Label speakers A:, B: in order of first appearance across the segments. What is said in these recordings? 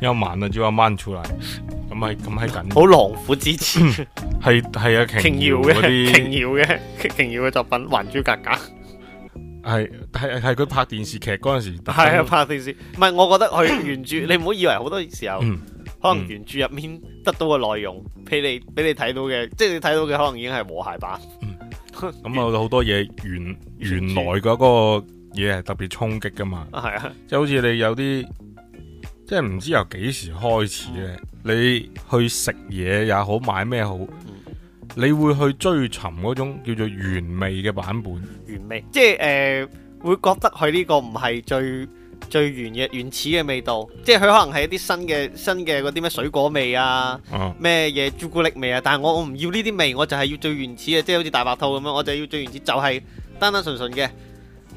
A: 一晚啊，煮一晚出嚟咁係咁係緊好狼虎之詞，係係啊瓊瑤嘅瓊
B: 瑤嘅瓊瑤嘅作品《還珠格格》
A: 係係係佢拍電視劇嗰陣時係啊
B: 拍電視，唔係我覺得佢原著 你唔好以為好多時候、嗯、可能原著入面得到嘅內容，俾你俾你睇到嘅，即、就、係、是、你睇到嘅可能已經係和諧版。
A: 咁啊，好多嘢原原來嗰個嘢係特別衝擊㗎嘛，係啊，即係好似你有啲。即係唔知由幾時開始咧，嗯、你去食嘢也好，買咩好，嗯、你會去追尋嗰種叫做原味嘅版本。原
B: 味，即係誒、呃，會覺得佢呢個唔係最最原嘅原始嘅味道，即係佢可能係一啲新嘅新嘅啲咩水果味啊，咩嘢朱古力味啊，但係我我唔要呢啲味，我就係要最原始嘅，即係好似大白兔咁樣，我就要最原始，就係、是、單單純純嘅。冇冇冇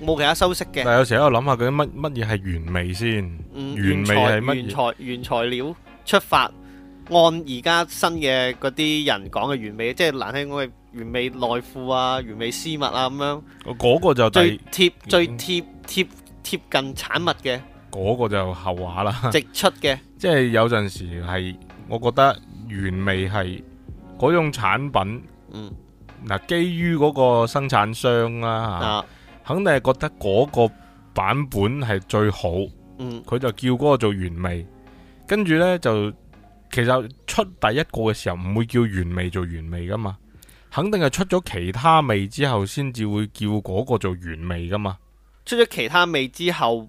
B: 冇其他修飾嘅。但有
A: 時喺度諗下究竟乜乜嘢係原味先。嗯、原，材原味係乜？原材
B: 原材料出發，按而家新嘅嗰啲人講嘅原味，即係難聽講嘅原味內褲啊，原味絲襪啊
A: 咁樣。嗰個就最
B: 貼最貼貼貼近產物嘅。
A: 嗰個就後話啦。直出嘅。 即係有陣時係，我覺得原味係嗰種產品。嗯。嗱，基於嗰個生產商啦，啊，嚇，啊，肯定係覺得嗰個版本係最好，嗯，佢就叫嗰個做原味，跟住呢，就其實出第一個嘅時候唔會叫原味做原味噶嘛，肯定係出咗其他味之後先至會叫嗰個做原味噶嘛。
B: 出咗其他味之後，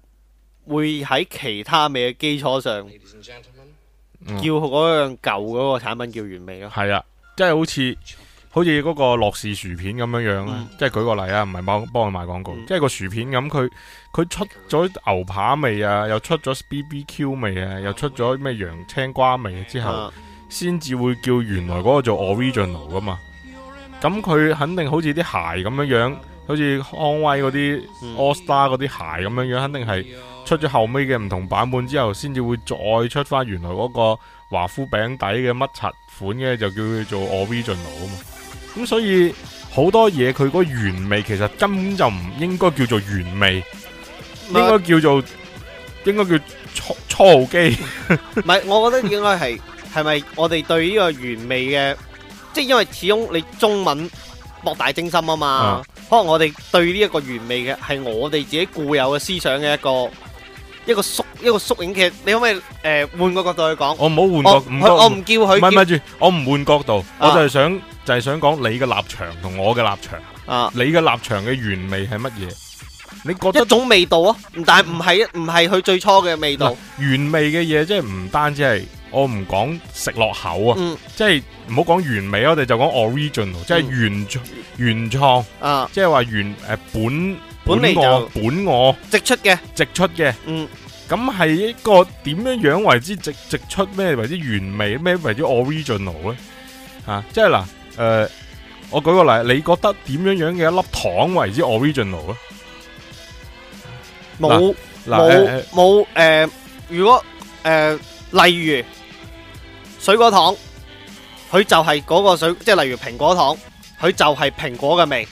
B: 會喺其他味嘅基礎上，
A: 叫
B: 嗰樣舊嗰個產品叫
A: 原味咯。係啊，即係，嗯啊即係，好似。好似嗰個樂事薯片咁樣樣，嗯、即係舉個例啊，唔係幫幫佢賣廣告，嗯、即係個薯片咁，佢佢出咗牛扒味啊，又出咗 BBQ 味啊，又出咗咩洋青瓜味之後，先至、嗯、會叫原來嗰個做 Original 噶嘛。咁佢肯定好似啲鞋咁樣樣，好似康威嗰啲 All Star 嗰啲鞋咁樣樣，嗯、肯定係出咗後尾嘅唔同版本之後，先至會再出翻原來嗰個華夫餅底嘅乜柒款嘅，就叫佢做 Original 啊嘛。咁所以好多嘢佢嗰個原味其實根本就唔應該叫做原味，但 應該叫做應該叫初號機，
B: 唔係，我覺得應該係，係咪 我哋對呢個原味嘅，即係因為始終你中文博大精深啊嘛，啊可能我哋對呢一個原味嘅係我哋自己固有嘅思想嘅一個。一個縮一個縮影嘅，你可唔可以誒換、呃、個角度去講？
A: 我唔好換個唔我唔叫佢。唔係咪住，我唔換角度，我就係想就係、是、想講你嘅立場同我嘅立場。啊，你嘅立場嘅原味係乜嘢？你覺得一種味道啊？但係唔係唔係佢最初嘅味道。啊、原味嘅嘢即係唔單止係我唔講食落口啊，嗯、即係唔好講原味，我哋就講 original，即係、嗯、原創原創啊，即係話原誒本。本我本我直出嘅直出嘅，嗯，咁係一個點樣樣為之直直出咩為之原味咩為之 original 咧？吓，即係嗱，誒，我舉個例，你覺得點樣樣嘅一粒糖為之 original 咧？冇冇
C: 冇
B: 誒，如果誒，例如水果糖，佢就係嗰個水，即係例如蘋果糖，佢就係蘋果嘅味。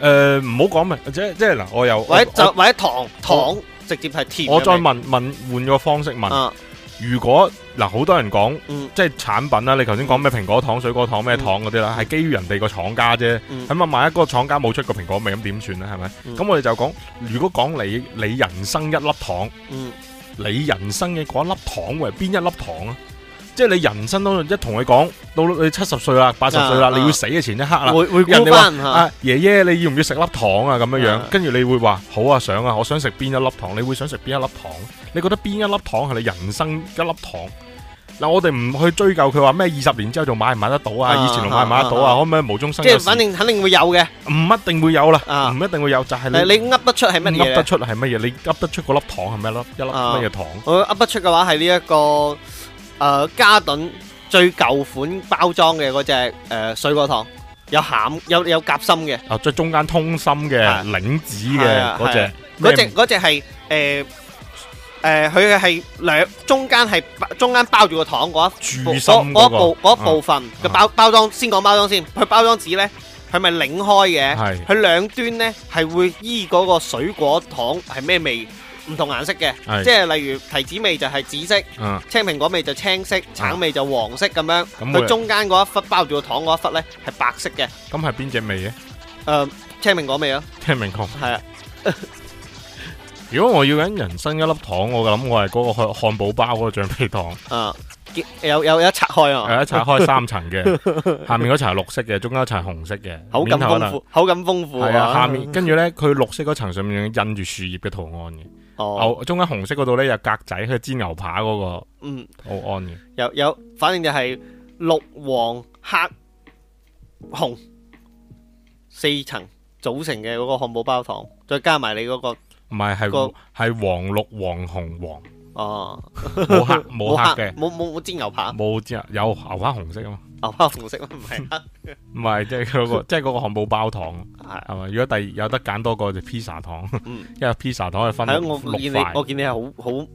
A: 誒，唔好講咩，即係嗱，我又，或者糖我糖直接係甜，我再問問換個方式問，啊、如果嗱好、呃、多人講、嗯、即係產品啦，你頭先講咩蘋果糖、水果糖咩糖嗰啲啦，係、嗯、基於人哋個廠家啫。咁啊，萬一嗰個廠家冇出過蘋果味咁點算咧？係咪？咁、嗯、我哋就講，如果講你你人生一粒糖，嗯、你人生嘅嗰一粒糖會係邊一粒糖啊？即係你人生當中一同佢講到你七十歲啦、八十歲啦，你要死嘅前一刻啦。會會人哋話啊，爺爺你要唔要食粒糖啊？咁樣樣，跟住你會話好啊，想啊，我想食邊一粒糖？你會想食邊一粒糖？你覺得邊一粒糖係你人生一粒糖？嗱，我哋唔去追究佢話咩？二十年之後仲買唔買得到啊？以前仲買唔買得到啊？可唔可以無中生有？即係肯定，肯定會有嘅。唔一定會有啦，唔一定會有，就係你你噏得出係乜嘢？噏得出係乜嘢？你噏得出嗰粒糖係咩咯？一粒乜嘢糖？
B: 我噏得出嘅話係呢一個。誒嘉頓，最舊款包裝嘅嗰隻誒水果糖，有餡有有夾心嘅。
A: 啊，最中間通心嘅，擰紙嘅嗰隻。嗰隻
B: 嗰隻係誒誒，佢嘅係兩中間係中間包住個糖嗰一。住心嗰個。嗰部嗰部分嘅包包裝，先講包裝先。佢包裝紙咧，佢咪擰開嘅。係。佢兩端咧係會依嗰個水果糖係咩味？唔同顏色嘅，即係例如提子味就係紫色，青蘋果味就青色，橙味就黃色咁樣。佢中間嗰一忽包住個糖嗰一忽咧係白色嘅。
A: 咁係邊隻味嘅？誒，
B: 青蘋果味啊！
A: 青蘋果係啊。如果我要緊人生一粒糖，我諗我係嗰個漢漢堡包嗰個橡皮糖。
B: 嗯，有有一拆開啊，係一拆開三層嘅，下
A: 面嗰層係綠色嘅，中間一層係紅色嘅，口感豐富，
B: 口感豐富。係啊，下面
A: 跟住咧，佢綠色嗰層上面印住樹葉嘅圖案嘅。牛、哦、中間紅色嗰度咧有格仔，佢煎牛扒嗰、嗰個，嗯，好安嘅。
B: 有有，反正就係綠、黃、黑、紅四層組成嘅嗰個漢堡包糖，再加埋你嗰、嗰個，
A: 唔係係個係黃綠黃紅黃，黃紅黃哦，冇 黑冇黑嘅，冇冇冇煎牛扒，冇有牛扒紅色啊。嘛。牛包食色唔係，唔係即係嗰個，即係嗰個漢堡包糖，係係咪？ 如果第二有得揀多個就披薩糖。嗯、因為披薩糖係分六塊。我見你，我
B: 見你係好好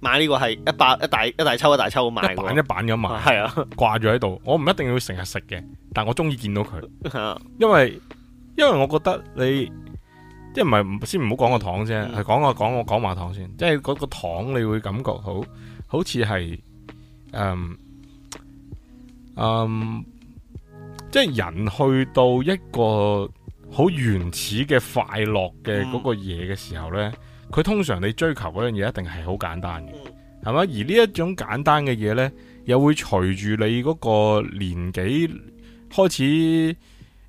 B: 買呢個係一百一大一大抽一大抽咁賣，一板
A: 一板咁賣，係啊，掛住喺度。我唔一定要成日食嘅，但我中意見到佢，嗯、因為因為我覺得你，即係唔係先唔好講個糖先講，係講、嗯、我講我講麻糖先，即係嗰個糖你會感覺好好似係誒。嗯嗯，即係人去到一個好原始嘅快樂嘅嗰個嘢嘅時候呢佢、嗯、通常你追求嗰樣嘢一定係好簡單嘅，係嘛、嗯？而呢一種簡單嘅嘢呢，又會隨住你嗰個年紀開始誒、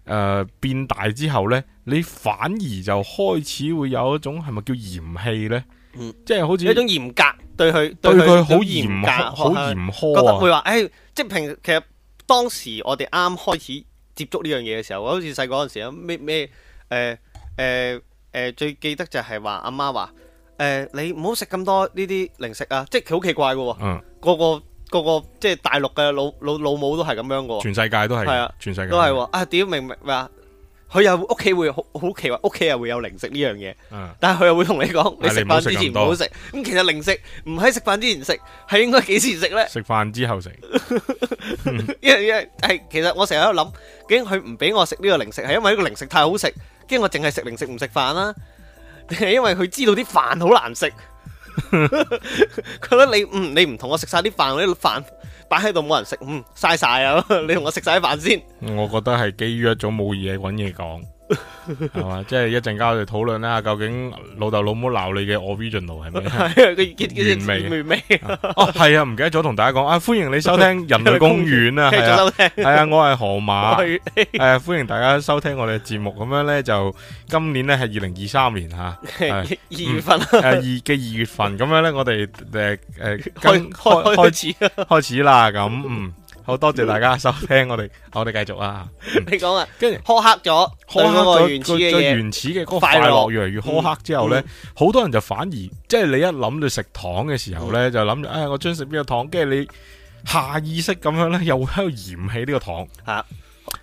A: 呃、變大之後呢，你反而就開始會有一種係咪叫嫌棄呢？嗯、即係好似一種嚴
B: 格對佢，對佢好嚴格，好嚴苛啊，覺得會話誒、欸，即係平其實。當時我哋啱開始接觸呢樣嘢嘅時候，好似細個嗰陣時咩咩誒誒誒，最記得就係話阿媽話誒、呃、你唔好食咁多呢啲零食啊。即係佢好奇怪嘅喎、哦嗯，個個即係大陸嘅老老老母都係咁樣嘅喎、哦，全世界都係，啊、全世界都係啊屌明唔明咩啊？佢又屋企會好好奇話屋企又會有零食呢樣嘢，嗯、但係佢又會同你講你食飯之前唔好食。咁其實零食唔喺食飯之前食係應該幾時食呢？
A: 食飯之後食。
B: 因為因為其實我成日喺度諗，點解佢唔俾我食呢個零食係因為呢個零食太好食，驚我淨係食零食唔食飯啦，定係因為佢知道啲飯好難食，佢 覺得你嗯你唔同我食晒啲飯啲飯。擺喺度冇人食，嗯，嘥晒啊！ 你同我食晒啲飯先。
A: 我覺得係基於一種冇嘢搵嘢講。係嘛，entonces, ee, 即係一陣間我哋討論一下究竟老豆老母鬧你嘅 original 係咩？原味係啊，唔、啊啊啊、記得咗同大家講啊，歡迎你收聽人類公園啊，係啊，啊我係河馬，誒、啊，歡迎大家收聽我哋嘅節目，咁樣咧就今年咧係二零二三年吓，二、啊、月份二嘅二月份，咁樣咧我哋誒誒開開開始開始啦，咁嗯。好多謝大家、嗯、收聽我哋，我哋繼續啊！你
B: 講啊，跟住苛刻咗，對個原始嘅最原
A: 始嘅嗰個快樂越嚟越苛刻之後呢，好、嗯嗯、多人就反而，即、就、係、是、你一諗到食糖嘅時候呢，嗯、就諗住啊，我中意食邊個糖，跟住你下意識咁樣呢，又喺度嫌棄呢個糖啊。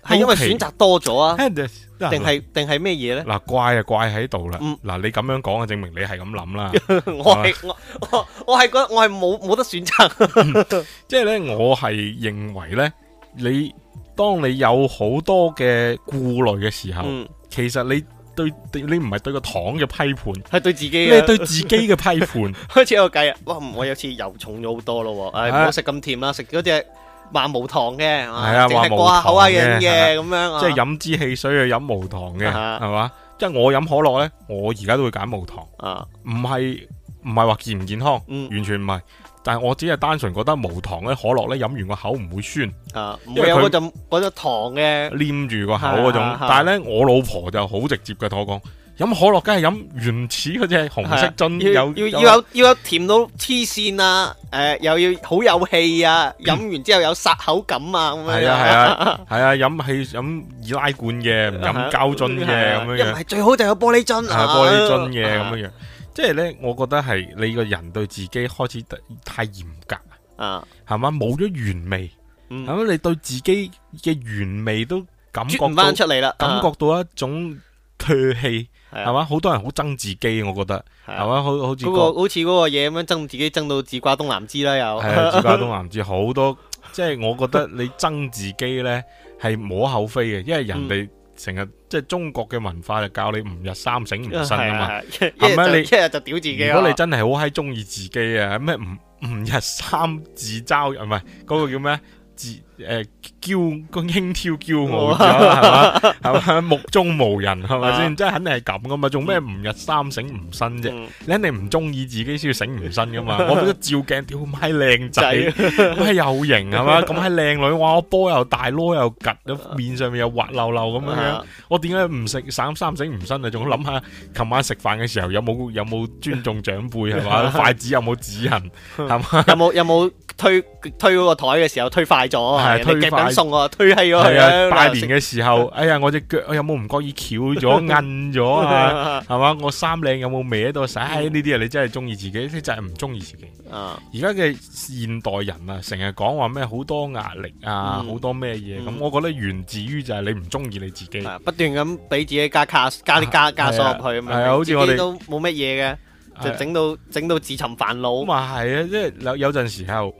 A: 係因為選擇
B: 多咗啊，定係
A: 定係咩嘢咧？嗱，怪就怪喺度啦。嗱，你咁樣講啊，嗯、就證明你係咁諗啦。我係
B: 我我我係覺得我係冇冇得選擇。即
A: 係咧，就是、我係認為咧，你當你有好多嘅顧慮嘅時候，嗯、其實你對你唔係對個糖嘅批判，係對自己。 你對自己嘅批判。
B: 開始我計啊，哇！我有次又重咗好多咯，哎、唉，唔好食咁甜啦，食嗰隻。話無糖嘅，淨係話口啊樣嘢，咁樣，即係
A: 飲支汽水去飲無糖嘅，係嘛？即係我飲可樂咧，我而家都會揀無糖啊！唔係唔係話健唔健康，完全唔係，但係我只係單純覺得無糖嘅可樂咧，飲完個口唔會酸啊，因為有嗰陣只糖嘅黏住個口嗰種。但係咧，我老婆就好直接嘅同我講。飲可樂，梗係飲原始嗰隻紅色樽，有要有要有甜到黐
B: 線啊！誒，又要好有氣啊！飲完之後有殺口感啊！咁樣樣係啊係啊
A: 係啊！飲係飲易拉罐嘅，唔飲膠樽嘅咁樣。一唔係最好就有玻璃樽啊！玻璃樽嘅咁樣樣，即係咧，我覺得係你個人對自己開始太嚴格啊，係嘛，冇咗原味，咁你對自己嘅原味都感覺唔翻出嚟啦，感覺到一種。脫氣係嘛，好是、啊、多人好憎自己，我覺得係嘛，好好似嗰個、那個、
B: 好似個嘢咁樣憎自己，憎到自掛東南枝啦又。係啊，自掛東南
A: 枝，好 多即係我覺得你憎自己咧係無可厚非嘅，因為人哋成日即係中國嘅文化就教你吾日三省吾身啊嘛。係咪？你一日，日，日就屌自己。如果你真係好閪中意自己啊，咩唔唔日三自嘲唔係嗰個叫咩？ 自誒嬌個輕佻驕傲咗係嘛，係嘛，目中無人係咪先？即係肯定係咁噶嘛？做咩唔日三省唔身啫？你肯定唔中意自己先要省唔身噶嘛？我覺得照鏡，屌，我係靚仔，咁係有型係嘛？咁係靚女，我波又大，攞又夾，面上面又滑溜溜咁樣。我點解唔食三三省唔身啊？仲諗下琴晚食飯嘅時候有冇有冇尊重長輩係嘛？筷子有冇指引係嘛？
B: 有冇有冇？推推嗰個台嘅時候推快咗，推勁緊送啊！推喺咗去。
A: 拜年嘅時候，哎呀，我隻腳，有冇唔覺意翹咗、韌咗啊？係嘛，我衫領有冇歪到？哎，呢啲啊，你真係中意自己，即係唔中意自己。而家嘅現代人啊，成日講話咩好多壓力啊，好多咩嘢？咁我覺得源自於就係你唔中意你自己，
B: 不斷咁俾自己加卡、加啲加加鎖入去啊。係啊，好似我哋都冇乜嘢嘅。啊、就整到整到自尋煩惱，
A: 咁啊係啊，即、就、係、是、有有陣時候，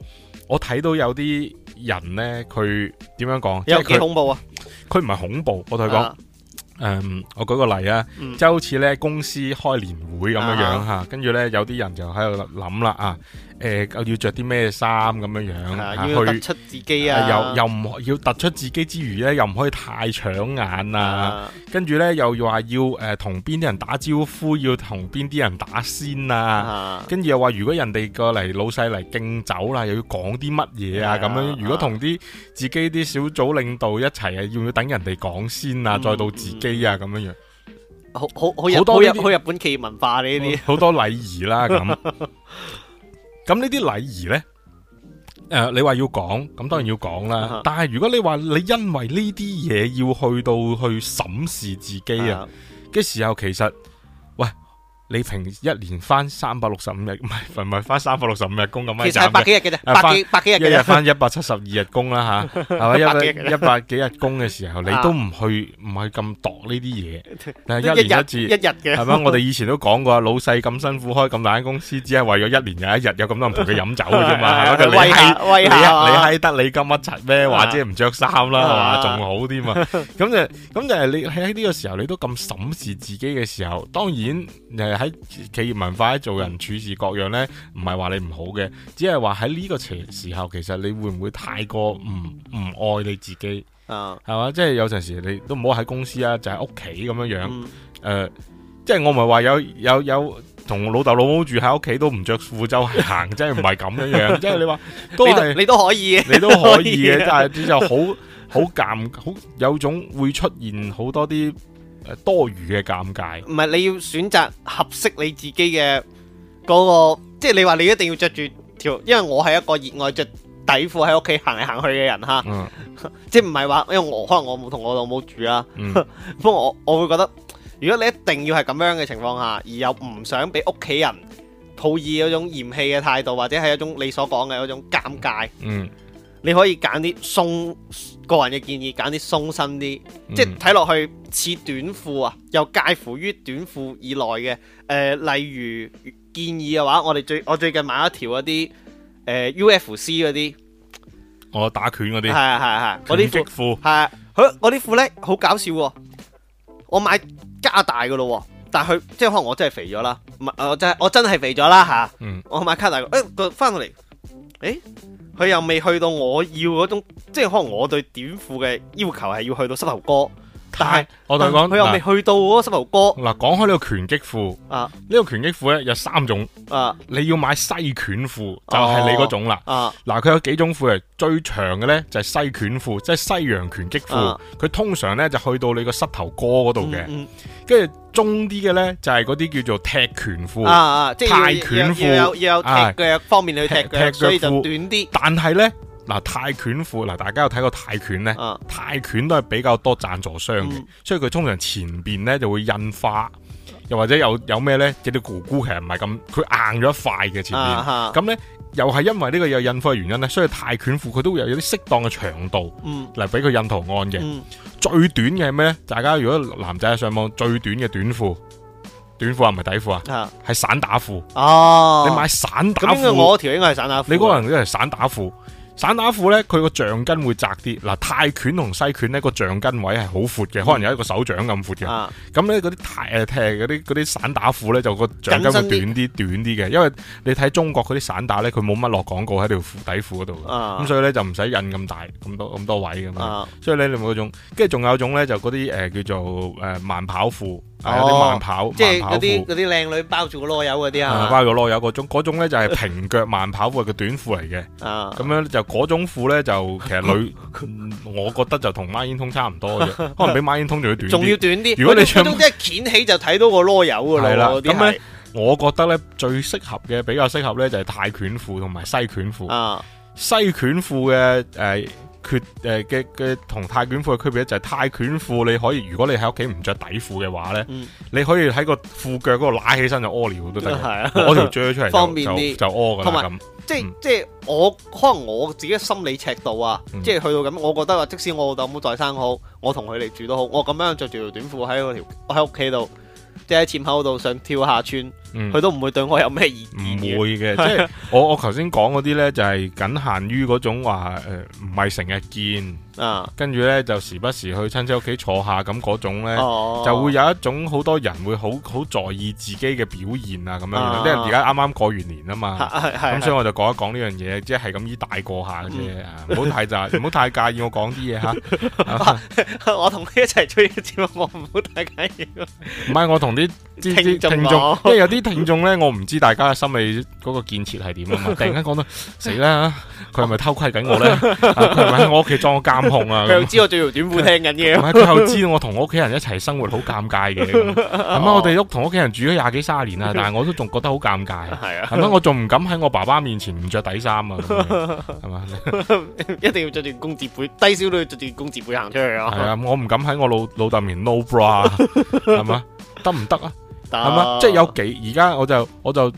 A: 我睇到有啲人咧，佢點樣講？有、嗯、幾恐怖啊？佢唔係恐怖，我同佢講，誒、啊嗯，我舉個例啊，嗯、即係好似咧公司開年會咁樣樣嚇，跟住咧有啲人就喺度諗啦啊。嗯誒、呃，要着啲咩衫咁樣樣，要，要突出自己啊！啊又又唔要突出自己之餘咧，又唔可以太搶眼啊！跟住、啊、呢，又話要誒，同邊啲人打招呼，要同邊啲人打先啊！跟住、啊、又話如果人哋過嚟，老細嚟敬酒啦，又要講啲乜嘢啊？咁樣、啊、如果同啲自己啲小組領導一齊啊，要唔要等人哋講先啊？嗯、再到自己啊？咁樣樣、嗯嗯，好好好，好，好，好日本企業文化呢啲，好 多禮儀啦咁。 咁呢啲禮儀呢，誒、呃，你話要講，咁當然要講啦。啊、但係如果你話你因為呢啲嘢要去到去審視自己啊嘅、啊、時候，其實，你平一年翻三百六十五日，唔係唔係翻三百六十五日工咁樣其實係百幾日嘅咋，百幾百幾日，一日翻一百七十二日工啦吓，係咪一百一百幾日工嘅時候，你都唔去唔去咁度呢啲嘢？但係一年一次，一日嘅係嘛？我哋以前都講過啊，老細咁辛苦開咁大間公司，只係為咗一年有一日有咁多人陪佢飲酒嘅啫嘛。喂下你嗨得你金一柒咩？或者唔着衫啦，仲好啲嘛？咁就咁就係你喺呢個時候，你都咁審視自己嘅時候，當然喺企業文化，喺做人處事各樣呢，唔係話你唔好嘅，只係話喺呢個時候，其實你會唔會太過唔唔愛你自己啊？係嘛？即係有陣時你都唔好喺公司啊，就喺屋企咁樣樣。誒、嗯呃，即係我唔係話有有有同老豆老母住喺屋企都唔着褲周 行，即係唔係咁樣樣。 即係你話，你都你都可以，你都可以嘅，真係 就好好簡，好有種會出現好多啲。多餘嘅尷尬，
B: 唔係你要選擇合適你自己嘅嗰個。即係你話你一定要着住條，因為我係一個熱愛着底褲喺屋企行嚟行去嘅人哈，即係唔係話，因為我可能我冇同我老母住啦，不過，嗯，我我會覺得，如果你一定要係咁樣嘅情況下，而又唔想俾屋企人抱以嗰種嫌棄嘅態度，或者係一種你所講嘅嗰種尷尬，嗯。嗯你可以揀啲鬆個人嘅建議，揀啲鬆身啲，即係睇落去似短褲啊，又介乎於短褲以內嘅。誒、呃，例如建議嘅話，我哋最我最近買一條嗰啲誒 UFC 嗰啲，
A: 我打拳嗰啲，係係係，嗰啲拳擊
B: 褲係佢，我啲褲咧好搞笑喎，我買加大嘅咯，但佢，即係可能我真係肥咗啦，唔係我真係我真係肥咗啦嚇，我買加大嘅，誒個翻過嚟，誒。誒佢又未去到我要嗰種，即係可能我對短褲嘅要求係要去到膝頭哥，但係我同你講，佢又未
A: 去到嗰膝頭哥。嗱、啊，講開呢個拳擊褲，呢、啊、個拳擊褲咧有三種，啊、你要買西拳褲就係你嗰種啦。嗱、啊，佢有幾種褲係最長嘅咧，就係西拳褲，即係西洋拳擊褲，佢、啊、通常咧就去到你個膝頭哥嗰度嘅。嗯嗯跟住中啲嘅咧，就係嗰啲叫做踢拳褲啊啊，即係泰拳褲，有有踢腳
B: 方面去踢嘅、哎，所以就
A: 短啲。但係咧，嗱、啊、泰拳褲嗱，大家有睇過泰拳咧？啊、泰拳都係比較多贊助商嘅，嗯、所以佢通常前邊咧就會印花，又或者有有咩咧？即係啲咕咕，其實唔係咁，佢硬咗一塊嘅前面。咁咧、啊哈。又係因為呢個有印貨嘅原因咧，所以泰拳褲佢都會有有啲適當嘅長度，嚟俾佢印圖案嘅。嗯嗯、最短嘅係咩咧？大家如果男仔上網最短嘅短褲，短褲啊唔係底褲啊，係、啊、散打褲。哦，你買散打？咁我條應該係散打褲，你嗰個人都係散打褲。散打褲咧，佢個橡筋會窄啲。嗱、啊、泰拳同西拳呢，個橡筋位係好闊嘅，嗯、可能有一個手掌咁闊嘅。咁咧啲泰誒踢啲啲、啊、散打褲咧，就個橡筋會短啲，短啲嘅。因為你睇中國嗰啲散打咧，佢冇乜落廣告喺條底褲嗰度，咁、啊、所以咧就唔使印咁大咁多咁多位嘅嘛。啊、所以咧你有，有種，跟住仲有種咧就嗰啲誒叫做誒慢跑褲，啊哦、有啲慢跑，慢跑褲即係嗰啲啲
B: 靚女包住個籮柚嗰啲啊。包住
A: 籮柚嗰種呢，嗰種咧就係、是、平腳慢跑褲嘅短褲嚟嘅。咁樣就。嗰種褲咧就其實女，我覺得就同孖煙通差唔多嘅啫，可能比孖煙通仲要短啲。仲要短啲，如果你着嗰種一
B: 掀起就睇到個囉柚㗎啦。咁咧，
A: 我覺得咧最適合嘅比較適合咧就係泰拳褲同埋西拳褲。西拳褲嘅誒缺誒嘅嘅同泰拳褲嘅區別就係泰拳褲你可以，如果你喺屋企唔着底褲嘅話咧，你可以喺個褲腳嗰度拉起身就屙尿都得，屙條咗出嚟方便啲就屙㗎啦。
B: 即係即係我可能我自己心理尺度啊，嗯、即係去到咁，我覺得話即使我老豆冇再生好，我同佢哋住都好，我咁樣着住條短褲，喺我條，喺屋企度，即係喺前口度想跳下村。佢都唔會對我有咩意
A: 見，唔會嘅，即係我我頭先講嗰啲咧，就係僅限於嗰種話，誒唔係成日見，跟住咧就時不時去親戚屋企坐下咁嗰種咧，就會有一種好多人會好好在意自己嘅表現啊咁樣，啲人而家啱啱過完年啊嘛，咁所以我就講一講呢樣嘢，即係咁依大過下嘅啫，唔好太就，唔好太介意我講啲嘢吓，
B: 我同佢一齊吹嘅節目，我唔好太介意。
A: 唔係我同啲聽眾即係有啲。聽眾咧，我唔知大家嘅心理嗰個建設係點啊嘛！突然間講到死啦，佢係咪偷窺緊我咧？佢係咪喺我屋企裝個監控啊？佢 樣又知我
B: 着條短褲聽緊嘢。唔係，佢又知道
A: 我同 我屋企人一齊生活好尷尬嘅。係咩、哦？我哋屋同屋企人住咗廿幾卅年啦，但係我都仲覺得好尷尬。係啊。 係我仲唔敢喺我爸爸面前唔着底衫啊？係嘛？
B: 一定要着住工字背，低少都要着住工字背行出去啊？係啊，
A: 我唔敢喺我老老豆面 no bra，係嘛？得唔得啊？ 係嘛，即係有幾，而家我就我就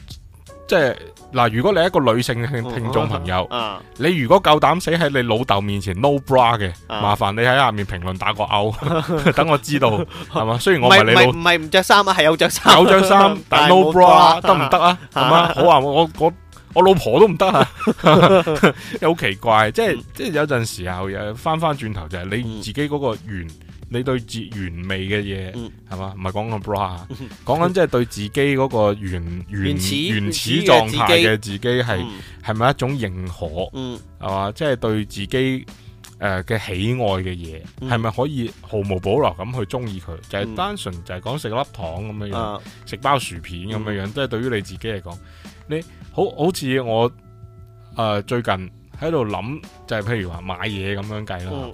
A: 即係嗱，如果你係一個女性聽聽眾朋友，你如果夠膽死喺你老豆面前 no bra 嘅，麻煩你喺下面評論打個勾，等我知道係嘛。雖然我唔係你老唔係
B: 唔着衫啊，係有
A: 着衫，有着衫，但係 no bra 得唔得啊？係嘛，好話我我我老婆都唔得啊，好奇怪，即係即係有陣時候又翻翻轉頭就係你自己嗰個圓。你對自原味嘅嘢係嘛？唔係講咁 bra，講緊即係對自己嗰個原原始原始狀態嘅自己係係咪一種認可？係嘛？即係對自己誒嘅喜愛嘅嘢係咪可以毫無保留咁去中意佢？就係單純就係講食粒糖咁樣樣，食包薯片咁樣樣，即係對於你自己嚟講，你好好似我誒最近喺度諗，就係譬如話買嘢咁樣計啦。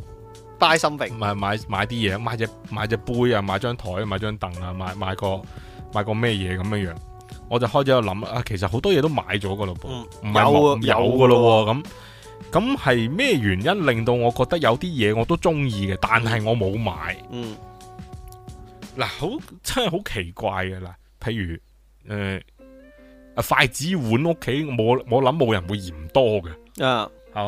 A: Buy 買心形，買買買啲嘢，買隻買隻杯啊，買張台，買張凳啊，買買個買個咩嘢咁樣樣，我就開始喺度諗啊，其實好多嘢都買咗噶咯，唔係、嗯、是有噶咯咁，咁係咩原因令到我覺得有啲嘢我都中意嘅，但係我冇買，嗯，嗱好真係好奇怪嘅嗱，譬如誒啊、呃、筷子碗屋企，我我諗冇人會嫌多嘅啊。嗯係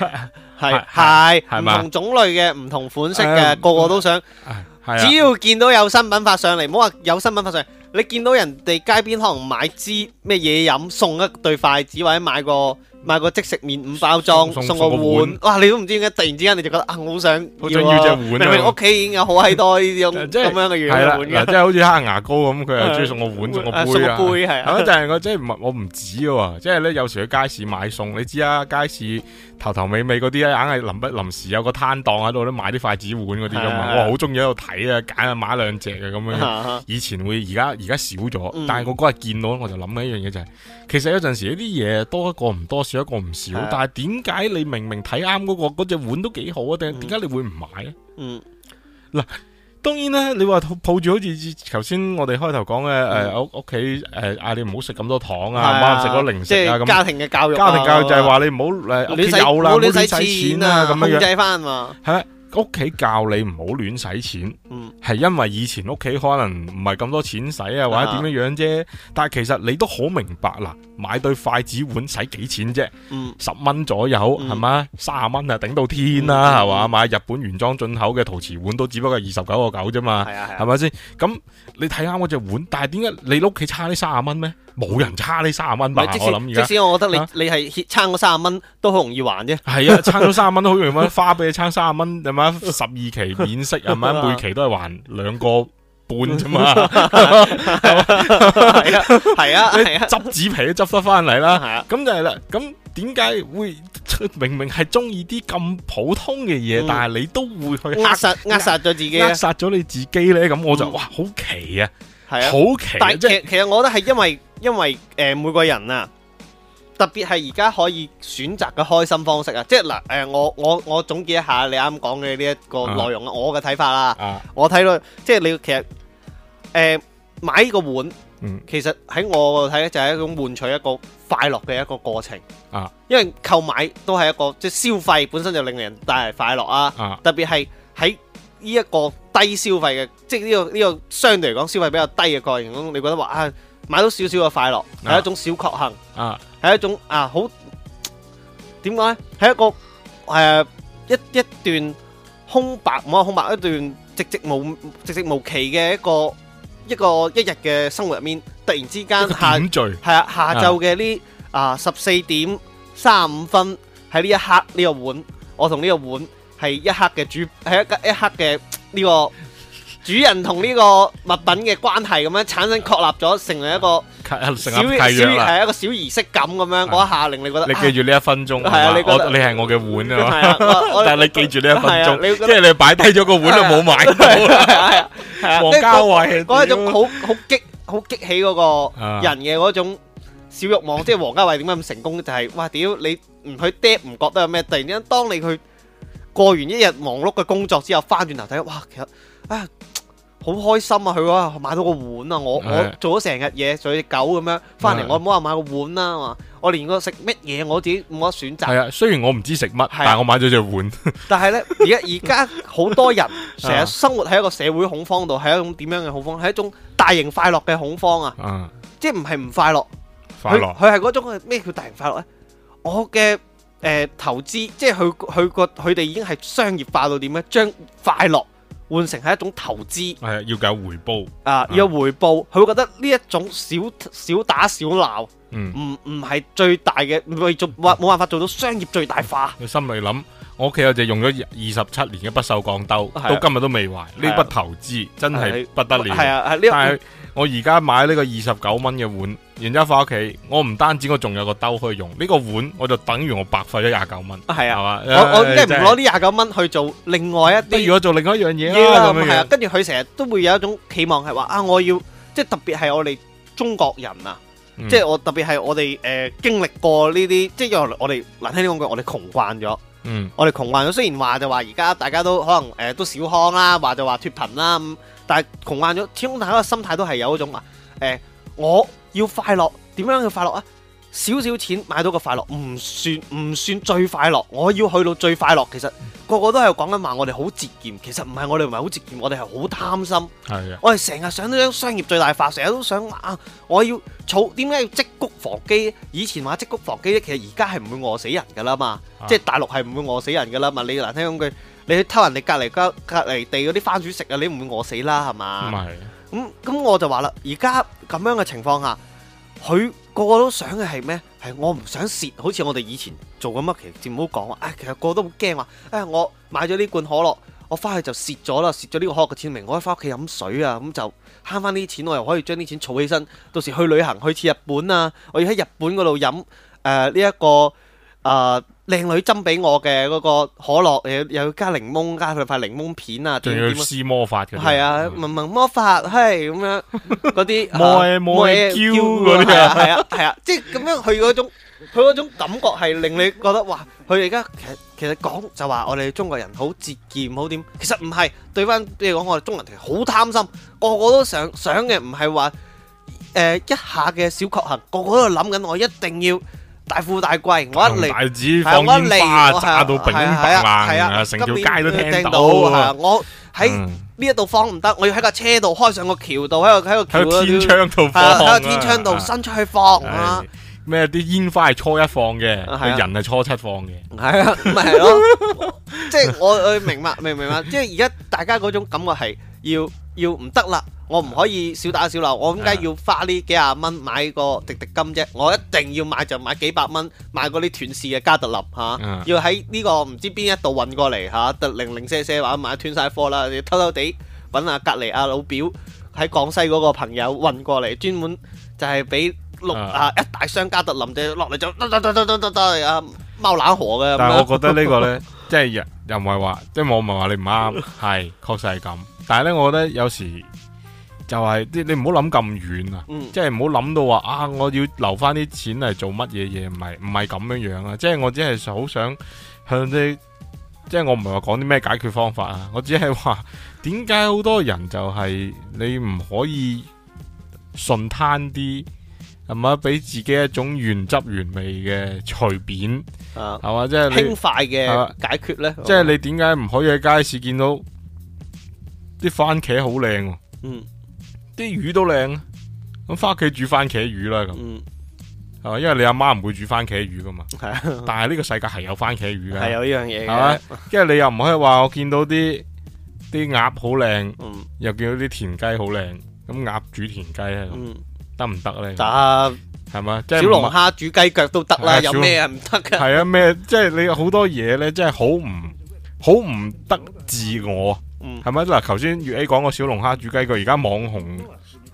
A: 啊，係係唔同
B: 種類嘅，唔同款式嘅，哎、呀個個都想。嗯、只要見到有新品發上嚟，唔好話有新品發上嚟，你見到人哋街邊可能買支咩嘢飲，送一對筷子，或者買個。買個即食麵五包裝送個碗，哇！你都唔知點解突然之間你就覺得啊，我好想好想要隻碗啊，明明屋企已經有好閪多呢啲咁樣嘅嘢。係啦，即係好似黑
A: 牙膏咁，佢又中意送個碗送個杯啊，杯係啊，就係我即係唔係我唔止嘅喎，即係咧有時去街市買餸，你知啊街市，頭頭尾尾嗰啲咧，硬係臨不臨時有個攤檔喺度咧買啲筷子碗嗰啲咁啊我，我好中意喺度睇啊，揀啊買兩隻嘅咁樣。以前會，而家而家少咗，嗯、但係我嗰日見到，我就諗緊一樣嘢就係、是，其實有陣時呢啲嘢多一個唔多，少一個唔少，是啊、但係點解你明明睇啱嗰個隻碗都幾好啊？點點解你會唔買咧？嗯，嗱。當然咧，你話抱住好似頭先我哋開頭講嘅誒屋企誒嗌你唔好食咁多糖啊，唔好食多零食啊，咁家庭嘅教育、啊，家庭教育就係話你唔好誒，啊、有啦，唔好使錢啊，咁樣控制翻嘛嚇。屋企教你唔好亂使錢，係、嗯、因為以前屋企可能唔係咁多錢使啊，啊或者點樣樣、啊、啫。但係其實你都好明白，嗱，買對筷子碗使幾錢啫、啊？十蚊、嗯、左右係咪？三十蚊、嗯、啊，頂到天啦、啊，係嘛、嗯？買日本原裝進口嘅陶瓷碗都只不過二十九個九啫嘛，係咪先？咁吧、啊、你睇啱嗰隻碗，但係點解你屋企差啲三十蚊咩？冇人差呢三十蚊吧，我諗。即使我覺得你
B: 你係差我三十蚊都好容易還啫。係啊，差咗三十
A: 蚊都好容易，花俾你差三十蚊，係咪？十二期免息，係咪？每期都係還兩個半啫嘛。係啊，係啊，係啊，執紙皮都執得翻嚟啦。係啊，咁就係啦。咁點解會明明係中意啲咁普通嘅嘢，但係你都會去扼殺扼殺咗自己，扼殺咗你自己咧？咁我就哇，好奇
B: 啊，係啊，好奇。但其實我覺得係因為。因為誒、呃、每個人啊，特別係而家可以選擇嘅開心方式啊，即係嗱，誒我我我總結一下你啱講嘅呢一個內容啊，我嘅睇法啦，啊、我睇到即係你其實誒、呃、買呢個碗，嗯、其實喺我睇就係一種換取一個快樂嘅一個過程啊，因為購買都係一個即係消費本身就令人帶嚟快樂啊，啊特別係喺呢一個低消費嘅，即係呢、這個呢、這個這個相對嚟講消費比較低嘅概念中，你覺得話啊？啊.買到少少嘅快樂，係一種小確幸，啊，係一種啊，好點講呢？係一個誒一一段空白，冇啊空白一段寂寂無寂寂無期嘅一個一個一日嘅生活入面，突然之間係係啊下晝嘅呢啊十四點三十五分喺呢一刻呢個碗，我同呢個碗係一刻嘅主，係一一刻嘅呢個。主人同呢個物品嘅關係咁樣產生確立咗，成
A: 為一
B: 個小儀式感咁樣嗰一下，令你覺得你記住呢一
A: 分鐘係啊，你你係我嘅碗啊，但係你記住呢一分鐘，即係你擺低咗個碗都冇買。係王家
B: 衛嗰一種好好激好激起嗰個人嘅嗰種小慾望，即係王家衛點解咁成功？就係哇屌你，唔去掟，唔覺得有咩？突然間當你去過完一日忙碌嘅工作之後，翻轉頭睇，哇，其實啊～好開心啊！佢話買到個碗啊！我的我做咗成日嘢，做隻狗咁樣翻嚟，我唔好話買個碗啦、啊、嘛！的我連個食乜嘢我自己冇得選擇。係啊，
A: 雖然我唔知食乜，的但係我買咗隻碗。
B: 但係呢，而家而家好多人成日生活喺一個社會恐慌度，係一種點樣嘅恐慌？係一種大型快樂嘅恐慌啊！的即係唔係唔快樂？快樂佢係嗰種咩叫大型快樂咧？我嘅誒、呃、投資，即係佢佢個佢哋已經係商業化到點咧？將快樂。換成係一種投資，
A: 係、啊、要計回報，
B: 啊，要有回報，佢會覺得呢一種小小打小鬧，唔唔係最大
A: 嘅，唔做冇冇辦法做到商業最大化。嗯、心裏諗，我屋企有隻用咗二十七年嘅不銹鋼兜，啊、到今日都未壞，呢筆、啊、投資真係不得了。係啊，呢、啊啊、個，但係我而家買呢個二十九蚊嘅碗。然之後翻屋企，我唔單止我仲有個兜可以用呢個碗，這個、碗我就等於我白費咗廿九蚊。係啊，哎、我、哎、我，即我即係唔攞呢
B: 廿九蚊去做另外一
A: 啲，不如果做另外一樣
B: 嘢啊！係啊，啊啊啊跟住佢成日都會有一種期望係話啊，我要即係特別係我哋中國人啊、嗯呃，即係我特別係我哋誒經歷過呢啲，即係因為我哋難聽啲講句，我哋窮慣咗，嗯，我哋窮慣咗。雖然話就話而家大家都可能誒都小康啦，話、呃、就話脫貧啦咁，但係窮慣咗，始終大家個心態都係有嗰種啊，誒、呃呃呃、我。我要快樂，點樣要快樂啊？少少錢買到個快樂唔算唔算最快樂，我要去到最快樂。其實個個都係講緊話我哋好節儉，其實唔係我哋唔係好節儉，我哋係好貪心。係啊，我哋成日想呢商業最大化，成日都想啊，我要儲，點解要積谷防饑？以前話積谷防饑，其實而家係唔會餓死人㗎啦嘛，啊、即係大陸係唔會餓死人㗎啦嘛。你難聽講句，你去偷人哋隔離隔隔離地嗰啲番薯食啊，你唔會餓死啦係嘛？唔係。咁咁、嗯嗯、我就話啦，而家咁樣嘅情況下，佢個個都想嘅係咩？係我唔想蝕，好似我哋以前做咁乜，其實唔好講啊，其實個個都好驚話，啊、哎，我買咗呢罐可樂，我翻去就蝕咗啦，蝕咗呢個可樂嘅錢，名，我可以翻屋企飲水啊，咁、嗯、就慳翻啲錢，我又可以將啲錢儲起身，到時去旅行去次日本啊，我要喺日本嗰度飲誒呢一個啊。呃靚女斟俾我嘅嗰個可樂，又又要加檸檬，加佢塊檸檬片啊！仲要施
A: 魔法嘅，係
B: 啊，文文魔法，嘿，咁樣嗰啲魔魔嬌嗰啲啊，係啊，係啊，即係咁樣，佢嗰種佢嗰種感覺係令你覺得哇！佢而家其實其實講就話我哋中國人好節儉，好點？其實唔係，對翻比如講我哋中國人好貪心，個個都想想嘅唔係話誒一下嘅小確幸，個個都諗緊我一定要。大富大貴，我一嚟係我一嚟，係啊係啊，成條街都聽到啊！我喺呢一度放唔得，我要喺架車度開上個橋度，喺度喺度。喺天窗度放，喺個天窗度伸出去放啊！
A: 咩？啲煙花係初一放嘅，人係初七放嘅。係啊，咪係咯，即係我我明
B: 白，明唔明白，即係而家大家嗰種感覺係。要要唔得啦！我唔可以少打少鬧，我點解要花呢幾廿蚊買個滴滴金啫？我一定要買就買幾百蚊，買嗰啲斷市嘅加特林吓，要喺呢個唔知邊一度運過嚟，吓，零零舍舍話買斷晒貨啦，偷偷地搵下隔籬阿老表喺廣西嗰個朋友運過嚟，專門就係俾六啊一大箱加特林就落嚟就得得得得得得阿貓冷河嘅。但係我覺得呢個咧，
A: 即係又又唔係話，即係我唔係話你唔啱，係確實係咁。但係咧，我覺得有時就係、即、啲你唔好諗咁遠啊，嗯、即係唔好諗到話啊，我要留返啲錢嚟做乜嘢嘢，唔係唔係咁樣樣啊！即係我只係好想向你，即係我唔係話講啲咩解決方法啊，我只係話點解好多人就係你唔可以順攤啲，係嘛俾自己一種原汁原味嘅隨便，係嘛即係輕快嘅解決咧？吧即係你點解唔可以喺街市見到？啲番茄好靚，嗯，啲魚都靚，咁返屋企煮番茄魚啦咁，係嘛？因為你阿媽唔會煮番茄魚噶嘛，係啊。但係呢個世界係有番茄魚噶，係有呢樣嘢嘅。因為你又唔可以話我見到啲啲鴨好靚，又見到啲田雞好靚，咁鴨煮田雞咧，得唔得咧？得係嘛？即係小龍蝦
B: 煮雞腳都得啦，有咩唔
A: 得噶？係啊咩？即係你好多嘢咧，真係好唔好唔得自我。係咪嗱？頭先粵 A 講個小龍蝦煮雞腳，而家網紅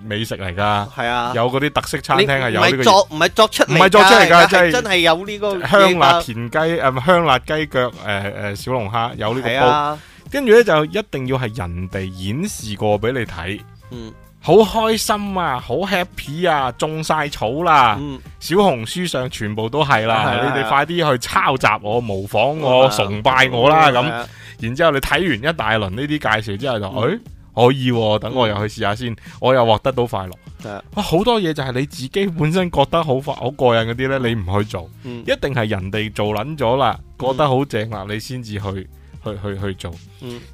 A: 美食嚟噶。係啊，有嗰啲特色餐廳係有呢、這個，唔係作,、這個、作出，唔係作出嚟噶，是真係有呢、這個香辣田雞，誒、嗯、香辣雞腳，誒、呃、誒、呃、小龍蝦有呢個煲。跟住咧就一定要係人哋演示過俾你睇。嗯。好開心啊，好 happy 啊，種晒草啦，小紅書上全部都係啦，你哋快啲去抄襲我、模仿我、崇拜我啦咁。然之後你睇完一大輪呢啲介紹之後就，誒，可以，等我入去試下先，我又獲得到快樂。好多嘢就係你自己本身覺得好快好過癮嗰啲呢，你唔去做，一定係人哋做捻咗啦，覺得好正啦，你先至去。去去去做，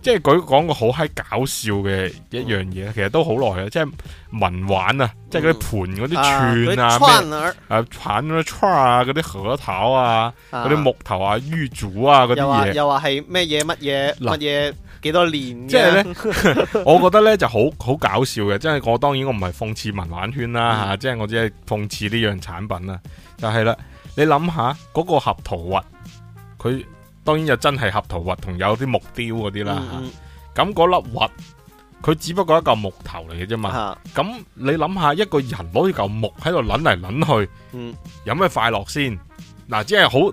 A: 即係佢講個好嗨搞笑嘅一樣嘢，其實都好耐啊！即係文玩啊，即係嗰啲盤嗰啲串啊，咩啊，產嗰啲串啊，嗰啲核桃啊，嗰啲木頭啊，玉竹啊，嗰啲嘢，又話
B: 係咩嘢乜嘢乜嘢幾多年？即係咧，
A: 我覺得咧就好好搞笑嘅，即係我當然我唔係諷刺文玩圈啦吓，即係我只係諷刺呢樣產品啊，就係啦，你諗下嗰個合桃核，佢。當然就真係合桃核同有啲木雕嗰啲啦，咁嗰、嗯嗯啊、粒核佢只不過一嚿木頭嚟嘅啫嘛，咁、嗯、你諗下一個人攞嚿木喺度攆嚟攆去，嗯、有咩快樂先？嗱、啊，只係好。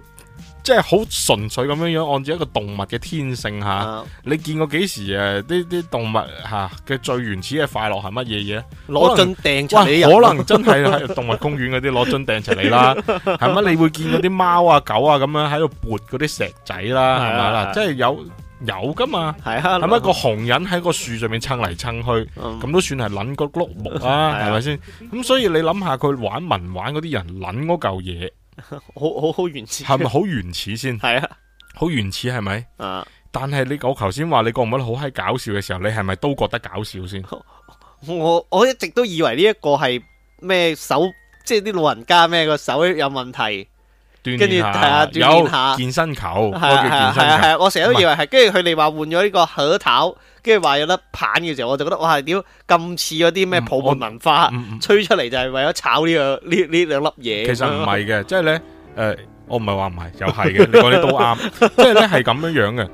A: 即係好純粹咁樣樣，按照一個動物嘅天性吓，你見過幾時誒？呢啲動物吓嘅最原始嘅快樂係乜嘢嘢？攞樽掟出嚟可能真係喺動物公園嗰啲攞樽掟出嚟啦，係咪？你會見嗰啲貓啊、狗啊咁樣喺度撥嗰啲石仔啦，係咪啦？即係有有噶嘛，係啊，係一個紅人喺個樹上面蹭嚟蹭去，咁都算係捻個碌木啊，係咪先？咁所以你諗下佢玩文玩嗰啲人捻嗰嚿嘢。好好好原始，係咪好原始先？係啊，好原始係咪啊？但係你我頭先話你覺唔覺得好喺搞笑嘅時候，你係咪都覺得搞笑先？
B: 我我一直都以為呢一個係咩手，即係啲老人家咩個手有問題。
A: 跟住係啊，鍛下，下，下有健身球，係啊係啊，啊，啊
B: 我成日都以為係。跟住佢哋話換咗呢個核桃，跟住話有粒棒，嘅時候，我就覺得哇，屌咁似嗰啲咩泡沫文化，吹出嚟就係為咗炒呢個呢呢兩粒嘢。其實唔係嘅，
A: 即係咧誒，我唔係話唔係，又係嘅，你講啲都啱。即係咧係咁樣樣嘅，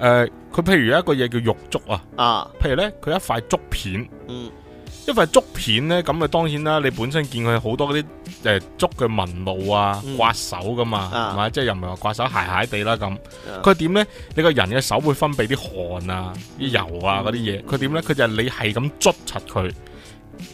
A: 誒，佢譬如有一個嘢叫玉竹啊，啊，譬如咧佢一塊竹片，嗯。一塊竹片咧，咁啊當然啦，你本身見佢好多嗰啲誒竹嘅紋路啊，刮手噶嘛，係即係又唔係話刮手鞋鞋地啦咁。佢點咧？你個人嘅手會分泌啲汗啊、啲油啊嗰啲嘢。佢點咧？佢就係你係咁捽柒佢，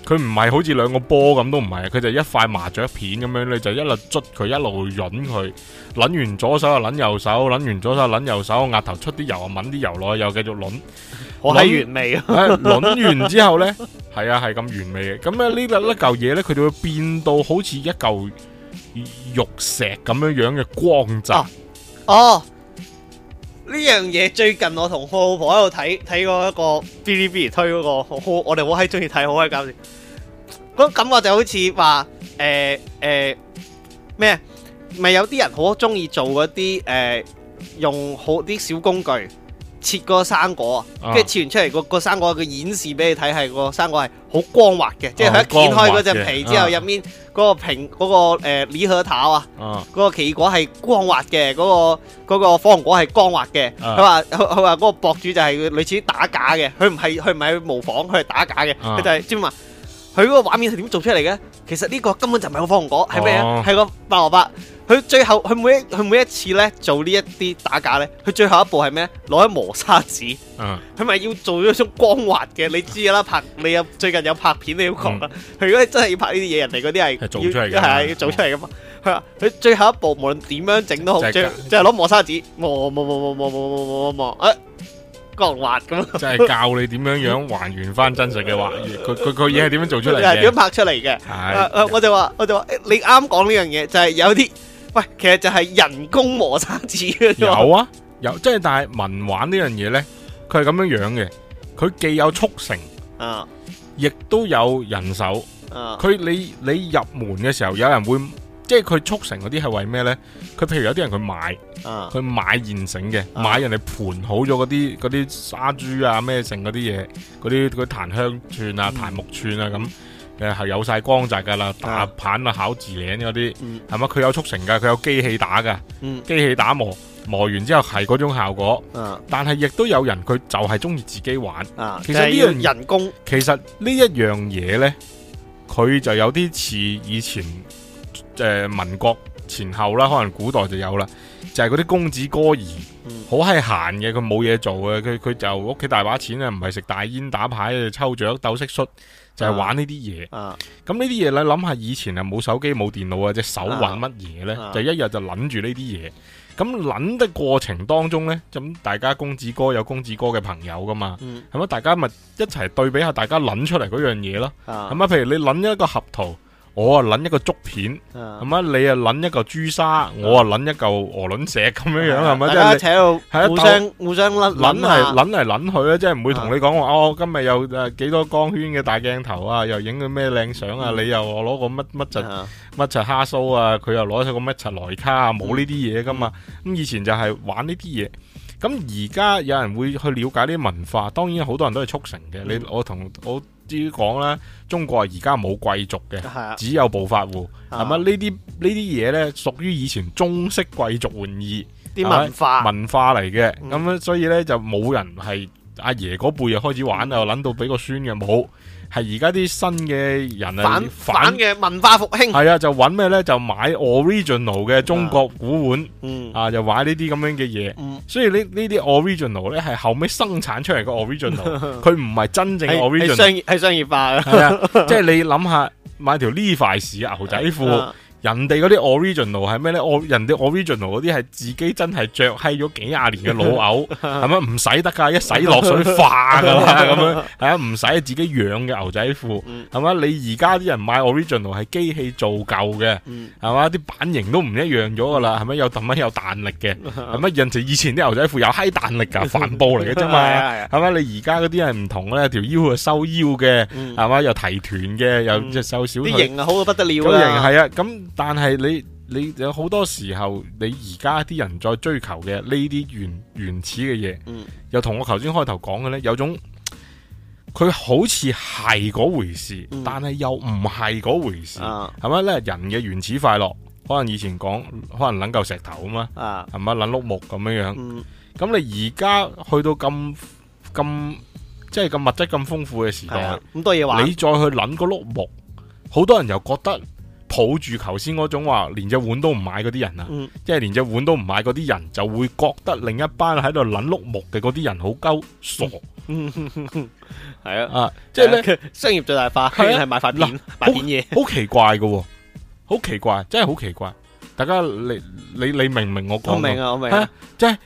A: 佢唔係好似兩個波咁都唔係，佢就一塊麻雀片咁樣，你就一路捽佢，一路潤佢。捻完左手又捻右手，捻完左手捻右手，額頭出啲油啊，搵啲油落去又繼續捻。我喺原味啊！輪完之後咧，係啊係咁原味嘅。咁啊呢粒一嚿嘢咧，佢就會變到好似一嚿玉石咁樣樣嘅光澤。哦，
B: 呢樣嘢最近我同我老婆喺度睇睇過一個 Bilibili 推嗰個，我我哋好喺中意睇，好喺搞笑。嗰感覺就好似話，誒誒咩？咪有啲人好中意做嗰啲誒，用好啲小工具。切個生果，跟住、啊、切完出嚟個個生果，佢演示俾你睇係個生果係好光滑嘅，啊、滑即係佢一掀開嗰隻皮之後，入面嗰個蘋嗰、嗰個誒、呃、梨核桃啊，嗰、啊、個奇異果係光滑嘅，嗰、嗰個嗰個火龍果係光滑嘅。佢話佢話嗰個博主就係類似打假嘅，佢唔係佢唔係去模仿，佢係打假嘅，佢、啊、就係知嘛？佢嗰個畫面係點做出嚟嘅？其實呢個根本就唔係個火龍果，係咩啊？係個白蘿蔔。佢最後佢每一佢每一次咧做呢一啲打假咧，佢最後一步係咩？攞一磨砂紙。佢咪要做一種光滑嘅？你知啦，拍你有最近有拍片，你都覺得佢如果真係要拍呢啲嘢，人哋嗰啲係要出嚟，做出嚟噶嘛。佢啊，佢最後一步無
A: 論點樣整都好，就
B: 係攞磨砂紙磨磨磨磨磨磨磨磨磨磨。國畫咁，即係教你
A: 點樣樣還原翻真實嘅畫。佢佢個嘢係點樣做出嚟嘅？係點拍出嚟嘅？係，
B: 我就話我就話，誒你啱講呢樣嘢，就係有啲，喂，其
A: 實就係人工磨砂紙嘅。有啊，有，即係但係文玩呢樣嘢咧，佢係咁樣樣嘅，佢既有速成啊，亦都有人手啊。佢你你入門嘅時候，有人會。即係佢速成嗰啲係為咩呢？佢譬如有啲人佢買，佢買現成嘅，買人哋盤好咗嗰啲嗰啲沙珠啊，咩成嗰啲嘢，嗰啲嗰啲檀香串啊、檀木串啊，咁誒係有晒光澤噶啦，大盤啊、烤字領嗰啲係咪？佢有速成噶，佢有機器打噶，機器打磨磨完之後係嗰種效果。但係亦都有人佢就係中意自己玩。其實呢樣人工，其實呢一樣嘢呢，佢就有啲似以前。誒、呃，民國前後啦，可能古代就有啦，就係嗰啲公子哥兒，好係閒嘅，佢冇嘢做嘅，佢佢就屋企大把錢，就是，啊，唔係食大煙打牌抽獎鬥蟋蟀，就係玩呢啲嘢。咁呢啲嘢你諗下以前啊，冇手機冇電腦啊，隻手玩乜嘢呢？就一日就諗住呢啲嘢。咁諗的過程當中呢，咁大家公子哥有公子哥嘅朋友噶嘛，係咪、嗯？大家咪一齊對比下，大家諗出嚟嗰樣嘢咯。係咪、啊？譬如你諗一個合桃。我啊捻一個竹片，咁啊你啊捻一個朱砂，我啊捻一嚿鵝卵石咁樣樣，係咪即係一相
B: 互相捻捻嚟捻
A: 嚟捻去咧，即係唔會同你講話哦，今日又幾多光圈嘅大鏡頭啊，又影咗咩靚相啊，你又攞個乜乜柒乜柒哈蘇啊，佢又攞咗個乜柒萊卡啊，冇呢啲嘢噶嘛，咁以前就係玩呢啲嘢。咁而家有人會去了解呢啲文化，當然好多人都係促成嘅。嗯、你我同我至於講啦，中國而家冇貴族嘅，啊、只有暴發戶係咪？呢啲呢啲嘢呢，屬於以前中式貴族玩意啲文化文化嚟嘅。咁啊、嗯，所以呢，就冇人係。阿爺嗰輩又開始玩，又諗到俾個孫嘅冇？係而家啲新嘅人啊，反反嘅
B: 文化復興係
A: 啊，就搵咩咧就買 original 嘅中國古玩，啊、嗯、啊就玩呢啲咁樣嘅嘢，嗯、所以呢，呢啲 original 咧係後尾生產出嚟嘅 original，佢唔係真正嘅 original，係商係商業化嘅，即 係、啊就是、你諗下買條 Levi's 啊牛仔褲。啊人哋嗰啲 original 係咩咧？人哋 original 嗰啲係自己真係着閪咗幾廿年嘅老牛，係咪唔使得噶？一洗落水化噶啦，咁樣係啊？唔使自己養嘅牛仔褲，係嘛？你而家啲人買 original 係機器造舊嘅，係嘛？啲版型都唔一樣咗噶啦，係咪有彈有彈力嘅？係咪人哋以前啲牛仔褲有閪彈力噶？帆布嚟嘅啫嘛，係咪？你而家嗰啲係唔同啦，條腰會收腰嘅，係嘛？又提臀嘅，又又瘦少啲型好到不得了型係啊，咁。但係你你有好多時候，你而家啲人再追求嘅呢啲原原始嘅嘢，嗯、又同我頭先開頭講嘅呢，有種佢好似係嗰回事，嗯、但係又唔係嗰回事，係咪咧？人嘅原始快樂，可能以前講，可能撚嚿石頭啊嘛，係咪撚碌木咁樣樣？咁、嗯、你而家去到咁咁即係咁物質咁豐富嘅時代，咁、啊、多嘢你再去撚個碌木，好多人又覺得。抱住頭先嗰種話連隻碗都唔買嗰啲人啊，即係連隻碗都唔買嗰啲人就會覺得另一班喺度捻碌木嘅嗰啲人好鳩傻，係啊，即係商業最大化，係買塊面買件嘢，好奇怪㗎，好奇怪，真係好奇怪，大家你你你明唔明我講啊？我明啊，我明即係。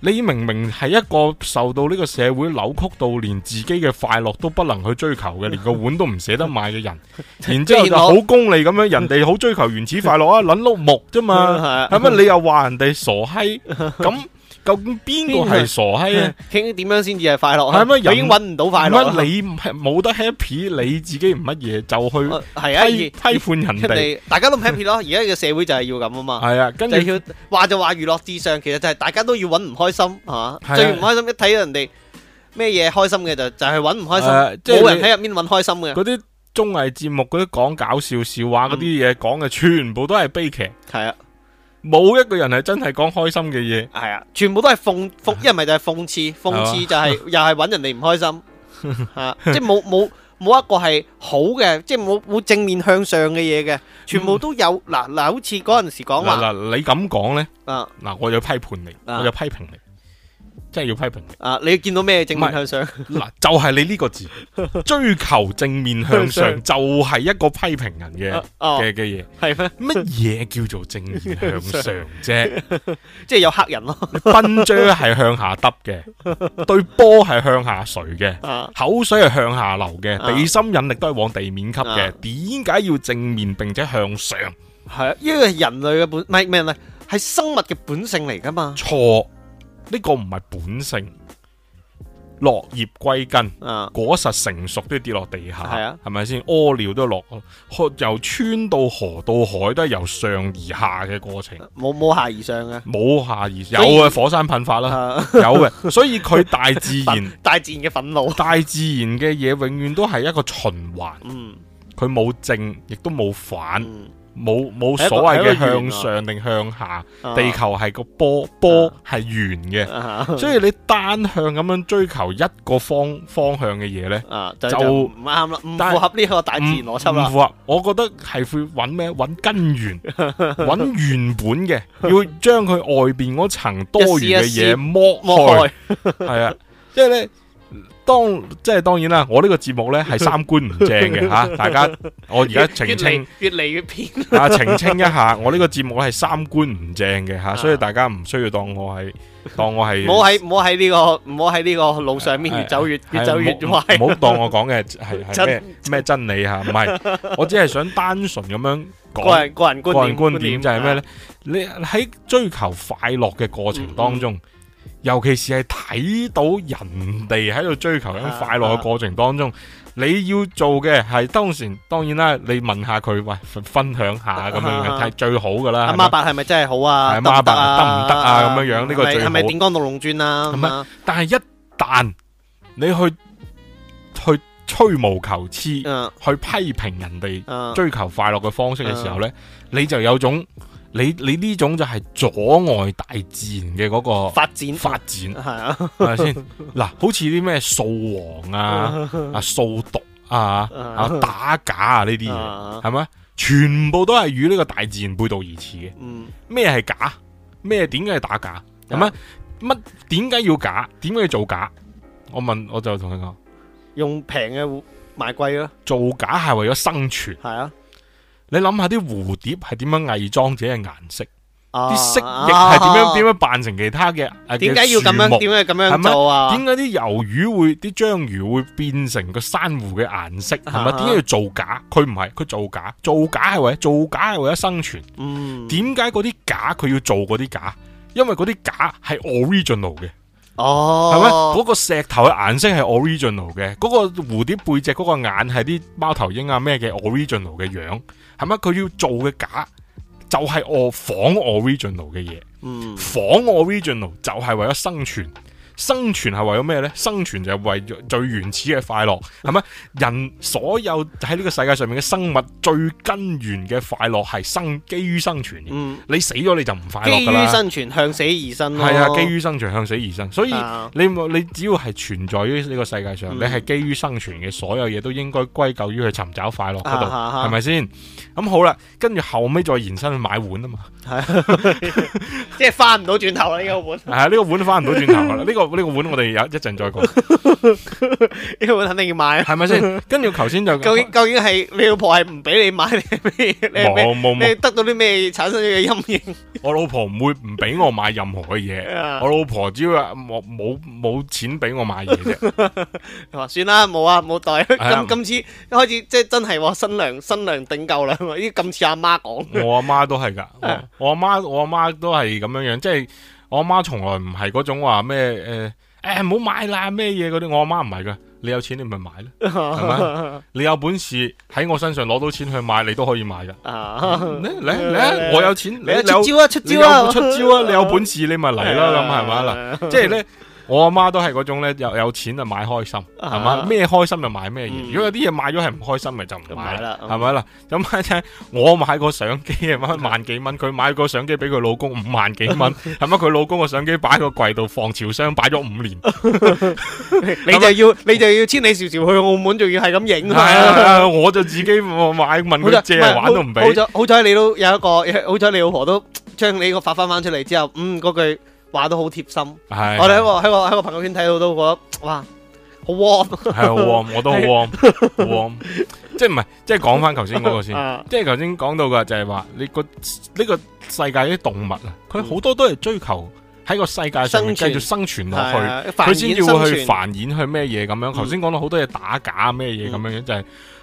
A: 你明明係一個受到呢個社會扭曲到連自己嘅快樂都不能去追求嘅， 連個碗都唔捨得買嘅人， 然之後就好功利咁樣， 人哋好追求原始快樂 啊，捻碌木啫嘛，係咪？你又話人哋傻
B: 閪咁？ 究竟邊個係傻閪啊？傾點樣先至係快樂啊？係咪已經搵唔到快樂，你
A: 冇得 happy，你自己唔乜嘢，就去批判人哋。
B: 大家都唔 happy 咯，而家嘅社會就係要咁啊嘛。係啊，跟住話就話娛樂至上，其實就係大家都要搵唔開心吓。最唔開心一睇到人哋咩嘢開心嘅就就係搵唔開心，冇人喺入面搵開心嘅。
A: 嗰啲綜藝節目嗰啲講搞笑、笑話嗰啲嘢講嘅，全部都係悲劇。係啊。冇一個人係真係講開心嘅嘢。係啊，全部都係諷諷，一係咪就係諷刺，諷刺就係
B: 又係搵人哋唔開心，吓，即係冇冇冇一個係好嘅，即係冇冇正面向上嘅嘢嘅，全部都有，嗱嗱，好似嗰陣時講話，嗱
A: 你咁講呢，嗱，我就批判你，我就批評你。咩？要批評啊，你見到咩
B: 正面向上？嗱，
A: 就係你呢個字，追求正面向上，就係一個批評人嘅嘅嘅嘢，係咩？乜嘢叫做正面向上啫？即係有黑人咯，粉腸係向下耷嘅，對波係向下垂嘅，口水係向下流嘅，地心引力都係往地面吸嘅，點解要正面並且向上？係，呢個係人類嘅本，唔係唔係，係生物嘅本性嚟噶嘛？錯。呢個唔係本性，落葉歸根，啊、果實成熟都要跌落地下，係咪先？屙尿都落，由川到河到海都係由上而下嘅過程，冇冇下而上嘅，冇下而上，有嘅火山噴發啦，有嘅，所以佢大自然， 大自然嘅憤怒，大自然嘅嘢永遠都係一個循環，佢冇正亦都冇反。嗯嗯冇冇所謂嘅向上定向下，啊、地球係個波，啊、波係圓嘅，啊、所以你單向咁樣追求一個方方向嘅嘢呢，啊、就
B: 唔啱啦，唔符合呢
A: 個大自然邏輯啦。唔符合，我覺得係會揾咩？揾根源，揾 原本嘅，要將佢外邊嗰層多餘嘅嘢剝開，係啊，即係呢。 當即係當然啦，我呢個節目咧係三觀唔正嘅吓，大家我而家澄清，
B: 越嚟越偏啊！澄清
A: 一下，我呢個節目係三觀唔正嘅吓，所以大家唔需要當我係當我係，唔好喺
B: 唔好喺呢個唔好喺呢個路上面越走越越走越壞，唔好當我
A: 講嘅係係咩真理吓，唔係我只係想單純咁樣講個人個人觀點，觀點就係咩咧？你喺追求快樂嘅過程當中。尤其是係睇到人哋喺度追求緊快樂嘅過程當中，啊啊、你要做嘅係當時當然啦，你問下佢喂、哎、分享下咁樣係最好噶啦。阿、啊、伯係咪真係好啊？阿媽伯得唔得啊？咁樣樣呢個係咪點
B: 江到龍尊啊？係咪？
A: 但係一旦你去去吹毛求疵，啊、去批評人哋追求快樂嘅方式嘅時候咧，啊啊啊啊啊、你就有種。你你呢種就係阻礙大自然嘅嗰個發展發展係啊，係咪先？嗱，好似啲咩掃黃啊、啊掃毒啊、啊打假啊呢啲嘢，係咪？全部都係與呢個大自然背道而馳嘅。嗯。咩係假？咩點解係打假？係啊乜點解要假？點解要做假？我問我就同佢講，用平嘅賣貴咯。做假係為咗生存。係啊。你諗下啲蝴蝶係點樣偽裝自己嘅顏色？啲蜥蜴係點樣點、啊、樣扮成其他嘅？點解要咁樣？點解咁樣做啊？點解啲魷魚會、啲章魚會變成個珊瑚嘅顏色？係咪、啊？點解要造假？佢唔係，佢造假。造假係為咗，造假係為咗生存。嗯。點解嗰啲假佢要做嗰啲假？因為嗰啲假係 original 嘅。哦、啊。係咪？嗰、嗰個石頭嘅顏色係 original 嘅。嗰、嗰個蝴蝶背脊嗰個眼係啲貓頭鷹啊咩嘅 original 嘅樣。係咪佢要做嘅假就係我仿我 original 嘅嘢？Mm. 仿我 original 就係為咗生存。生存係為咗咩呢？生存就係為最原始嘅快樂，係咪？人所有喺呢個世界上面嘅生物最根源嘅快樂係生基於生存。你死咗你就唔快樂。基於生
B: 存，向死而生咯。係啊，基於
A: 生存，向死而生。所以你你只要係存在於呢個世界上，你係基於生存嘅所有嘢都應該歸咎於去尋找快樂嗰度，係咪先？咁好啦，跟住後尾再延伸去買碗啊嘛。
B: 係，即係翻唔到轉頭啦呢
A: 個碗。係啊，呢個碗都翻唔到轉頭噶啦呢個。呢個碗我哋有一陣再講，呢個碗肯定要買，係咪先？跟住頭先就究竟究竟係你老婆
B: 係唔俾你買？
A: 冇冇冇，你得到啲咩產生呢個陰影？我老婆唔會唔俾我買任何嘅嘢，我老婆只要話冇冇冇錢俾我買嘢啫。話算啦，冇啊，冇袋。今今次一開始即係真係話新娘
B: 新娘頂夠啦，依咁似阿媽講，我阿媽
A: 都係噶，我阿媽我阿媽都係咁樣樣，即係。我阿媽從來唔係嗰種話咩誒誒唔好買啦咩嘢嗰啲，我阿媽唔係噶，你有錢你咪買咯，係咪？你有本事喺我身上攞到錢去買，你都可以買噶。你你你？我有錢，你有出招啊出招啊出招啊！你有本事你咪嚟啦，咁係咪？啦，即係咧。我阿媽都係嗰種咧，有有錢就買開心，係嘛？咩開心就買咩嘢。如果有啲嘢買咗係唔開心咪就唔買啦，係咪啦？咁我買個相機啊，萬幾蚊；佢買個相機俾佢老公五萬幾蚊，係咪？佢老公個相機擺喺個櫃度防潮箱，擺咗五年。
B: 你就要你就要千里迢迢去澳門，仲要係咁影。我就自己買，問佢借玩都唔俾。好彩好彩你都有一個，好彩你老婆都將你個髮翻翻出嚟之後，嗯，嗰句。話得好貼心，是啊、我哋喺個喺個喺個朋友圈睇到都覺得哇，好 warm，係 好 warm，我都好 warm，
A: 好 warm，即係唔係，即係講翻頭先嗰個先， 即係頭先講到嘅就係話你個呢、這個世界啲動物啊，佢好多都係追求喺個世界上繼續生存落去，佢先要去繁衍去咩嘢咁樣。頭先講到好多嘢打假咩嘢咁樣，就係、是。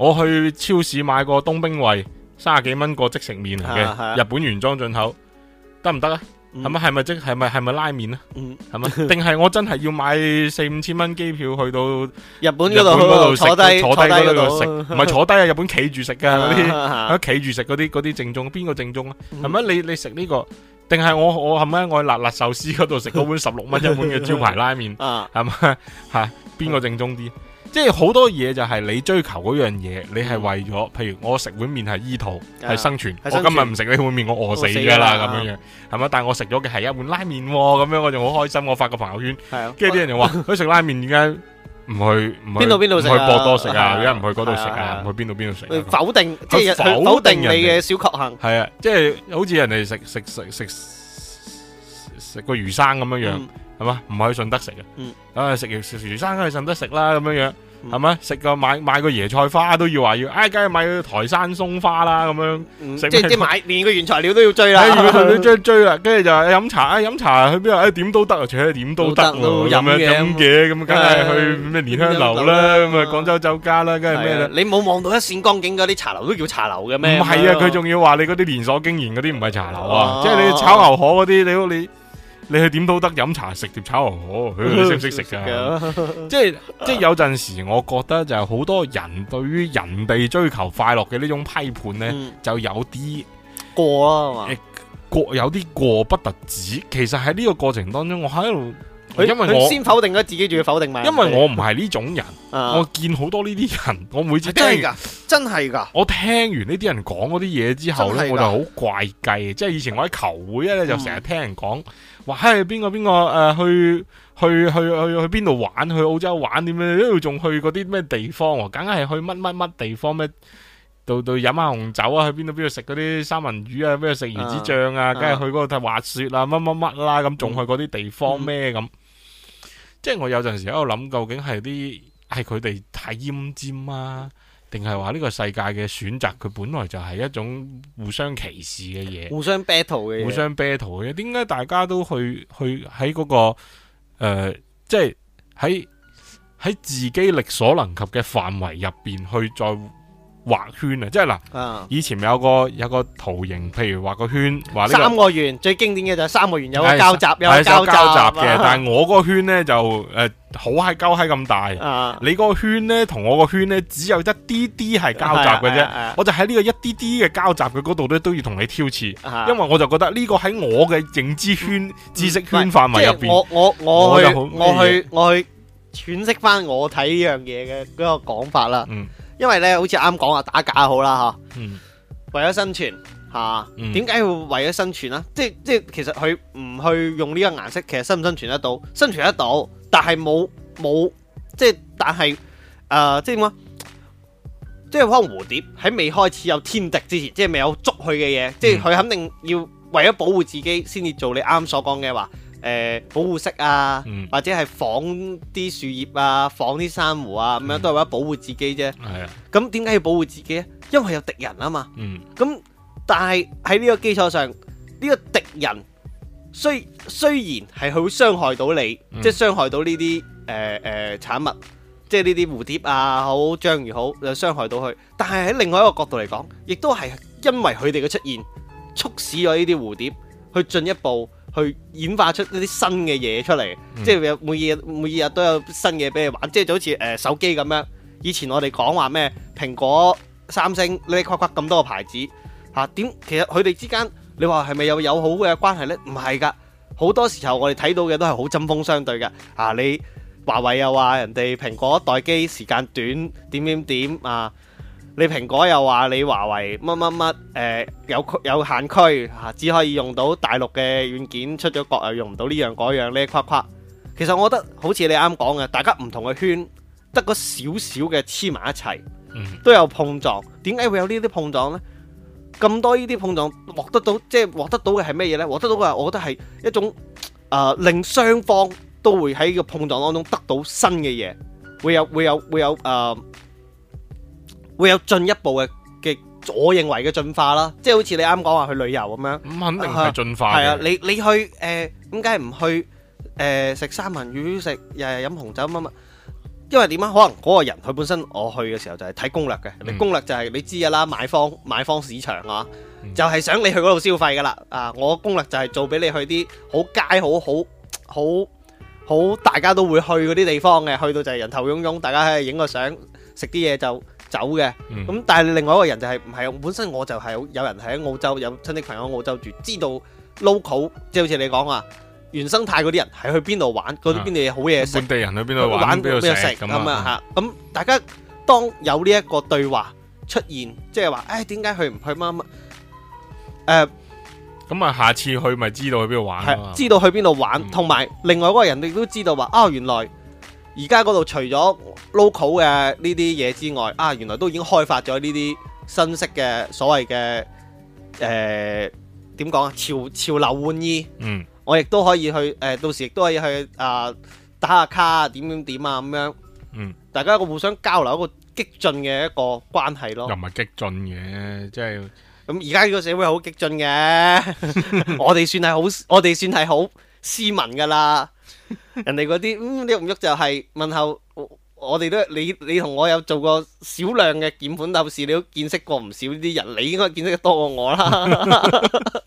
A: 我去超市買個冬兵衛三十幾蚊個即食麵嚟嘅，日本原裝進口，得唔得啊？係咪，係咪即係咪，係咪拉麵啊？係咪？定係我真係要買四五千蚊機票去到日本嗰度度食？坐低度食，唔係坐低啊！日本企住食噶啲，喺企住食嗰啲，啲正宗邊個正宗啊？係咪？你你食呢個？定係我我係咪我去辣辣壽司嗰度食嗰碗十六蚊一碗嘅招牌拉麵啊？係咪？吓，邊個正宗啲？即係好多嘢就係你追求嗰樣嘢，你係為咗，譬如我食碗麵係醫肚係生存，我今日唔食呢碗麵我餓死噶啦咁樣嘅，係咪？但係我食咗嘅係一碗拉麵咁樣，我就好開心，我發個朋友圈，跟住啲人就話佢食拉麵點解唔去？邊度邊度食去博多食啊？而家唔去嗰度食啊？去邊度邊度食？否定即係否定你嘅小確幸。係啊，即係好似人哋食食食食。食個魚生咁樣樣，係嘛？唔係去順德食啊？啊食魚生，梗係去順德食啦咁樣樣，係咪？食個買買個椰菜花都要話要，哎梗係買個台山鬆花啦咁樣。即係即係買連個原材料都要追啦。哎，追追啦，跟住就係飲茶，哎飲茶去邊度？哎點都得啊，除咗點都得咁樣飲嘅，咁梗係去咩蓮香樓啦，咁啊廣州酒家啦，梗係咩啦？你冇望到一線江景嗰啲茶樓都叫茶樓嘅咩？唔係啊，佢仲要話你嗰啲連鎖經營嗰啲唔係茶樓啊，即係你炒牛河嗰啲，你你。你去點都得飲茶食碟炒河河，佢哋識唔識食㗎？即係即係有陣時，我覺得就係好多人對於人哋追求快樂嘅呢種批判咧，嗯、就有啲過啦、啊，係嘛、欸？過有啲過不特止，其實喺呢個過程當中，我喺度。佢因為佢先
B: 否定咗自己，仲要否定埋。因為我唔
A: 係呢種人，嗯、我見好多呢啲人，我每次真係㗎，真係㗎。我聽完呢啲人講嗰啲嘢之後咧，的的我就好怪雞。即係以前我喺球會咧，就成日聽人講話，係邊個邊個誒去去去去去邊度玩？去澳洲玩點樣？一路仲去嗰啲咩地方？梗係去乜乜乜地方咩？度度飲下紅酒啊，去邊度邊度食嗰啲三文魚啊，邊度食魚子醬啊，梗係、啊、去嗰度滑雪啊，乜乜乜啦，咁仲去嗰啲地方咩咁、嗯？即係我有陣時喺度諗，究竟係啲係佢哋太奄尖啊，定係話呢個世界嘅選擇，佢本來就係一種互相歧視嘅嘢，互相 battle 嘅，互相 battle 嘅。點解大家都去去喺嗰、嗰個誒，即係喺喺自己力所能及嘅範圍入邊去再？畫圈啊，即係嗱，以前咪有個有個圖形，譬如畫個圈，畫三個圓，最經典嘅就係
B: 三個圓有個交集，有交集嘅。但係
A: 我嗰個圈呢，就誒好係交喺咁大，你個圈呢，同我個圈呢，只有一啲啲係交集嘅啫，我就喺呢個一啲啲嘅交集嘅嗰度呢，都要同你挑刺，因為我就覺得呢個喺我嘅認知圈、知識圈範圍入邊，我我我我去我去我去詮釋
B: 翻我睇呢樣嘢嘅嗰個講法啦。因為咧，好似啱講啊，打假好啦，吓，嗯、為咗生存，吓、啊，點解、嗯、會為咗生存咧？即係即係，其實佢唔去用呢個顏色，其實生唔生存得到？生存得到，但係冇冇，即係但係，誒、呃，即係點呀？即係可能蝴蝶喺未開始有天敵之前，即係未有捉佢嘅嘢，嗯、即係佢肯定要為咗保護自己，先至做你啱啱所講嘅話。誒，保護色啊，或者係仿啲樹葉啊，仿啲珊瑚啊，咁樣都係為咗保護自己啫。咁點解要保護自己呢？因為有敵人啊嘛。咁，但係喺呢個基礎上，呢個敵人雖雖然係會傷害到你，即係傷害到呢啲誒誒產物，即係呢啲蝴蝶啊，好章魚好，就傷害到佢。但係喺另外一個角度嚟講，亦都係因為佢哋嘅出現，促使咗呢啲蝴蝶去進一步。去演化出一啲新嘅嘢出嚟，即係每日每日都有新嘢俾你玩，即係就好似誒、呃、手機咁樣。以前我哋講話咩蘋果、三星、呢啲啲咁多個牌子嚇點、啊，其實佢哋之間你話係咪有友好嘅關係呢？唔係噶，好多時候我哋睇到嘅都係好針鋒相對嘅啊！你華為又話人哋蘋果待機時間短，點點點啊！你蘋果又話你華為乜乜乜，誒有有限區嚇，只可以用到大陸嘅軟件，出咗國又用唔到呢樣嗰樣咧框框。其實我覺得好似你啱講嘅，大家唔同嘅圈，得個少少嘅黐埋一齊，都有碰撞。點解會有呢啲碰撞呢？咁多呢啲碰撞獲得到，即係獲得到嘅係咩嘢呢？獲得到嘅，我覺得係一種誒、呃，令雙方都會喺個碰撞當中得到新嘅嘢，會有會有會有誒。呃會有進一步嘅嘅，我認為嘅進化啦，即係好似你啱講話去旅遊咁樣，咁、嗯、肯定係進化。係啊，啊，你你去誒，點解唔去誒食、呃、三文魚食，又係飲紅酒乜乜？因為點樣？可能嗰個人佢本身，我去嘅時候就係睇攻略嘅，嗯、攻略就係你知嘅啦，買方買方市場啊，嗯、就係想你去嗰度消費噶啦。啊，我攻略就係做俾你去啲好街好好好好大家都會去嗰啲地方嘅，去到就係人頭湧湧，大家喺度影個相，食啲嘢就。走嘅，咁但係另外一個人就係唔係，本身我就係有人喺澳洲有親戚朋友喺澳洲住，知道 local，即係好似你講啊，原生態嗰啲人係去邊度玩，嗰啲邊度嘢好嘢食，本地人去邊度玩，邊度食咁啊吓，咁大家當有呢一個對話出現，即係話，誒，點解佢唔去乜乜？咁啊，下
A: 次去咪知道去邊度
B: 玩？知道去邊度玩，同埋另外一個人亦都知道話，啊，原來。而家嗰度除咗 local 嘅呢啲嘢之外，啊，原來都已經開發咗呢啲新式嘅所謂嘅誒，點講啊，潮潮流換衣，嗯，我亦都可以去誒、呃，到時亦都可以去、呃、打啊打下卡啊點點點啊，咁樣，怎樣，嗯，大家一個互相交流一個激進嘅一個關係咯，又
A: 唔係激進嘅，即係咁
B: 而家呢個社會好激進嘅 ，
A: 我哋算係好我哋
B: 算係好斯文噶啦。 人哋嗰啲咁喐唔喐就係問候，我哋都你你同我有做過少量嘅鍵盤鬥士，你都見識過唔少呢啲人，你應該見識得多過我啦。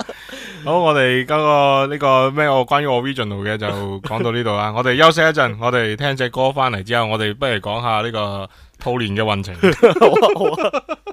A: 好，我哋今、那個呢、這個咩 我關於我 Original 嘅就講到呢度啦，我哋休息一陣，我哋聽隻歌翻嚟之後，我哋不如講下呢、這個兔年嘅運程。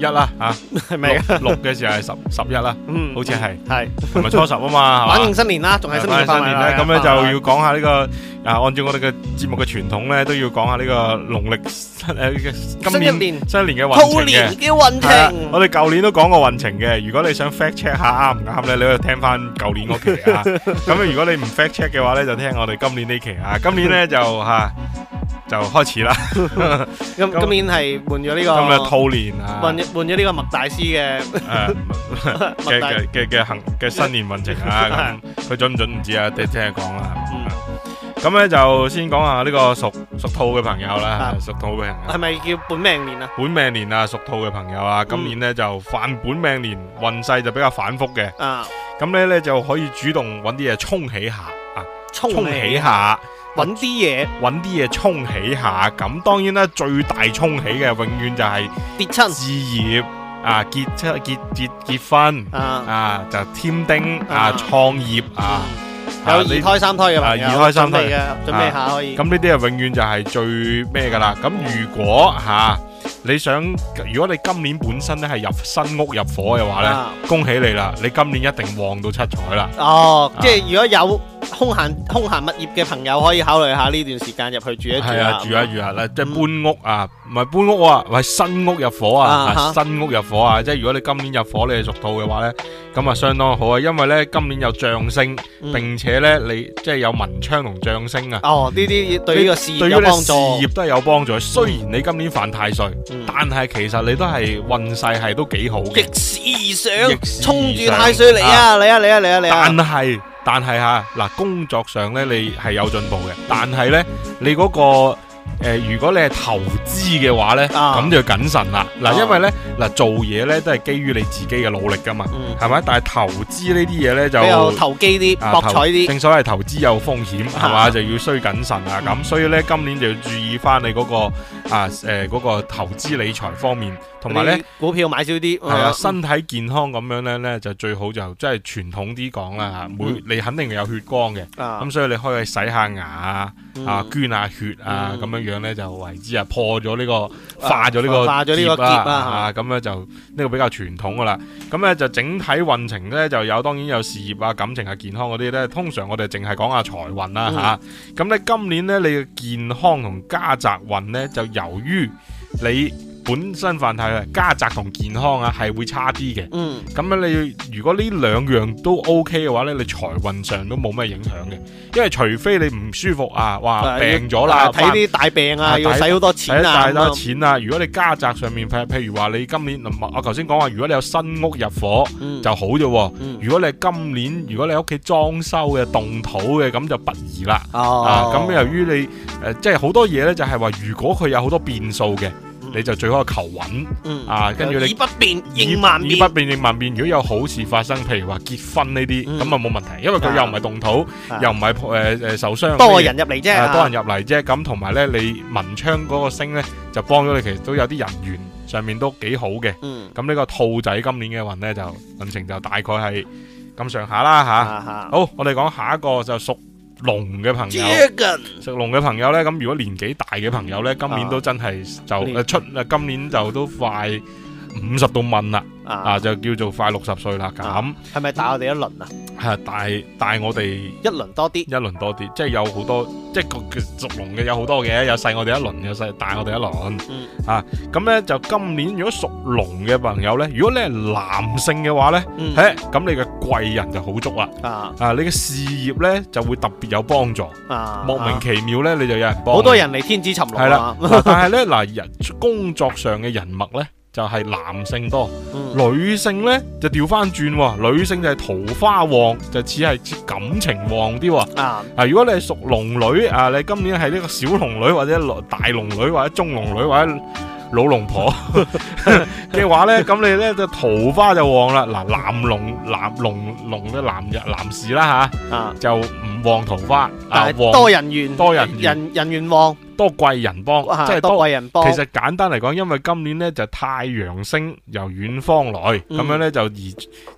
A: 一啦嚇、係咪啊，六嘅時候係十 十一啦，嗯，好似係，係，同埋初十啊嘛，反應新
B: 年啦，仲係新年反應新年啦，咁咧、嗯、就要
A: 講下呢、這個。啊！按照我哋嘅節目嘅傳統咧，都要講下呢個農曆誒，今年新年嘅運程嘅。我哋舊年都講過運程嘅，如果你想 fact check 下啱唔啱咧，你可以聽翻舊年嗰期啊。咁如果你唔 fact check 嘅話咧，就聽我哋今年呢期啊。今年咧就吓就開始啦。今今年係換咗呢個，咁啊兔年啊，換換咗呢個麥大師嘅嘅嘅嘅行嘅新年運程啊。佢準唔準唔知啊，聽聽講啦。咁咧就先講下呢個屬屬兔嘅朋友啦，屬兔嘅朋友係咪叫本命年啊？本命年啊，屬兔嘅朋友啊，今年呢，就犯本命年運勢就比較反复嘅。啊，咁呢，咧就可以主動揾啲嘢衝起下啊，衝起下揾啲嘢，揾啲嘢衝起下。咁當然啦，最大衝起嘅永遠就係結親、事業啊、結親、結結結婚啊就添丁啊、創業啊。有二胎三胎嘅朋友，二胎三胎準備嘅，啊、準備下可以。咁呢啲啊，永遠就係最咩㗎喇。咁如果吓。啊你想，如果你今年本身咧係入新屋入伙嘅話咧，恭喜你啦！你今年一定旺到七彩啦。
B: 哦，即係如果有空閒空閒物業嘅朋友，可以考
A: 慮下呢段時間入去住一住。係啊，住下住下，嗱，即係搬屋啊，唔係搬屋啊，係新屋入伙啊，新屋入伙啊，即係如果你今年入伙你係屬兔嘅話咧，咁啊相當好啊，因為咧今年有漲升，並且咧你即係有文昌同漲升啊。哦，呢啲對呢個事業有幫助。對於你事業都係有幫助，雖然你今年犯太歲。但係其實你都係運勢係都幾好
D: 嘅，逆市而上，衝住太歲嚟啊！嚟
A: 啊嚟啊嚟啊！嚟啊。啊啊但係是但係吓嗱，啊、工作上咧你係有進步嘅，嗯、但係咧、嗯、你嗰、嗰個。誒，如果你係投資嘅話咧，咁就要謹慎啦。嗱，因為咧，嗱做嘢咧都係基於你自己嘅努力噶嘛，係咪？但係投資呢啲嘢咧就比較投機啲、博彩啲。正所謂投資有風險，係嘛就要需謹慎啊。咁所以咧，今年就要注意翻你嗰個啊誒嗰個投資理財方面，同埋咧股票買少啲。係啊，身體健康咁樣咧咧就最好就即係傳統啲講啦。每你肯定有血光嘅，咁所以你可以洗下牙啊，啊捐下血啊咁樣。樣咧就為之啊，破咗呢個化咗呢個化咗呢個結啦，咁咧就呢個比較傳統噶啦。咁咧就整體運程咧就有，當然有事業啊、感情啊、健康嗰啲咧。通常我哋淨係講下財運啦吓。咁咧、嗯啊、今年咧你嘅健康同家宅運咧就由於你。本身狀態咧，家宅同健康啊，係會差啲嘅。嗯，咁樣你如果呢兩樣都 OK 嘅話咧，你財運上都冇咩影響嘅。因為除非你唔舒服啊，話要病咗了啦，睇啲大
B: 病啊，要使好多錢啊，使看多錢啊，大大錢
A: 啊。如果你家宅上面譬如話，你今年我頭先講話，如果你有新屋入伙、嗯、就好啫、啊嗯。如果你今年如果你屋企裝修嘅、動土嘅，咁就不宜啦。哦、啊，咁由於你誒，即係好多嘢咧，就係話，如果佢有好多變數嘅。你就最好求穩啊，跟住，你以不變應萬變，以不變應萬變。如果有好事發生，譬如話結婚呢啲，咁啊冇問題，因為佢又唔係動土，又唔係誒誒受傷，多人入嚟啫，多人入嚟啫。咁同埋咧，你文昌嗰個星咧，就幫咗你，其實都有啲人緣，上面都幾好嘅。咁呢個兔仔今年嘅運咧，就運程就大概係咁上下啦，吓。好，我哋講下一個就屬。龍嘅朋友，食龍嘅朋友呢？咁如果年紀大嘅朋友呢？今年都真係就出，今年就都快。五十到萬啦，啊就叫做快六十歲啦。咁係咪大我哋一輪啊？係大大我哋一輪多啲，一輪多啲，即係有好多，即係屬龍嘅有好多嘅，有細我哋一輪，有細大我哋一輪。啊，咁咧就今年如果屬龍嘅朋友咧，如果你係男性嘅話咧，嘿，咁你嘅貴人就好足啦。啊，你嘅事業咧就會特別有幫助。
B: 莫名
A: 其妙咧你就有人幫。好多人嚟，天子尋龍。係啦，但係咧嗱人工作上嘅人脈咧。就係男性多，嗯、女性呢就調翻轉，女性就係桃花旺，就似係似感情旺啲。啊，如果你係屬龍女，啊你今年係呢個小龍女或者大龍女或者中龍女或者老龍婆嘅 話呢，咁你呢就桃花就旺啦。嗱、啊，男龍男龍龍嘅男人男士啦吓，啊啊、就唔旺桃花，但係 旺多人緣，多人人人緣旺。多貴人幫，即係多貴人幫。其實簡單嚟講，因為今年咧就太陽星由遠方來，咁樣咧就而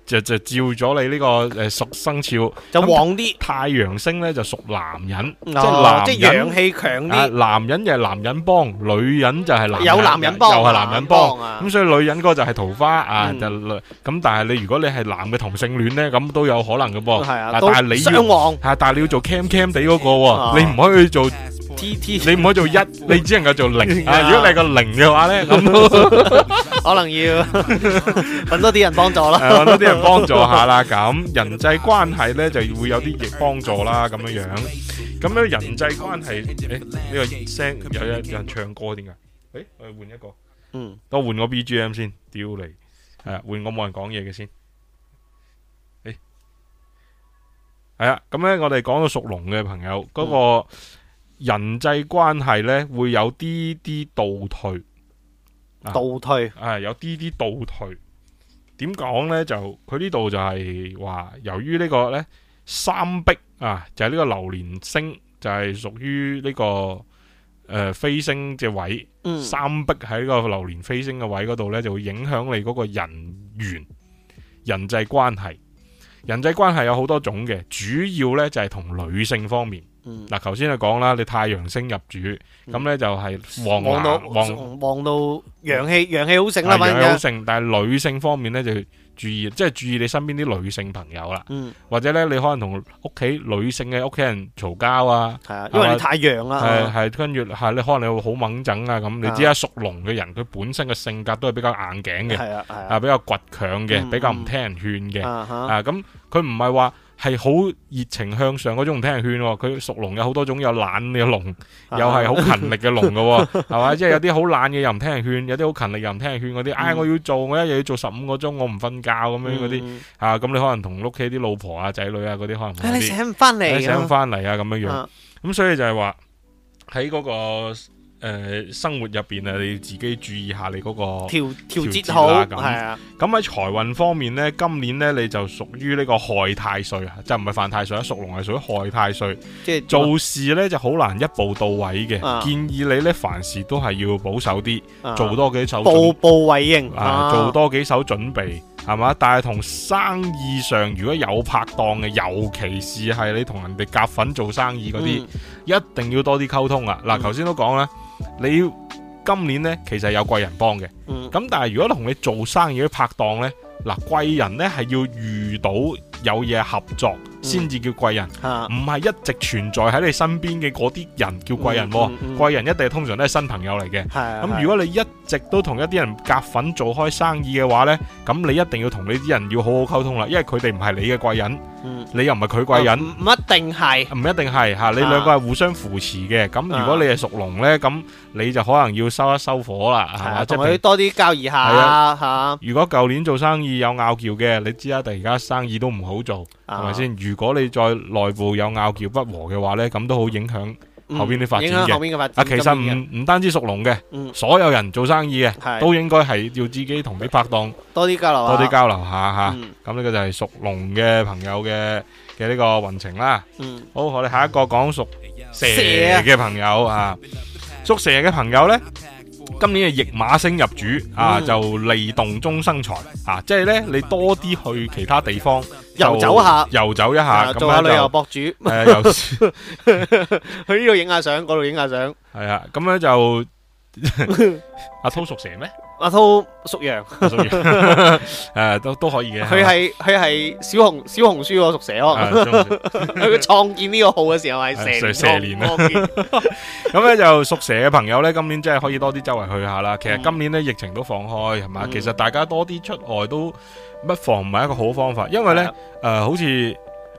A: 就就照咗你呢個誒屬生肖就旺啲。太陽星咧就屬男人，即係男即係陽氣強啲。男人又係男人幫，女人就係男人有男人幫，又係男人幫。咁所以女人嗰個就係桃花啊，就咁。但係你如果你係男嘅同性戀咧，咁都有可能嘅噃。係啊，但係你要係但係你要做 cam cam 地嗰個，你唔可以做。T T，你唔可以做一，你只能夠做零啊！如果你係個零嘅話咧，咁可能要搵多啲人幫助啦，搵多啲人幫助下啦，咁人際關係咧就會有啲嘢幫助啦，咁樣樣。咁咧人際關係，誒，呢個聲有有人唱歌點解？誒，我哋換一個，嗯，都換個 B G M 先，屌你，係啊，換個冇人講嘢嘅先。誒，係啊，咁咧我哋講到屬龍嘅朋友嗰個。人際關係呢會有啲啲倒退，倒退，啊有啲啲倒退。點講呢？就佢呢度就係話，由於呢個呢三壁啊，就係呢個流年星就係屬於呢個誒飛星嘅位，嗯、三壁喺個流年飛星嘅位嗰度呢，就會影響你嗰個人緣、人際關係。人際關係有好多種嘅，主要呢就係同女性方面。嗱，頭先你講啦，你太陽星入主，咁咧就係旺到旺
B: 旺到陽氣陽氣好盛啦，係咪
A: 但係女性方面咧就注意，即係注意你身邊啲女性朋友啦，嗯，或者咧你可能同屋企女性嘅屋企人嘈交啊，係啊，因為你太陽啊，係係，跟住係你可能你會好猛整啊，咁你知啦，屬龍嘅人佢本身嘅性格都係比較硬頸嘅，係啊係啊比較倔強嘅，比較唔聽人勸嘅，啊咁佢唔係話。係好熱情向上嗰種唔聽人勸喎、哦，佢屬龍有好多種，有懶嘅龍，啊、又係好勤力嘅龍嘅喎、哦，係嘛？ 即係有啲好懶嘅又唔聽人勸，有啲好勤力又唔聽人勸嗰啲，唉、嗯哎，我要做，我一日要做十五個鐘，我唔瞓覺咁樣嗰啲嚇，咁、嗯啊、你可能同屋企啲老婆啊、仔女啊嗰啲可能，哎、啊，你醒唔翻嚟，你醒唔翻嚟啊咁樣樣，咁所以就係話喺嗰個。誒，生活入邊啊，你自己注意下你嗰個調調節好咁係啊。咁喺財運方面呢，今年呢，你就屬於呢個害太歲啊，就唔係犯太歲啊，屬龍係屬於害太歲。即做事呢，就好難一步到位嘅，建議你呢，凡事都係要保守啲，做多幾手。步步
B: 為營啊，做
A: 多幾手準備係嘛？但係同生意上如果有拍檔嘅，尤其是係你同人哋夾份做生意嗰啲，一定要多啲溝通啊！嗱，頭先都講啦。你今年呢，其實有貴人幫嘅，咁、嗯、但係如果同你做生意拍檔呢，嗱，貴人呢係要遇到。有嘢合作先至叫貴人，唔係一直存在喺你身邊嘅嗰啲人叫貴人。貴人一定通常都係新朋友嚟嘅。咁如果你一直都同一啲人夾份做開生意嘅話咧，咁你一定要同你啲人要好好溝通啦，因為佢哋唔係你嘅貴人，你又唔係佢貴人。唔一定係唔一定係吓你兩個係互相扶持嘅。咁如果你係屬龍咧，咁你就可能要收一收火啦，係嘛？同佢多啲
B: 交易下嚇。
A: 如果舊年做生意有拗撬嘅，你知啦，突然間生意都唔好。好做係咪先？如果你喺內部有拗撬不和嘅話呢，咁都好影響後邊啲發展嘅。啊，其實唔唔單止屬龍嘅，所有人做生意嘅都應該係要自己同啲拍檔
B: 多啲交流，多啲交
A: 流下吓。咁呢個就係屬龍嘅朋友嘅嘅呢個運程啦。好，我哋下一個講屬蛇嘅朋友啊，屬蛇嘅朋友呢。今年嘅驛馬星入主、嗯、啊，就利動中生財啊，即係咧你多啲去其他地方遊走下，遊走一下，做下旅遊博主，去呢度影下相，嗰度影下相，係啊，咁咧就阿濤、 啊、熟蛇咩？阿濤屬羊，誒、 啊，都都可以嘅。佢係
B: 佢係小紅小紅書嘅屬蛇咯、啊，佢創 建呢個號嘅時候係蛇年。蛇年啦。
A: 咁咧就屬蛇嘅朋友咧，今年真係可以多啲周圍去下啦。其實今年咧、嗯、疫情都放開係嘛，嗯、其實大家多啲出外都妨不妨唔係一個好方法，因為咧誒、嗯呃，好似誒、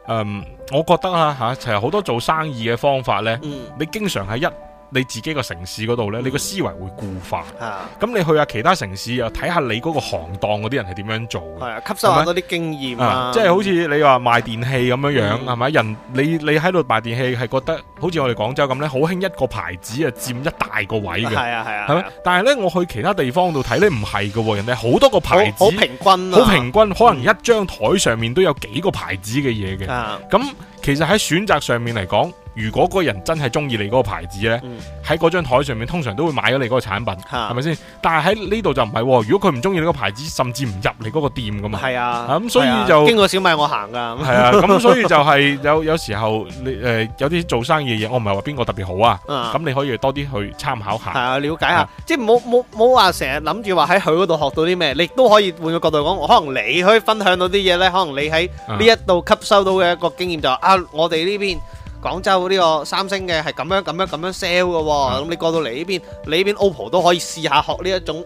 A: 呃，我覺得啊吓，其實好多做生意嘅方法咧，你經常係一。嗯你自己個城市嗰度呢，你個思維會固化。咁、啊、你去下其他城市又睇下你嗰個行當嗰啲人係點樣做。係、啊、吸收多啲
B: 經驗、啊。即係、啊就是、好似
A: 你話賣電器咁樣樣，係咪、嗯、人你你喺度賣電器係覺得好似我哋廣州咁呢，好興一個牌子啊，佔一個大個位嘅。係咪、啊啊啊？但係呢，我去其他地方度睇呢唔係噶，人哋好多個牌子。好平
B: 均。好平
A: 均，可能一張台上面都有幾個牌子嘅嘢嘅。咁、啊、其實喺選擇上面嚟講。如果嗰人真係中意你嗰個牌子呢，喺嗰、嗯、張台上面通常都會買咗你嗰個產品，係咪先？但係喺呢度就唔係喎。如果佢唔中意你個牌子，甚至唔入你嗰個店㗎嘛。係啊，咁、嗯、所以就、啊、經過小米我行㗎。係、嗯、啊，咁所以就係有 有，有時候你誒、呃、有啲做生意嘅嘢，我唔係話邊個特別好啊。咁、啊、你可以多啲去參考下，係啊，了解下，啊、即係冇冇冇話成日諗住話喺佢嗰度學到啲咩，你都可以換個角度講，
B: 可能你可以分享到啲嘢呢，可能你喺呢一度吸收到嘅一個經驗就係、啊，啊，我哋呢邊。廣州呢個三星嘅係咁樣咁樣咁樣 sell 嘅，咁、嗯、你過到嚟呢邊，你呢邊 OPPO 都可以試下學呢一種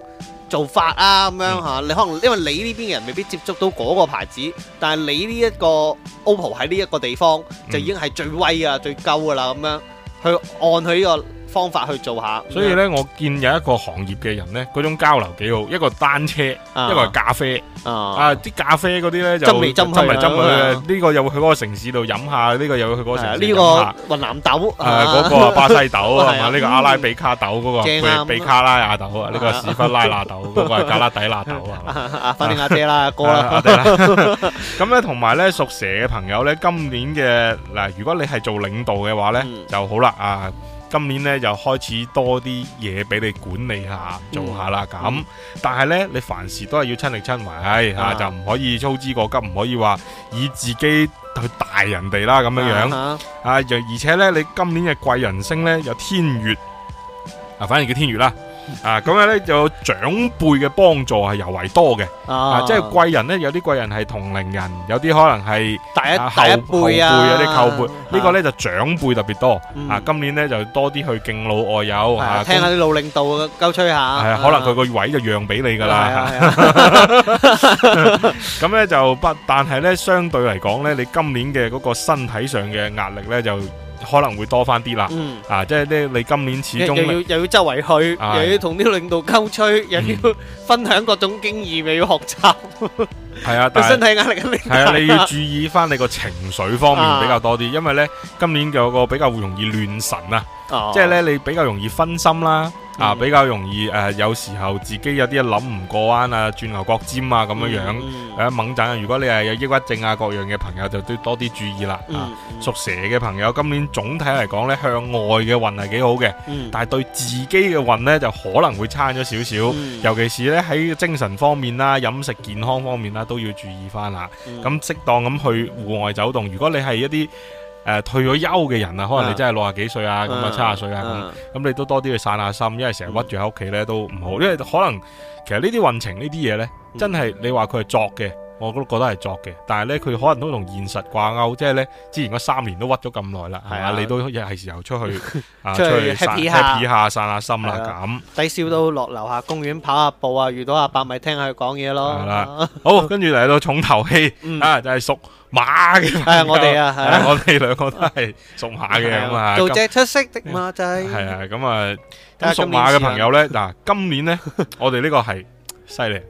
B: 做法啊，咁樣嚇，嗯、你可能因為你呢邊人未必接觸到嗰個牌子，但係你呢一個 OPPO 喺呢一個地方就已經係最威啊、最鳩㗎啦，咁樣去按佢呢、呢個。方法去做下，所以咧，
A: 我見有一個行業嘅人咧，嗰種交流幾好。一個單車，一個係咖啡，啊，啲咖啡嗰啲咧就，斟嚟斟，斟嚟斟嘅。呢個又去嗰個城市度飲下，呢個又去嗰個城市飲下。呢個雲南豆，啊，嗰個巴西豆啊嘛，呢個阿拉比卡豆嗰個，
B: 比卡拉亞豆啊，呢個屎忽拉拉豆嗰個，加拉底拉
A: 豆啊。反正阿姐啦，哥啦，咁咧，同埋咧，屬蛇嘅朋友咧，今年嘅嗱，如果你係做領導嘅話咧，就好啦啊。今年咧又開始多啲嘢俾你管理下、嗯、做下啦咁，嗯、但係咧你凡事都係要親力親為嚇，嗯啊、就唔可以操之過急，唔可以話以自己去大人哋啦咁樣樣、嗯嗯、啊！而且咧，你今年嘅貴人星咧有天月，啊，反而叫天月啦。啊，咁樣咧就長輩嘅幫助係尤為多嘅，啊，即係貴人咧有啲貴人係同齡人，有啲可能係第一後輩啊，啲後輩，呢個咧就長輩特別多。啊，今年咧就多啲去敬老愛幼，聽下啲老領導教誨下。係啊，可能佢個位就讓俾你噶啦。咁咧就不但係咧，相對嚟講咧，你今年嘅嗰個身體上嘅壓力咧就。可能會多翻啲啦，嗯、啊，即係咧，你今年始終又，又要又要周圍去，啊、又要同啲領導溝吹，嗯、又要分享各種經驗，又要學習，係、嗯、 啊，身體壓
B: 力係啊，你要注
A: 意翻你個情緒方面比較多啲，啊、因為呢今年有個比較會容易亂神啊，即係呢，你比較容易分心啦。啊，比較容易誒、呃，有時候自己有啲嘢諗唔過彎啊，轉牛角尖啊咁樣樣，誒、嗯嗯啊、猛掙、啊。如果你係有抑鬱症啊各樣嘅朋,、啊嗯嗯、朋友，就都多啲注意啦。屬蛇嘅朋友今年總體嚟講呢，向外嘅運係幾好嘅，嗯、但係對自己嘅運呢，就可能會差咗少少，嗯、尤其是呢，喺精神方面啦、啊、飲食健康方面啦、啊，都要注意翻啦。咁適當咁去戶外走動。如果你係一啲誒、呃、退咗休嘅人啊，可能你真係六十幾歲啊，咁啊七十歲啊，咁咁、啊啊、你都多啲去散下心，因為成日屈住喺屋企咧都唔好，因為可能其實呢啲運程呢啲嘢咧，真係你話佢係作嘅。我都覺得係作嘅，但係咧佢可能都同現實掛鈎，即係咧之前嗰三年都屈咗咁耐啦，係啊，你都亦係時候出去出去 happy 下、散下心啦咁。
B: 低燒到落樓下公園跑下步啊，遇到阿伯咪聽下佢講嘢咯。
A: 好，跟住嚟到重頭戲啊，就係屬馬嘅。我哋啊，我哋兩個都係屬馬嘅咁啊。做隻出色的馬仔係啊，咁啊，屬馬嘅朋友咧嗱，今年咧我哋呢個係犀利。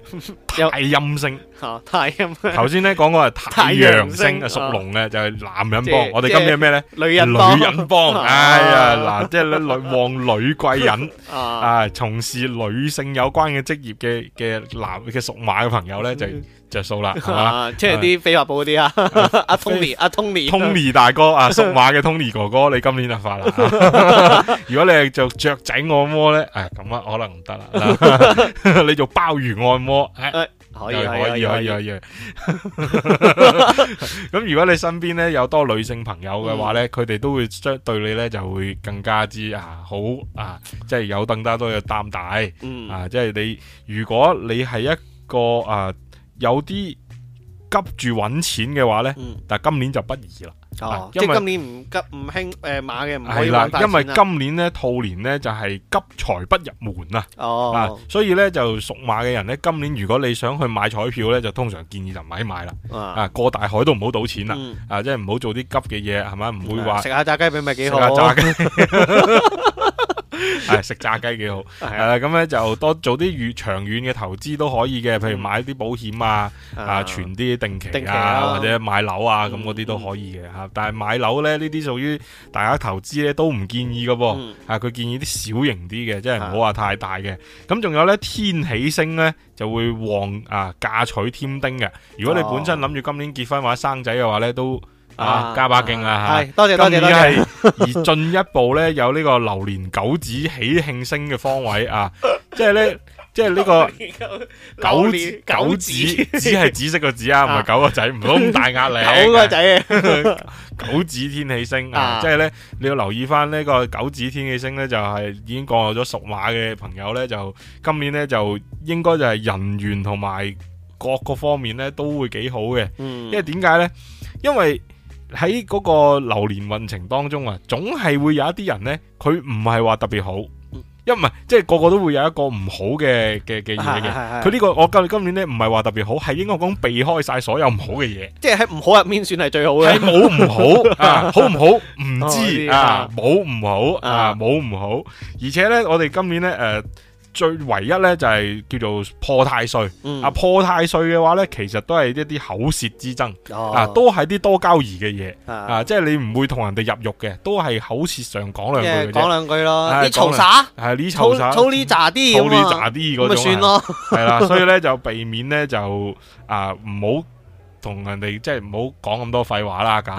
A: 太陰星，太陰。頭先咧講個係太陽星啊，屬龍嘅就係男人幫。我哋今年係咩咧？女人女人幫，哎呀，嗱，即係女女旺女貴人啊，從事女性有關嘅職業嘅嘅男嘅屬馬嘅朋友咧就着數啦，係嘛？即係啲
B: 非法報嗰啲啊，阿 Tony，阿 Tony，Tony 大
A: 哥啊，屬馬嘅 Tony 哥哥，你今年就發啦。如果你係做雀仔按摩咧，哎，咁啊可能唔得啦。你做鮑魚按摩。可以可以可以，咁 如果你身邊咧有多女性朋友嘅話咧，佢哋、嗯、都會將對你咧就會更加之啊好啊，即係有更加多嘅擔帶，啊，即係你如果你係一個啊有啲。急住揾錢嘅話呢，嗯、但係今年就不宜啦。哦、因為即今年唔急唔
B: 興誒馬嘅，唔可啦。係啦，因為今
A: 年呢兔年呢，就係、是、急財不入門、哦、啊。哦，所以呢，就屬馬嘅人呢，今年如果你想去買彩票呢，就通常建議就唔可以買啦。啊，啊，過大海都唔好賭錢啦。嗯、啊，即係唔好做啲急嘅嘢，係咪？唔的會話食下炸雞髀咪幾好，啊？炸雞。 係食、 哎、炸雞幾好，係啦、 啊，咁咧就多做啲越長遠嘅投資都可以嘅，譬如買啲保險啊， 啊存啲定期啊，期啊或者買樓啊，咁嗰啲都可以嘅吓。但係買樓咧呢啲屬於大家投資咧都唔建議嘅噃，吓佢、嗯、啊、建議啲小型啲嘅，即係唔好話太大嘅。咁仲、嗯、有咧天喜星咧就會旺啊嫁娶添丁嘅。如果你本身諗住今年結婚或者生仔嘅話咧都。啊，加把勁啦吓！係，多謝多謝多謝。而進一步咧，有呢個流年九子喜慶星嘅方位啊，即係咧，即係呢個九九子，只係紫色個子啊，唔係九個仔，唔好咁大壓力。九個仔，九子天喜星啊！即係咧，你要留意翻呢個九子天喜星咧，就係已經降落咗屬馬嘅朋友咧，就今年咧就應該就係人緣同埋各個方面咧都會幾好嘅。嗯，因為點解咧？因為喺嗰個流年運程當中啊，總係會有一啲人呢，佢唔係話特別好，因唔係即係個個都會有一個唔好嘅嘅嘅嘢嘅。佢呢、啊啊呢個我今今年呢，唔係話特別好，係應該講避開晒所有唔好嘅嘢。即係喺唔好入面算係最好嘅。冇唔好，好唔好唔知啊，冇唔好，好啊，冇唔好。而且呢，我哋今年呢。誒、呃。最唯一咧，就係叫做破太歲，啊破太歲嘅話咧，其實都係一啲口舌之爭啊，都係啲多交易嘅嘢啊，即係你唔會同人哋入獄嘅，都係口舌上講兩句嘅，講兩句咯，啲嘈沙嘈呢渣啲，嘈呢渣啲嗰種咪算咯，係啦，所以咧，就避免咧就啊唔好同人哋即係唔好講咁多廢話啦咁。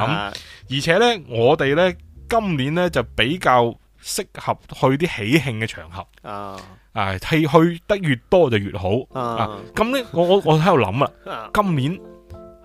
A: 而且咧，我哋咧今年咧就比較適合去啲喜慶嘅場合啊。誒，氣、啊、去得越多就越好啊！咁咧、啊，我我我喺度諗啊，今年。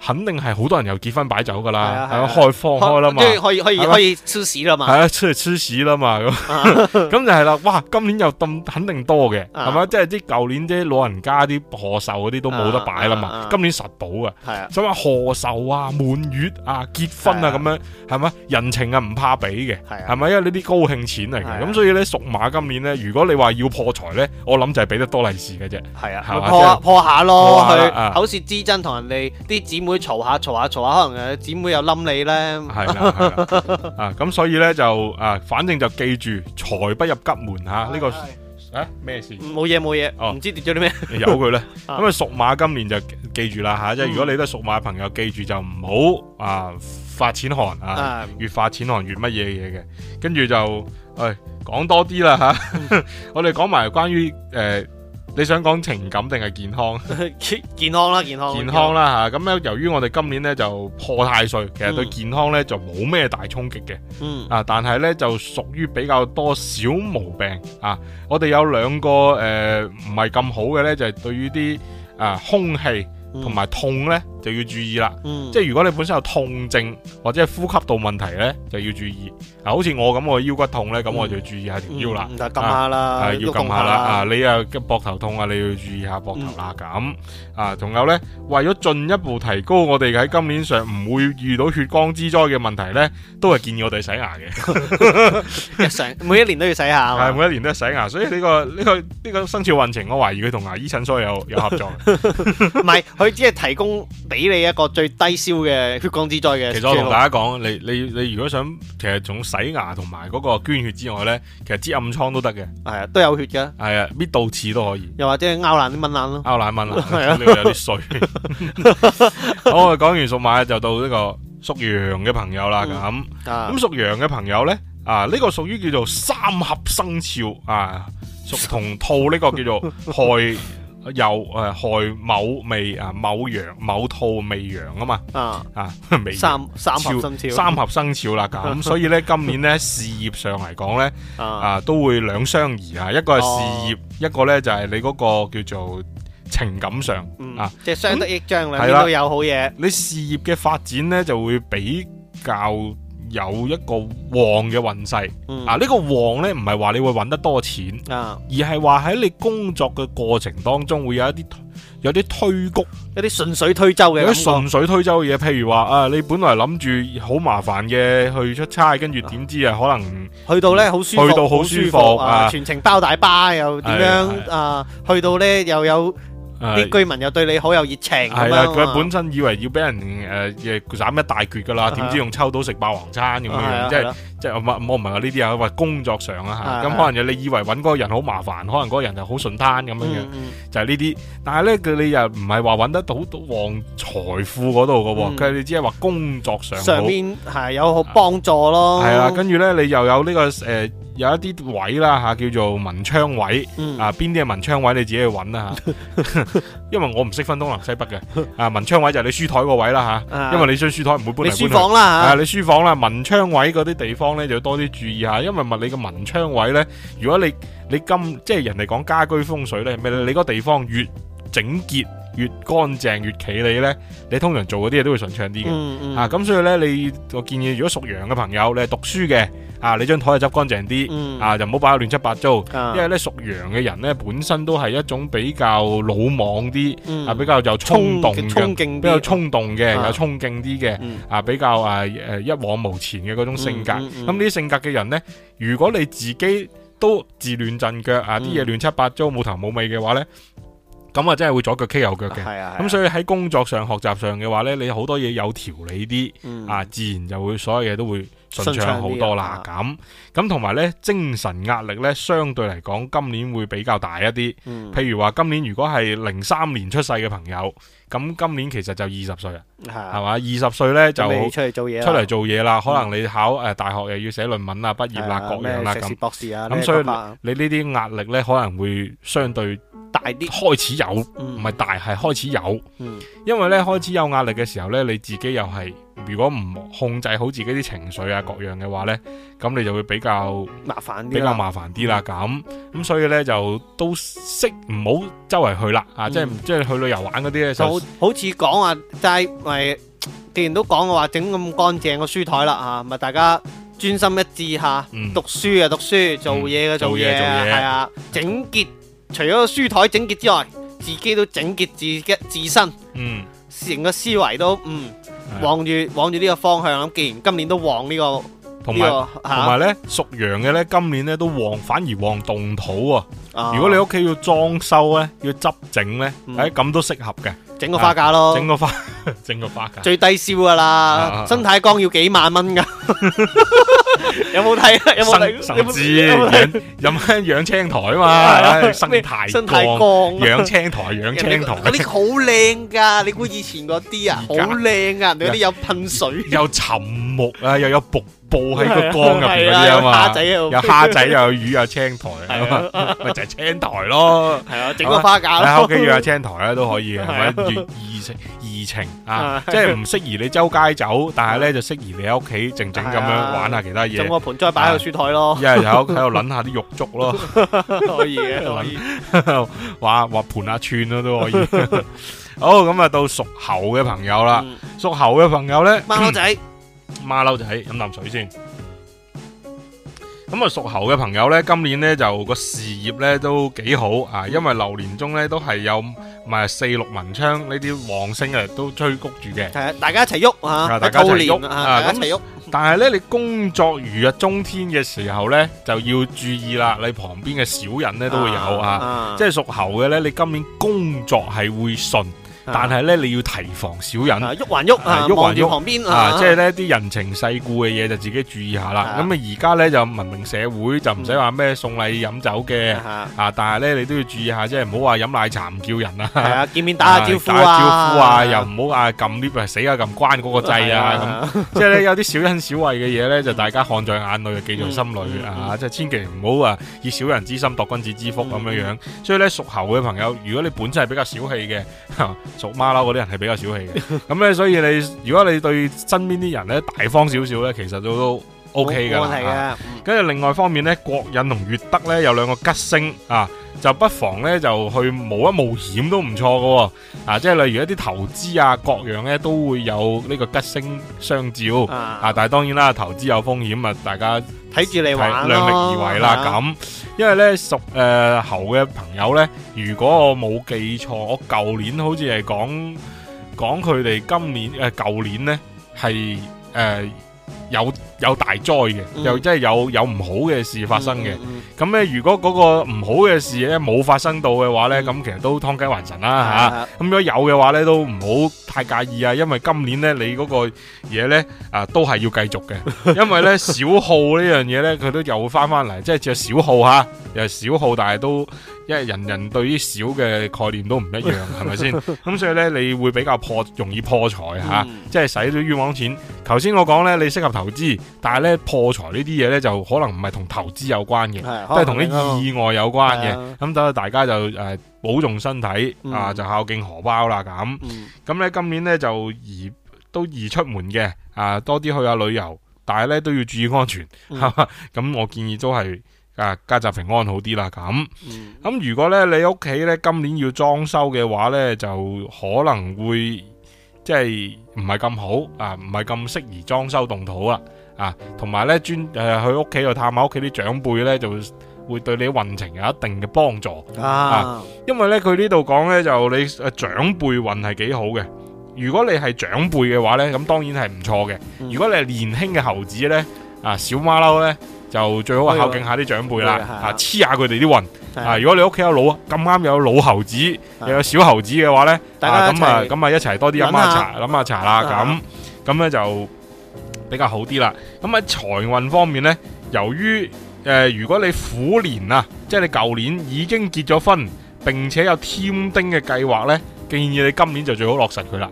A: 肯定係好多人又結婚擺酒噶啦，係啊，開放開啦嘛，可以可以可以出
B: 屎啦嘛，係啊，
A: 出嚟，出屎啦嘛，咁咁就係啦，哇，今年又咁肯定多嘅，係嘛，即係啲舊年啲老人家啲賀壽嗰啲都冇得擺啦嘛，今年實寶啊，所以話賀壽啊、滿月啊、結婚啊咁樣，係嘛，人情啊唔怕俾嘅，係咪？因為呢啲高興錢嚟嘅，咁所以咧，屬馬今年咧，如果你話要破財咧，我諗就係俾得多利是嘅啫，係啊，破破下咯，去口
B: 舌之爭同人哋啲會嘈下嘈下嘈下，可能姊妹又冧你咧。係啦，係
A: 啦， 啊，咁所以咧就啊，反正就記住財不入急門吓，呢、啊 這個 啊咩事？冇嘢冇嘢哦，唔知跌咗啲咩。由佢啦，咁啊，屬馬今年就記住啦吓，即、啊、係如果你都係屬馬朋友，記住就唔好啊發錢寒啊，啊越發錢寒越乜嘢嘢嘅。跟、啊、住就誒講、哎、多啲啦吓，啊、 我哋講埋關於誒。呃你想講情感定係健康？ 健康啦，健康啦。健康啦吓，咁咧、啊、由於我哋今年咧就破太歲，其實對健康咧就冇咩大衝擊嘅。嗯啊但呢。啊，但係咧就屬於比較多小毛病啊。我哋有兩個誒唔係咁好嘅咧，就係、是、對於啲啊空氣同埋痛咧、嗯、就要注意啦。嗯、即係如果你本身有痛症或者係呼吸道問題咧，就要注意。嗱，好似我咁，我腰骨痛咧，咁我就要注意下條腰啦。下啊，要撳下啦。動動下啊，你啊，膊頭痛啊，你要注意下膊頭啦。咁、嗯、啊，仲有咧，為咗進一步提高我哋喺今年上唔會遇到血光之災嘅問題咧，都係建議我哋洗牙嘅。日常每一年都要洗下。係， 每一年都要洗牙。所以呢、這個呢、這個呢、這個這個生肖運程，我懷疑佢同牙醫診所有有合作。唔係， 佢只係提供俾你一個最低消嘅血光之災嘅。其實我同大家講，你你你，你，你如果想，其實總。洗牙同埋嗰個捐血之外咧，其實支暗瘡都得嘅，係啊，都有血嘅，係啊，搣到刺都可以，又或者係拗爛啲蚊爛咯，拗爛蚊爛，你有啲水。好，我哋講完屬馬就到呢、這個屬羊嘅朋友啦，咁咁屬羊嘅朋友咧，啊呢、這個屬於叫做三合生肖啊，屬同兔呢個叫做亥。 又誒、呃、害某味、啊，某羊某兔未羊嘛啊嘛啊啊未三三合生肖三合生肖啦咁，所以咧今年咧事業上嚟講咧啊都會兩相宜啊，一個係事業，哦、一個咧就係、是、你嗰個叫做情感上、嗯、啊，
B: 即係相得益彰啦，嗯、兩都有
A: 好嘢，你事業嘅發展咧就會比較，有一個旺嘅運勢，嗱、啊、呢、呢個旺呢唔係話你會揾得多錢，啊、而係話喺你工作嘅過程當中會有一啲有啲推谷，一啲順水推舟嘅。有啲順水推舟嘅嘢，譬如話啊，你本來諗住好麻煩嘅去出差，跟住點知啊可能去到呢好舒服，去到好舒服，舒服啊，全
B: 程包大巴又點樣、哎、啊？去到呢又有。啲居民又對你好有熱情，係啊！佢本
A: 身以為要俾人誒嘢斬一大撅㗎啦，點知用抽到食霸王餐咁、啊、樣、啊啊、即係是。即係我唔我唔係話呢啲啊，話工作上啊吓，咁是可能你以為揾嗰個人好麻煩，可能嗰個人就好順攤咁樣樣，嗯嗯就係呢啲。但係咧佢你又唔係話揾得到旺財富嗰度噶喎，佢你、嗯、只係話工作上上面係有好幫助咯、啊。係啦、啊，跟住咧你又有呢、這個誒、呃、有一啲位啦吓，叫做文昌位、嗯、啊，邊啲係文昌位你自己去揾啊。嗯 因為我唔識分東南西北嘅， 啊，文昌位就係你書台個位啦吓，因為你張書台唔會搬你書房啦吓，你書房啦，文昌位嗰啲地方咧就要多啲注意下，因為物理嘅文昌位咧，如果你你咁即係人哋講家居風水咧，係咪你個地方越整潔，越乾淨越企理呢，你通常做嗰啲嘢都會順暢啲嘅。嗯嗯啊，咁所以呢，你我建議，如果屬羊嘅朋友，你係讀書嘅，啊，你張台就執乾淨啲，嗯、啊，就唔好擺得亂七八糟。啊、因為呢，屬羊嘅人呢，本身都係一種比較魯莽啲，啊，比較有衝動嘅，嗯、比較衝動嘅，啊、有衝勁啲嘅，嗯、啊，比較啊、uh, 一往無前嘅嗰種性格。咁呢啲性格嘅人呢，如果你自己都自亂陣腳，啊，啲嘢、啊、亂七八糟，冇頭冇尾嘅話呢。咁啊，真係會左腳 K 右腳嘅。咁所以喺工作上、學習上嘅話呢，你好多嘢有條理啲，啊、嗯，自然就會所有嘢都會順暢好多啦。咁咁同埋呢，精神壓力呢，相對嚟講，今年會比較大一啲。嗯、譬如話，今年如果係零三年出世嘅朋友。咁今年其實就二十歲啊，係嘛？二十歲咧就出嚟做嘢，出嚟做嘢啦。可能你考誒大學又要寫論文啊、畢業啦、各樣啦咁。博士啊，咁所以你呢啲壓力咧可能會相對大啲，開始有，唔係大係開始有。因為咧開始有壓力嘅時候咧，你自己又係如果唔控制好自己啲情緒啊各樣嘅話咧，咁你就會比較麻煩啲，比較麻煩啲啦。咁咁所以咧就都識唔好周圍去啦，啊即係即係去旅遊玩嗰啲咧。好似講
B: 啊齋，咪既然都講嘅話，整咁乾淨個書台啦吓，咪大家專心一致吓，讀書啊讀書，做嘢嘅做嘢係啊，整潔。除咗個書台整潔之外，自己都整潔自己自身。嗯，成個思維都嗯望住往住呢個方向。咁既然今年都旺呢個呢個同埋同埋咧
A: 屬羊嘅咧，今年咧都旺，反而旺動土啊。如果你屋企要裝修咧，要執整咧，誒咁都適合嘅。整個花架咯，整個花，整個花架最
B: 低燒噶啦，生態缸要幾萬蚊噶，有
A: 冇睇？有冇有養養青苔嘛，生態生態缸，養青苔，養青苔，嗰啲
B: 好靚噶，你估以前嗰啲啊，好靚啊，你啲有噴水，
A: 有沉木啊，又有木。布喺個缸入邊嗰啲啊嘛，有蝦仔，又有魚，又有青苔啊嘛，咪就係青苔咯。係啊，整個花架喺屋企要有青苔咧都可以嘅，係咪怡情怡情啊？即係唔適宜你周街走，但係咧就適宜你喺屋企靜靜咁樣玩下其他嘢。整個盆再擺喺書台咯，一係就喺喺度捻下啲玉竹咯，都可以嘅可以。划划盤下串咯都可以。好，咁啊到屬猴嘅朋友啦，屬猴嘅朋友咧，貓仔。馬騮就喺飲啖水先。咁啊，屬猴嘅朋友呢，今年呢就個事業呢都幾好啊，因為流年中呢都係有咪四六文昌呢啲旺星啊，都催谷住嘅。大家一齊喐啊，大家一齊喐啊，大家一齊喐。但係呢，你工作如日中天嘅時候呢，就要注意啦。你旁邊嘅小人呢，都會有啊，啊即係屬猴嘅呢，你今年工作係會順。但係咧，你要提防小人喐還喐，喐還喐旁邊啊！即係呢啲人情世故嘅嘢，就自己注意下啦。咁啊，而家咧就文明社會就唔使話咩送禮飲酒嘅啊。但係咧，你都要注意下，即係唔好話飲奶茶唔叫人啊。係啊，見面打下招呼啊，招呼啊，又唔好話撳 lift，死啊咁關嗰個掣啊。咁即係咧有啲小恩小惠嘅嘢咧，就大家看在眼裏，記在心裏啊！即係千祈唔好啊，以小人之心度君子之腹咁樣樣。所以咧，屬猴嘅朋友，如果你本身係比較小氣嘅。屬馬啦，嗰啲人係比較小氣嘅，咁咧 所以你如果你對身邊啲人咧大方少少咧，其實都，都。O K 噶，跟住 Okay、啊、另外方面咧，國印同粵德咧有兩個吉星啊，就不妨咧就去冒一冒險都唔錯噶喎啊！即係例如一啲投資啊，各樣咧都會有呢個吉星相照啊！啊、但係當然啦，投資有風險啊，大家睇住你玩量力而為啦咁。啊、因為咧，屬誒猴嘅朋友咧，如果我冇記錯，我舊年好似係講講佢哋今年誒、呃、舊年咧係誒。有有大災嘅，嗯、又即係、就是、有有唔好嘅事發生嘅。咁咧、嗯嗯，如果嗰個唔好嘅事咧冇發生到嘅話咧，咁、嗯、其實都劏雞還神啦吓。咁、嗯啊、如果有嘅話咧，都唔好太介意啊。因為今年咧，你嗰個嘢咧啊，都係要繼續嘅。因為咧 小號呢樣嘢咧，佢都又翻翻嚟，即係只係小號吓、啊，又係小號，但係都。因為人人對於小嘅概念都唔一樣，係咪先？咁所以呢，你會比較破，容易破財吓、嗯啊，即係使咗冤枉錢。頭先我講呢，你適合投資，但係呢破財呢啲嘢呢，就可能唔係同投資有關嘅，的都係同啲意外有關嘅。咁等的大家就誒、呃、保重身體、嗯、啊，就孝敬荷包啦咁。咁、嗯嗯、呢，今年呢，就易都易出門嘅啊，多啲去下旅遊，但係呢都要注意安全。咁、嗯、 我建議都係。啊，家宅平安好啲啦，咁、啊、咁、嗯、如果咧你屋企咧今年要裝修嘅話咧，就可能會即係唔係咁好啊，唔係咁適宜裝修動土啊，啊，同埋咧專誒去屋企度探下屋企啲長輩咧，就會對你運程有一定嘅幫助啊，啊，因為咧佢呢度講咧就你誒長輩運係幾好嘅，如果你係長輩嘅話咧，咁當然係唔錯嘅，如果你係年輕嘅猴子咧啊，小馬騮咧。就最好孝敬下啲長輩啦，啊，黐下佢哋啲運。啊，如果你屋企有老，咁啱有老猴子，又有小猴子嘅話呢，咁啊咁啊一齊多啲飲下茶，飲下茶啦，咁咁咧就比較好啲啦。咁喺財運方面呢，由於誒，如果你虎年啊，即係你舊年已經結咗婚並且有添丁嘅計劃呢。建議你今年就最好落實佢啦，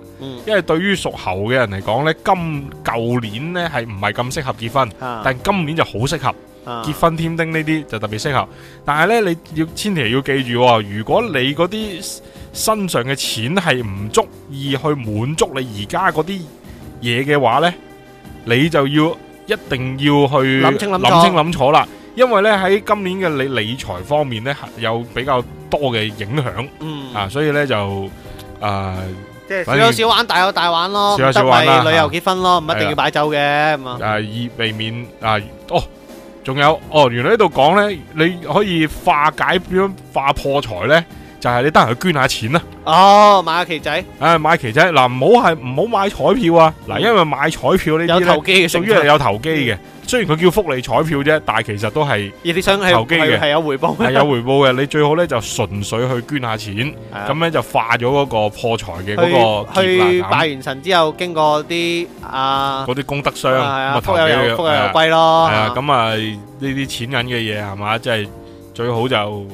A: 因為對於屬猴嘅人嚟講呢，今舊年呢係唔係咁適合結婚，但今年就好適合結婚，添丁呢啲就特別適合。但係呢，你要千祈要記住，如果你嗰啲身上嘅錢係唔足以去滿足你而家嗰啲嘢嘅話呢，你就要一定要去諗清諗楚啦，因為呢，喺今年嘅你理財方面呢，有比較多嘅影響，嗯、啊，所以呢就。誒，即係小有小玩，玩，
B: 大有大玩咯，咁咪旅遊結
A: 婚咯，唔一定要擺酒嘅。咁啊，誒，以避免，啊，哦，仲有，哦，原來呢度講咧，你可以化解點樣化破財咧？就係你得閒去捐下錢啊。哦，買下旗仔。誒，買旗仔嗱，唔好係唔好買彩票啊！嗱，因為買彩票呢有投機嘅，屬於係有投機嘅，雖然佢叫福利彩票啫，但係其實都係有投機嘅，係有回報嘅。係有回報嘅，你最好咧就純粹去捐下錢，咁樣就化咗嗰個破財嘅嗰個去拜
B: 完神之後，經過啲啊嗰啲功德箱，物有有福有貴咯。係啊，
A: 咁啊呢啲錢銀嘅嘢，係嘛，即係最好就。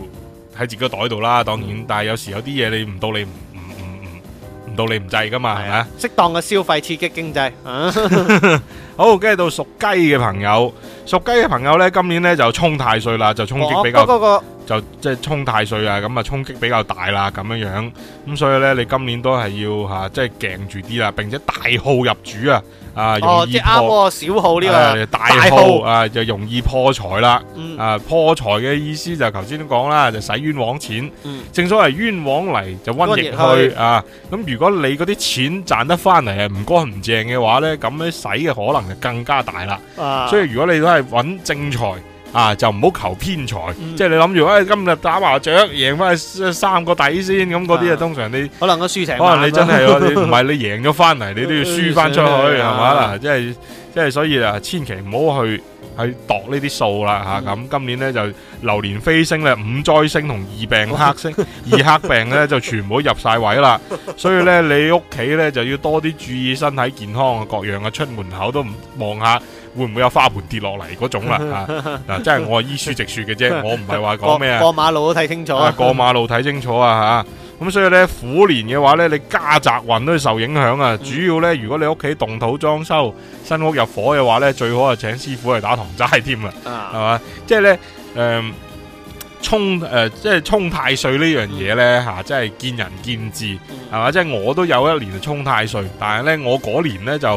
A: 喺自己個袋度啦，當然，但係有時有啲嘢你唔到你唔唔唔唔唔到你唔制㗎嘛，係啊，係吧？適當嘅消費刺激經濟，嗯、 好，跟住到屬雞嘅朋友，屬雞嘅朋友呢，今年呢就沖太歲啦，就衝擊比較。哦那個個就即係沖太歲啊，咁啊衝擊比較大啦，咁樣樣，咁所以呢，你今年都係要吓、啊，即係勁住啲啦，並且大號入主啊，啊容易破，哦、小
B: 號呢個大號
A: 啊就號、啊、容易破財啦，嗯、啊破財嘅意思就頭、是、先都講啦，就使冤枉錢，嗯、正所謂冤枉嚟就瘟疫去,瘟疫去啊，咁如果你嗰啲錢賺得翻嚟係唔乾唔淨嘅話呢，咁你使嘅可能就更加大啦，啊、所以如果你都係揾正財。啊，就唔好求偏財，即係你諗住，哎，今日打麻雀贏翻三個底先，咁嗰啲啊，通常你可能個輸贏，可能你真係，唔係你贏咗翻嚟，你都要輸翻出去，係嘛啦？即係即係，所以啊，千祈唔好去去度呢啲數啦吓。咁今年咧就流年飛星咧，五災星同二病黑星，二黑病咧就全部都入曬位啦。所以咧，你屋企咧就要多啲注意身體健康啊，各樣啊，出門口都唔望下。會唔會有花盆跌落嚟嗰種啦？嗱、 啊，真係我係依書直說嘅啫， 我唔係話講咩啊。 過馬路都睇清楚， 過馬路睇清楚啊！吓、啊、咁、嗯、所以咧，虎年嘅話咧，你家宅運都受影響啊。主要咧，如果你屋企動土裝修、新屋入火嘅話咧，最好啊請師傅去打堂齋添啦，係、啊、嘛？即係咧，誒， 沖、呃、誒，即係沖太歲呢樣嘢咧，吓、呃就是啊，真係見仁見智，係、啊、嘛？即、就、係、是、我都有一年沖太歲，但係咧，我嗰年咧就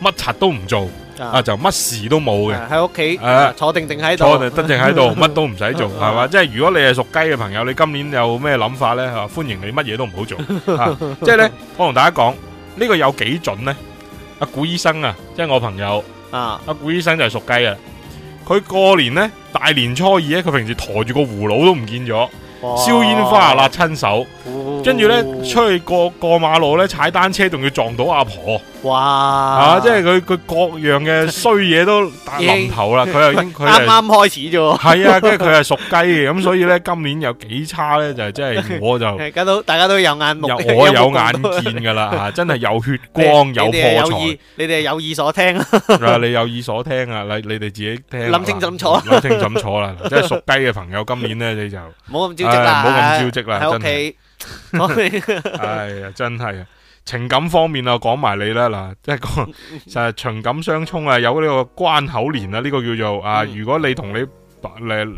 A: 乜柒都唔做。啊！就乜事都冇嘅，喺屋
B: 企，啊、坐定定喺度，坐定定喺度，乜都唔使做，係嘛？
A: 即係如果你係屬雞嘅朋友，你今年有咩諗法咧？啊，歡迎你，乜嘢都唔好做。 啊、即係咧，我同大家講，呢、呢個有幾準咧？阿、啊、古醫生啊，即係我朋友啊，阿、啊、古醫生就係屬雞啊。佢過年咧，大年初二咧，佢平時抬住個葫蘆都唔見咗。燒煙花辣，親手，跟住咧出去過過馬路咧，踩單車仲要撞到阿婆，哇，吓即係佢佢各樣嘅衰嘢都臨頭啦，佢又已經啱啱開
B: 始啫，係啊，跟住佢係
A: 屬雞嘅，咁所以咧今年有幾差咧就係即係我就，大家都大家都有眼目，我有眼見噶啦吓，真係有血光有破財，你哋係有意所聽啊，你有意所聽啊，你你哋自己聽，諗清楚咁做啦，諗清楚咁做啦，即係屬雞嘅朋友，今年咧你就唔好咁。唔好咁焦急啦，真係。係啊，真係啊。情感方面啊，講埋你啦。嗱，即係講，就係情感相沖啊，有呢個關口年啊，呢個叫做啊。如果你同你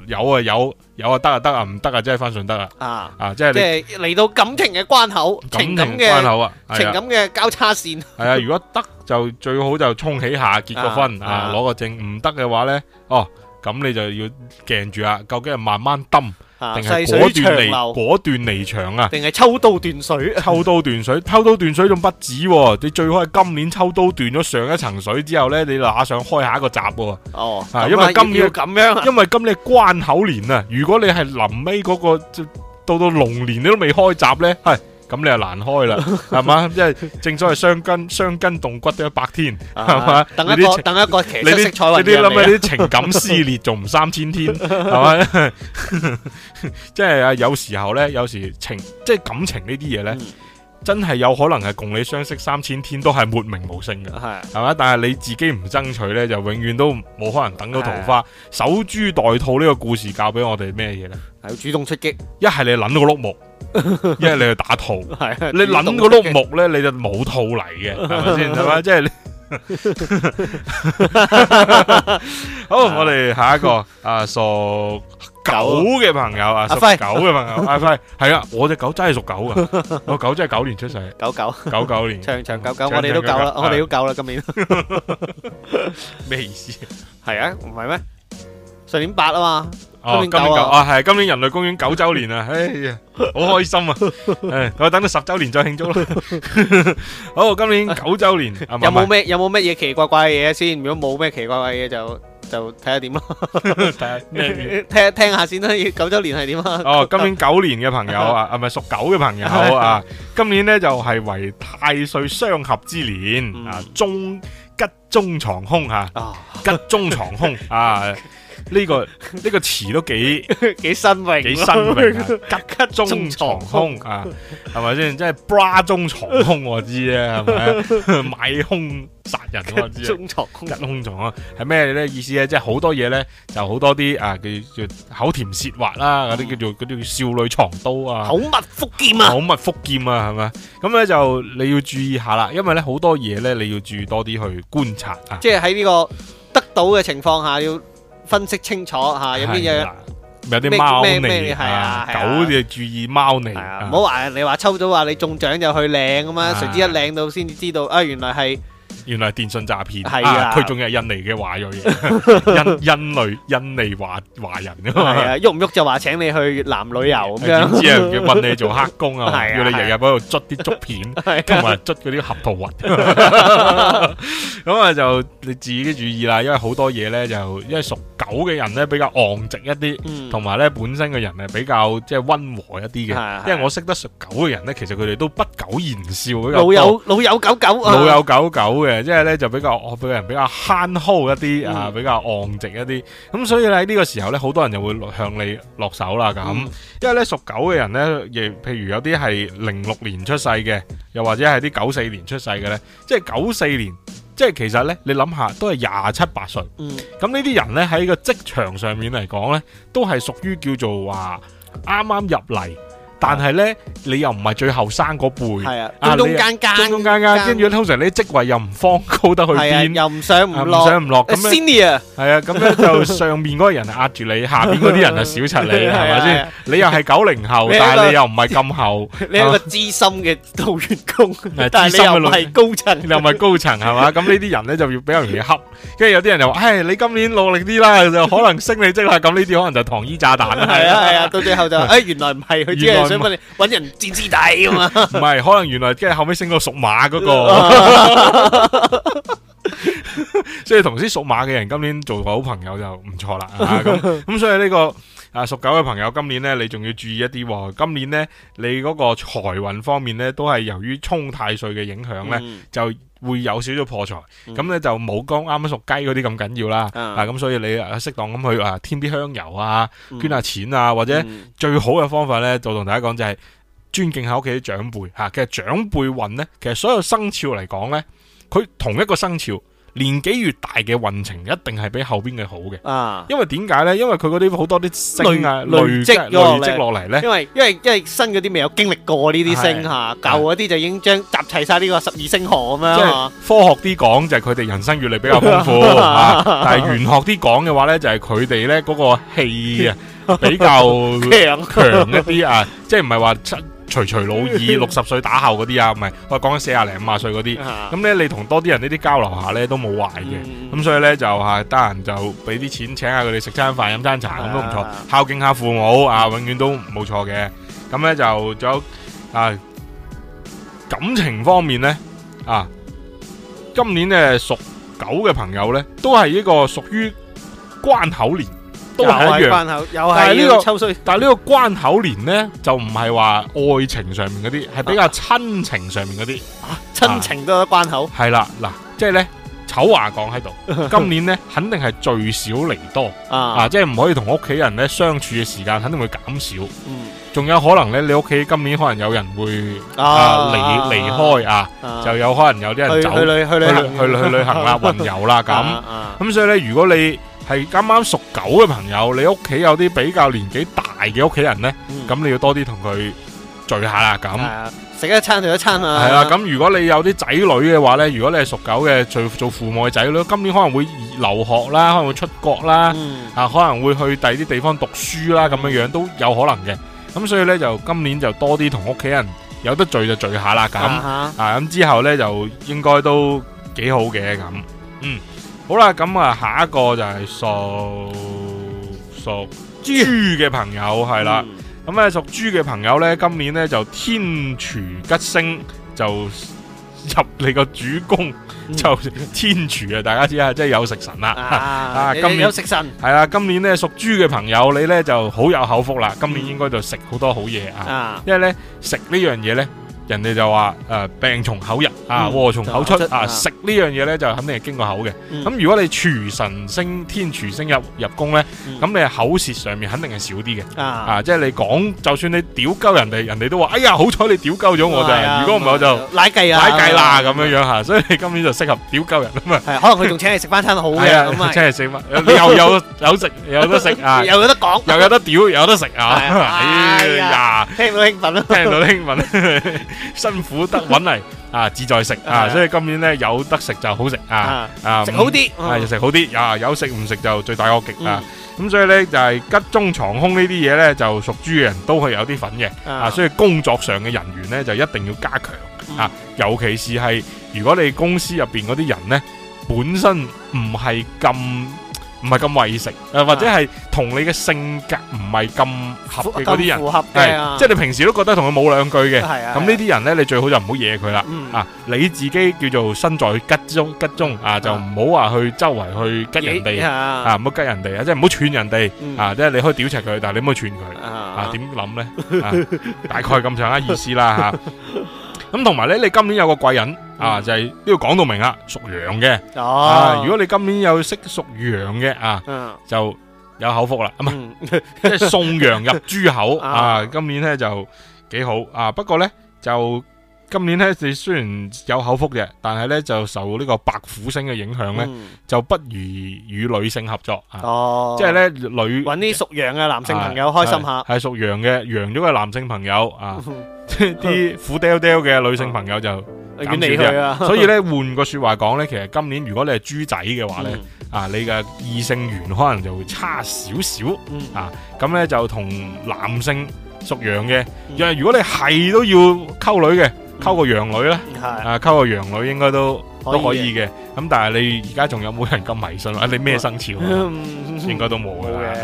A: 有啊有，有啊得啊得啊，唔得啊，即係翻順德啊啊，即係
B: 嚟到感情嘅關口，情感嘅關口啊，情感嘅交叉線。係啊，如
A: 果得就最好就沖起下結個婚啊，攞個證。唔得嘅話咧，哦，咁你就要鏡住啊，究竟係慢慢掹，定係果斷離果斷離場啊！定係抽刀斷水？抽刀斷水， 抽刀斷水仲不止喎、啊！你最好係今年抽刀斷咗上一層水之後呢，你就馬上開下一個閘喎、啊。哦、oh, 啊，因為今年要咁樣，因為今年關口年啊！如果你係臨尾嗰個，到到龍年你都未開閘呢。係。咁你又難開啦，係嘛？即係正所謂傷筋傷筋動骨都一百天，係嘛？等一個等一個奇色你啲諗啲情感撕裂仲唔三千天，係嘛？即係啊，有時候咧，有時情即係感情呢啲嘢咧，真係有可能係共你相識三千天都係沒名無姓嘅，係係嘛？但係你自己唔爭取咧，就永遠都冇可能等到桃花守株待兔，呢個故事教俾我哋咩嘢咧？係主動出擊，一係你諗到個碌木。因為你係打套，你諗個碌木咧，你就冇套嚟嘅，係咪先？係嘛？即係好，我哋下一個啊屬狗嘅朋友啊，屬狗嘅朋友，阿輝係啊，我隻狗真係屬狗嘅，我狗真係九年出世，九九九九年，長長久久，我哋都夠啦，我哋都夠啦，今年咩意思？係啊，唔係咩？上年八啊嘛。哦，今年九啊，係今年人類公園九周年啊，哎呀，好開心啊！誒，我等到十周年再慶祝啦。好，今年九周年，有冇
B: 咩有冇乜嘢奇怪怪嘢先？如果冇咩奇怪怪嘢，就就
A: 睇下點啊，睇下咩嘢，聽一聽下先啦。九周年係點啊？哦，今年九年嘅朋友啊，係咪屬狗嘅朋友啊？今年咧就係為太歲雙合之年啊，中吉中藏凶吓，吉中藏凶啊！呢、這個呢、這個詞都幾幾新穎，幾新穎，吉吉中藏凶，啊，係咪先？即係 bra 中藏凶，我知咧，係咪買兇殺人我知，中藏凶，吉凶藏啊？係咩咧意思咧？即係好多嘢咧，就好多啲啊，叫叫口甜舌滑啦，嗰啲叫做啲少女藏刀啊，嗯、刀啊口蜜腹劍啊，口蜜腹劍啊，係咪？咁咧就你要注意下啦，因為咧好多嘢咧你要注意多啲去觀察啊，即
B: 係喺呢個得到嘅情況下要。分析清楚嚇，有咩嘢？
A: 有啲貓膩，係啊，狗要注意貓膩啊！唔好
B: 話你話抽咗話你中獎就去領咁樣，誰知一領到先至知道
A: 啊，啊，原來係。原來係電信詐騙，係啊，佢仲有係印尼嘅華裔，印印尼印尼華華人啊，係啊，喐唔喐就話請你去南旅遊，咁樣點知啊，要問你做黑工啊，要你日日喺度捽啲竹片，同埋捽嗰啲核桃核，咁啊就你自己注意啦，因為好多嘢咧就，因為屬狗嘅人咧比較昂直一啲，同埋咧本身嘅人係比較即係溫和一啲嘅，因為我識得屬狗嘅人咧，其實佢哋都不苟言笑，老友老友狗狗，老友狗狗嘅。誒，即係咧就比較，我俾人比較慳耗一啲，誒、嗯啊，比較昂直一啲，咁所以咧呢、呢個時候咧，好多人就會向你落手啦咁。嗯、因為咧屬狗嘅人咧，亦譬如有啲係零六年出世嘅，又或者係啲九四年出世嘅咧，即係九四年，即係其實咧，你諗下都係廿七八歲，咁、嗯、呢啲人咧喺個職場上面嚟講咧，都係屬於叫做話啱啱入嚟。剛剛但係咧，你又唔係最後生嗰輩，係啊，中間間，中間間，跟住通常你職位又唔放高得去邊，又唔上唔落，唔上唔落，咁 senior，係啊，咁樣就上面嗰個人壓住你，下邊嗰啲人就小柒你，係咪先？你又係九零後，但係你又唔係咁後，你係個
B: 資深嘅老員工，但係你又唔係
A: 高層，你又唔係高層，係嘛？咁呢啲人咧就要比較容易恰，跟住有啲人就話，唉，你今年努力啲啦，就可能升你職啦，咁呢啲可能就糖衣炸彈啦，係啊係啊，到最後就，
B: 誒，原來唔係佢即係。想哋揾人知知底啊嘛，唔係
A: 可能原來即係後尾升到屬馬嗰、那個， 所以同時屬馬嘅人今年做個好朋友就唔錯啦。咁咁、 啊、所以呢、這個啊屬狗嘅朋友今年咧，你仲要注意一啲。今年咧，你嗰個財運方面咧，都係由於沖太歲嘅影響咧，嗯、就。會有少少破財，咁咧、嗯、就冇剛啱啱屬雞嗰啲咁緊要啦，嗯、啊咁所以你啊適當咁去啊添啲香油啊，捐下錢啊，嗯、或者最好嘅方法咧就同大家講就係尊敬下屋企啲長輩吓、啊，其實長輩運咧，其實所有生肖嚟講咧，佢同一個生肖。年紀越大嘅運程一定係比後邊嘅好嘅，啊因為為！因為點解咧？因為佢嗰啲好多啲星的啊，累積累積落嚟，因為因為
B: 因為新嗰啲未有經歷過呢啲星吓，舊嗰啲就已經將集齊晒呢個十二星河咁樣嗬。啊、即係
A: 科學啲講就係佢哋人生閱歷比較豐富 啊，但係玄學啲講嘅話咧，就係佢哋咧嗰個氣啊比較強一啲啊，即係唔係話七。隨隨老二六十歲打後嗰啲啊，唔係我講緊四十零五十歲嗰啲，咁咧你同多啲人呢啲交流下咧，都冇壞嘅。咁所以咧就係得閒就俾啲錢請下佢哋食餐飯飲餐茶咁都唔錯，孝敬下父母啊，永遠都冇錯嘅。咁咧就仲有啊感情方面咧啊，今年咧屬狗嘅朋友咧，都係一個屬於關口年。關口，又係呢個抽衰。但係呢個關口年呢，就唔係話愛情上面嗰啲，係比較親情上面嗰啲。啊，親情都有關口。係啦，嗱，即係呢，醜話講喺度，今年呢肯定係聚少離多啊，即係唔可以同屋企人呢相處嘅時間肯定會減少。仲有可能呢，你屋企今年可能有人會啊離離開啊，就有可能有啲人走。去旅行啦、雲遊啦咁。咁所以呢，如果你係啱啱屬狗嘅朋友，你屋企有啲比較年紀大嘅屋企人呢，咁、嗯、你要多啲同佢聚下啦。咁，食、啊、一餐就一餐啦。係啊，咁、啊、如果你有啲仔女嘅話呢，如果你係屬狗嘅，做父母嘅仔女，今年可能會留學啦，可能會出國啦，嗯、啊，可能會去第二啲地方讀書啦，咁樣樣都有可能嘅。咁所以呢，就今年就多啲同屋企人有得聚就聚下啦。咁啊，哈啊，咁之後呢，就應該都幾好嘅，咁，嗯。好啦，咁、嗯、啊，下一個就係屬屬豬嘅朋友係啦，咁咧屬豬嘅朋友咧，今年咧就天廚吉星就入你個主宮、嗯、就天廚啊！大家知啊，即係有食神啦。啊，今年、啊、有食神。係啊，今年咧屬豬嘅朋友，你咧就好有口福啦。今年應該就食好多好嘢、嗯、啊，因為咧食呢樣嘢咧，人哋就話誒、呃、病從口入。啊，禍從口出啊，食呢樣嘢咧就肯定係經過口嘅。咁如果你廚神升，天廚升入，入宮咧，咁你係口舌上面肯定係少啲嘅。啊，即係你講，就算你屌鳩人哋，人哋都話：哎呀，好彩你屌鳩咗我咋，如果唔係我就乃
B: 計啦，乃計啦
A: 咁樣樣嚇。所以你今年就適合屌鳩人啊嘛。係，可能佢仲
B: 請你食翻餐好嘅咁啊。請你
A: 食翻，你又有有食有得食啊，又有得講，又有得屌，有得食啊。哎呀，聽到興奮咯，聽到興奮，辛苦得揾嚟。啊！志在食啊，啊所以今年呢，有得食就好食啊！啊，食好啲，啊食好啲，啊有食唔食就最大惡極啊！咁、嗯、所以呢，就係、是、吉中藏凶呢啲嘢呢，就屬豬嘅人都係有啲份嘅啊！所以工作上嘅人員呢，就一定要加強啊，嗯、尤其是係如果你公司入邊嗰啲人呢，本身唔係咁。唔係咁為食，誒或者係同你嘅性格唔係咁合嘅嗰啲人，係即係你平時都覺得同佢冇兩句嘅，咁呢啲人呢，你最好就唔好惹佢啦。啊，你自己叫做身在吉中吉中啊，就唔好話去周圍去吉人哋啊，唔好吉人哋啊，即係唔好串人哋啊，即係你可以屌柒佢，但係你唔好串佢啊。點諗咧？大概咁上下意思啦吓。咁同埋咧，你今年有個貴人啊，就係都要講到明屬啊，屬羊嘅哦。如果你今年有識屬羊嘅啊，啊就有口福啦，啊嘛，嗯，即 係送羊入豬口啊，啊。今年咧就幾好啊，不過咧就。今年咧，你雖然有口福嘅，但係咧就受呢個白虎星嘅影響咧，就不如與女性合作啊！即係咧女揾啲屬羊嘅男性朋友開心下，係屬羊嘅羊咗嘅男性朋友啊，即係啲虎雕雕嘅女性朋友就遠離佢啊！所以咧換個說話講咧，其實今年如果你係豬仔嘅話咧，啊你嘅異性緣可能就會差少少啊！咁咧就同男性屬羊嘅，因為如果你係都要溝女嘅。溝個洋女啦，啊溝個洋女應該都都可以嘅，咁但係你而家仲有冇人咁迷信啊？你咩生肖？應該都冇啦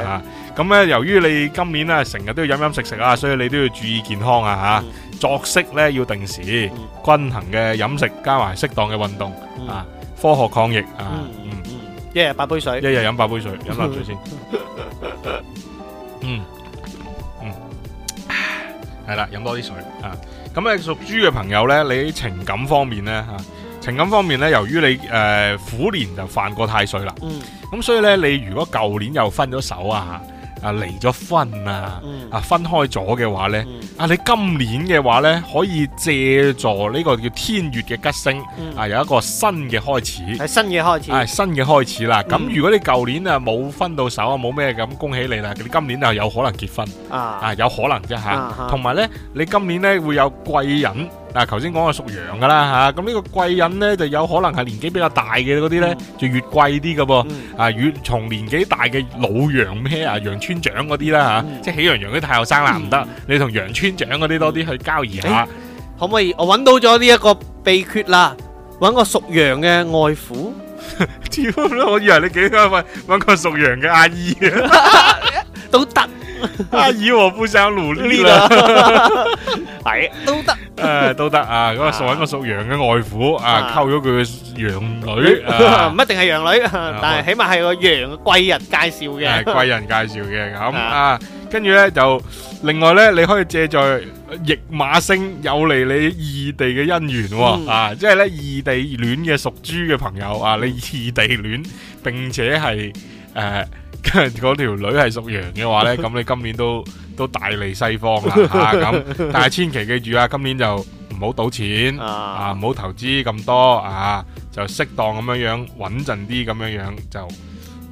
A: 吓。咁咧，由於你今年咧成日都要飲飲食食啊，所以你都要注意健康啊吓，作息咧要定時，均衡嘅飲食加埋適當嘅運動啊，科學抗疫啊，嗯，一日八杯水，一日飲八杯水，飲啖水先，嗯嗯，係啦，飲多啲水啊。咁你屬豬嘅朋友呢，你喺情感方面呢，嚇，情感方面呢，由於你誒、呃、虎年就犯過太歲啦，咁、嗯、所以呢，你如果舊年又分咗手啊。啊離咗婚啊，了分了嗯、啊分開咗嘅話呢，嗯、啊你今年嘅話呢，可以借助呢個叫天月嘅吉星，嗯、啊有一個新嘅開始，係新嘅開始，係、啊、新嘅開始啦。咁、嗯、如果你舊年啊冇分到手啊冇咩，咁恭喜你啦，你今年就有可能結婚啊，啊，有可能啫吓。同埋、啊、呢，你今年呢會有貴人。嗱，頭先講係屬羊噶啦吓，咁、啊、呢個貴人咧就有可能係年紀比較大嘅嗰啲咧，嗯、就越貴啲噶噃。啊，越從、嗯、啊、年紀大嘅老羊咩啊，羊村長嗰啲啦吓，嗯、即係喜羊羊啲太後生啦唔得、嗯，你同羊村長嗰啲多啲去交易下、嗯，嗯欸、可唔可以？我揾到咗呢一個秘訣啦，揾個屬羊嘅外父。屌， 我以為你幾想搵搵個屬羊嘅阿姨啊，都得阿姨，我不想努力啦，
B: 係都得，
A: 誒都得啊，咁啊，搵、嗰個屬羊嘅外父啊，溝咗佢嘅羊女，
B: 唔、啊、 一定係羊女，但係起碼係個羊嘅貴人介紹嘅、 啊，貴人
A: 介紹嘅咁啊。啊跟住呢，就另外呢，你可以借助《驛馬星》有利你異地嘅姻緣啊，即係呢，異地戀嘅屬豬嘅朋友啊，你異地戀並且係誒，跟嗰條女係屬羊嘅話呢，咁你今年都 都大利西方啦吓，咁，但係千祈記住啊，今年就唔好賭錢 啊，唔好投資咁多啊，就適當咁樣樣穩陣啲咁樣樣就。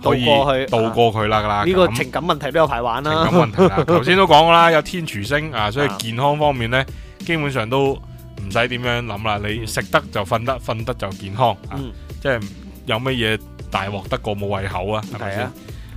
A: 渡過去，渡過去啦，噶啦。呢個情感問題都有排玩啦。情感問題，頭先都講噶啦，有天廚星啊，所以健康方面咧，基本上都唔使點樣諗啦。你食得就瞓得，瞓得就健康啊。即係有乜嘢大鑊得過冇胃口啊？係咪先？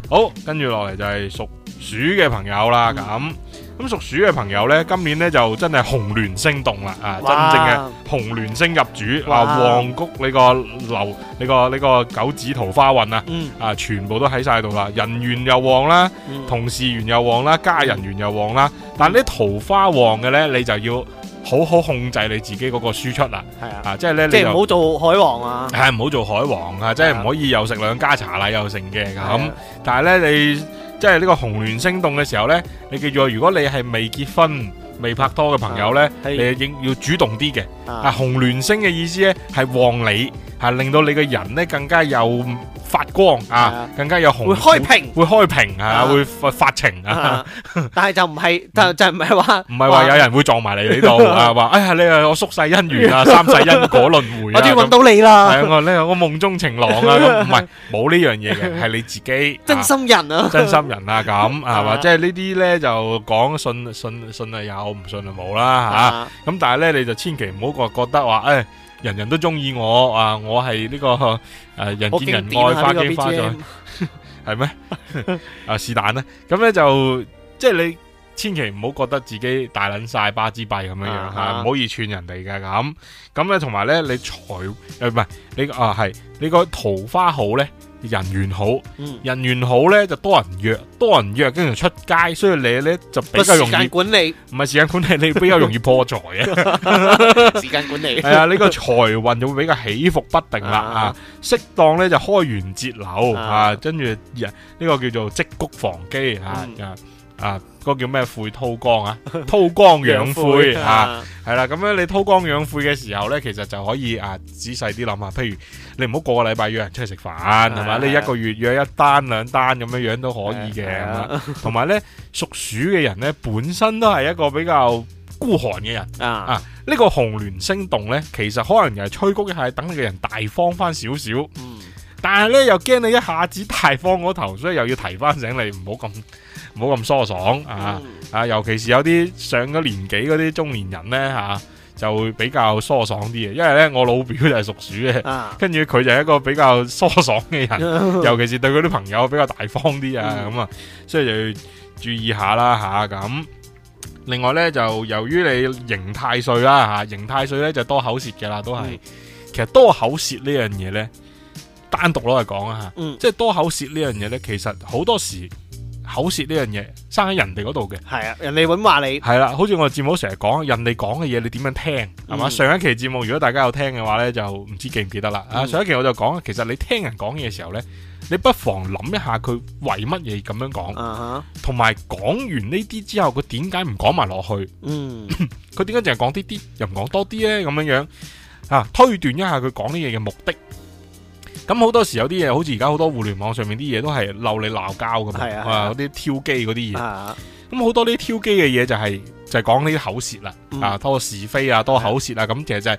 A: 好，跟住落嚟就係屬鼠嘅朋友啦，咁。咁屬鼠嘅朋友呢，今年呢就真係紅鸞星動啦！啊，真正嘅紅鸞星入主，嗱旺谷你個流，你個你個九子桃花運啊，啊全部都喺晒度啦！人緣又旺啦，同事緣又旺啦，家人緣又旺啦。但係啲桃花旺嘅呢，你就要好好控制你自己嗰個輸出啦。係啊，即係呢，即係唔好做海王啊。係唔好做海王啊！即係唔可以又食兩家茶禮又成嘅咁。但係呢，你。即係呢個紅鸞星動嘅時候呢，你記住如果你係未結婚、未拍拖嘅朋友呢，啊、你應要主動啲嘅。啊，紅鸞星嘅意思呢，係旺你，吓，令到你嘅人呢更加有發光啊，更加有紅。會開屏，會開屏啊，會發情啊。
B: 但係就唔係，就就唔係話，唔係話有人
A: 會撞埋你呢度啊，話哎呀，你啊，我宿世姻緣啊，三世因果輪迴啊。我終於問到你啦。係啊，我呢我夢中情郎啊，咁唔係冇呢樣嘢嘅，係你自己真心人啊，真心人啊，咁係嘛？即係呢啲咧就講信信信啊有，唔信啊冇啦吓。咁但係咧，你就千祈唔好話覺得話誒。人人都中意我啊！我係呢、這個誒、啊、人見人愛花見花開係咩？啊是但啦，咁咧就即係你千祈唔好覺得自己大捻曬巴之幣咁樣樣吓，唔好意串人哋嘅咁。咁咧同埋咧，你財誒唔係你個啊係呢個桃花好咧。.人緣好，嗯、人緣好咧就多人約，多人約經常出街，所以你咧就比較容易管理，唔係時間管理 你比較容易破財啊。時間管理係啊，呢個財運就會比較起伏不定啦啊，適、啊、當咧就開源節流啊，跟住人呢個叫做積穀防饑啊啊。嗯啊啊啊個叫咩？悔韜光啊，韜光養晦、 嗯、啊，係啦。咁樣你韜光養晦嘅時候呢，其實就可以啊，仔細啲諗下。譬如你唔好個個禮拜約人出去食飯，係嘛是、啊？你一個月約一單兩單咁樣樣都可以嘅。同埋呢，屬鼠嘅人呢，本身都係一個比較孤寒嘅人、嗯、啊。呢、這個紅鸞星動呢，其實可能係吹谷一下，係等你嘅人大方翻少少。嗯。但係咧，又驚你一下子大方嗰頭，所以又要提翻醒你，唔好咁唔好咁疏爽啊！啊，嗯、尤其是有啲上咗年紀嗰啲中年人咧，吓、啊、就會比較疏爽啲嘅，因為咧我老表就係屬鼠嘅，啊、跟住佢就係一個比較疏爽嘅人，啊、尤其是對佢啲朋友比較大方啲啊，咁、嗯、啊，所以就要注意下啦，吓、啊、咁。另外咧，就由於你刑太歲啦，吓刑太歲咧就多口舌嘅啦，都係、嗯、其實多口舌呢樣嘢咧，單獨攞嚟講啊，即係多口舌呢樣嘢呢，其實好多時口舌呢樣嘢生喺人哋嗰度嘅。係啊，人哋搵話你。係啦、啊，好似我哋節目成日講，人哋講嘅嘢你點樣聽係嘛、嗯？上一期節目如果大家有聽嘅話呢，就唔知記唔記得啦。啊、嗯，上一期我就講，其實你聽人講嘢嘅時候呢，你不妨諗一下佢為乜嘢咁樣講，同埋講完呢啲之後，佢點解唔講埋落去？佢點解淨係講啲啲，又唔講多啲呢？咁樣樣啊，推斷一下佢講呢嘢嘅目的。咁好多時有啲嘢，好似而家好多互聯網上面啲嘢都係鬧你鬧交㗎嘛，啊嗰啲、啊、挑機嗰啲嘢。咁好、啊、多啲挑機嘅嘢就係、是、就係、是、講呢啲口舌啦，嗯、啊多個是非啊，多口舌啊。咁其實就係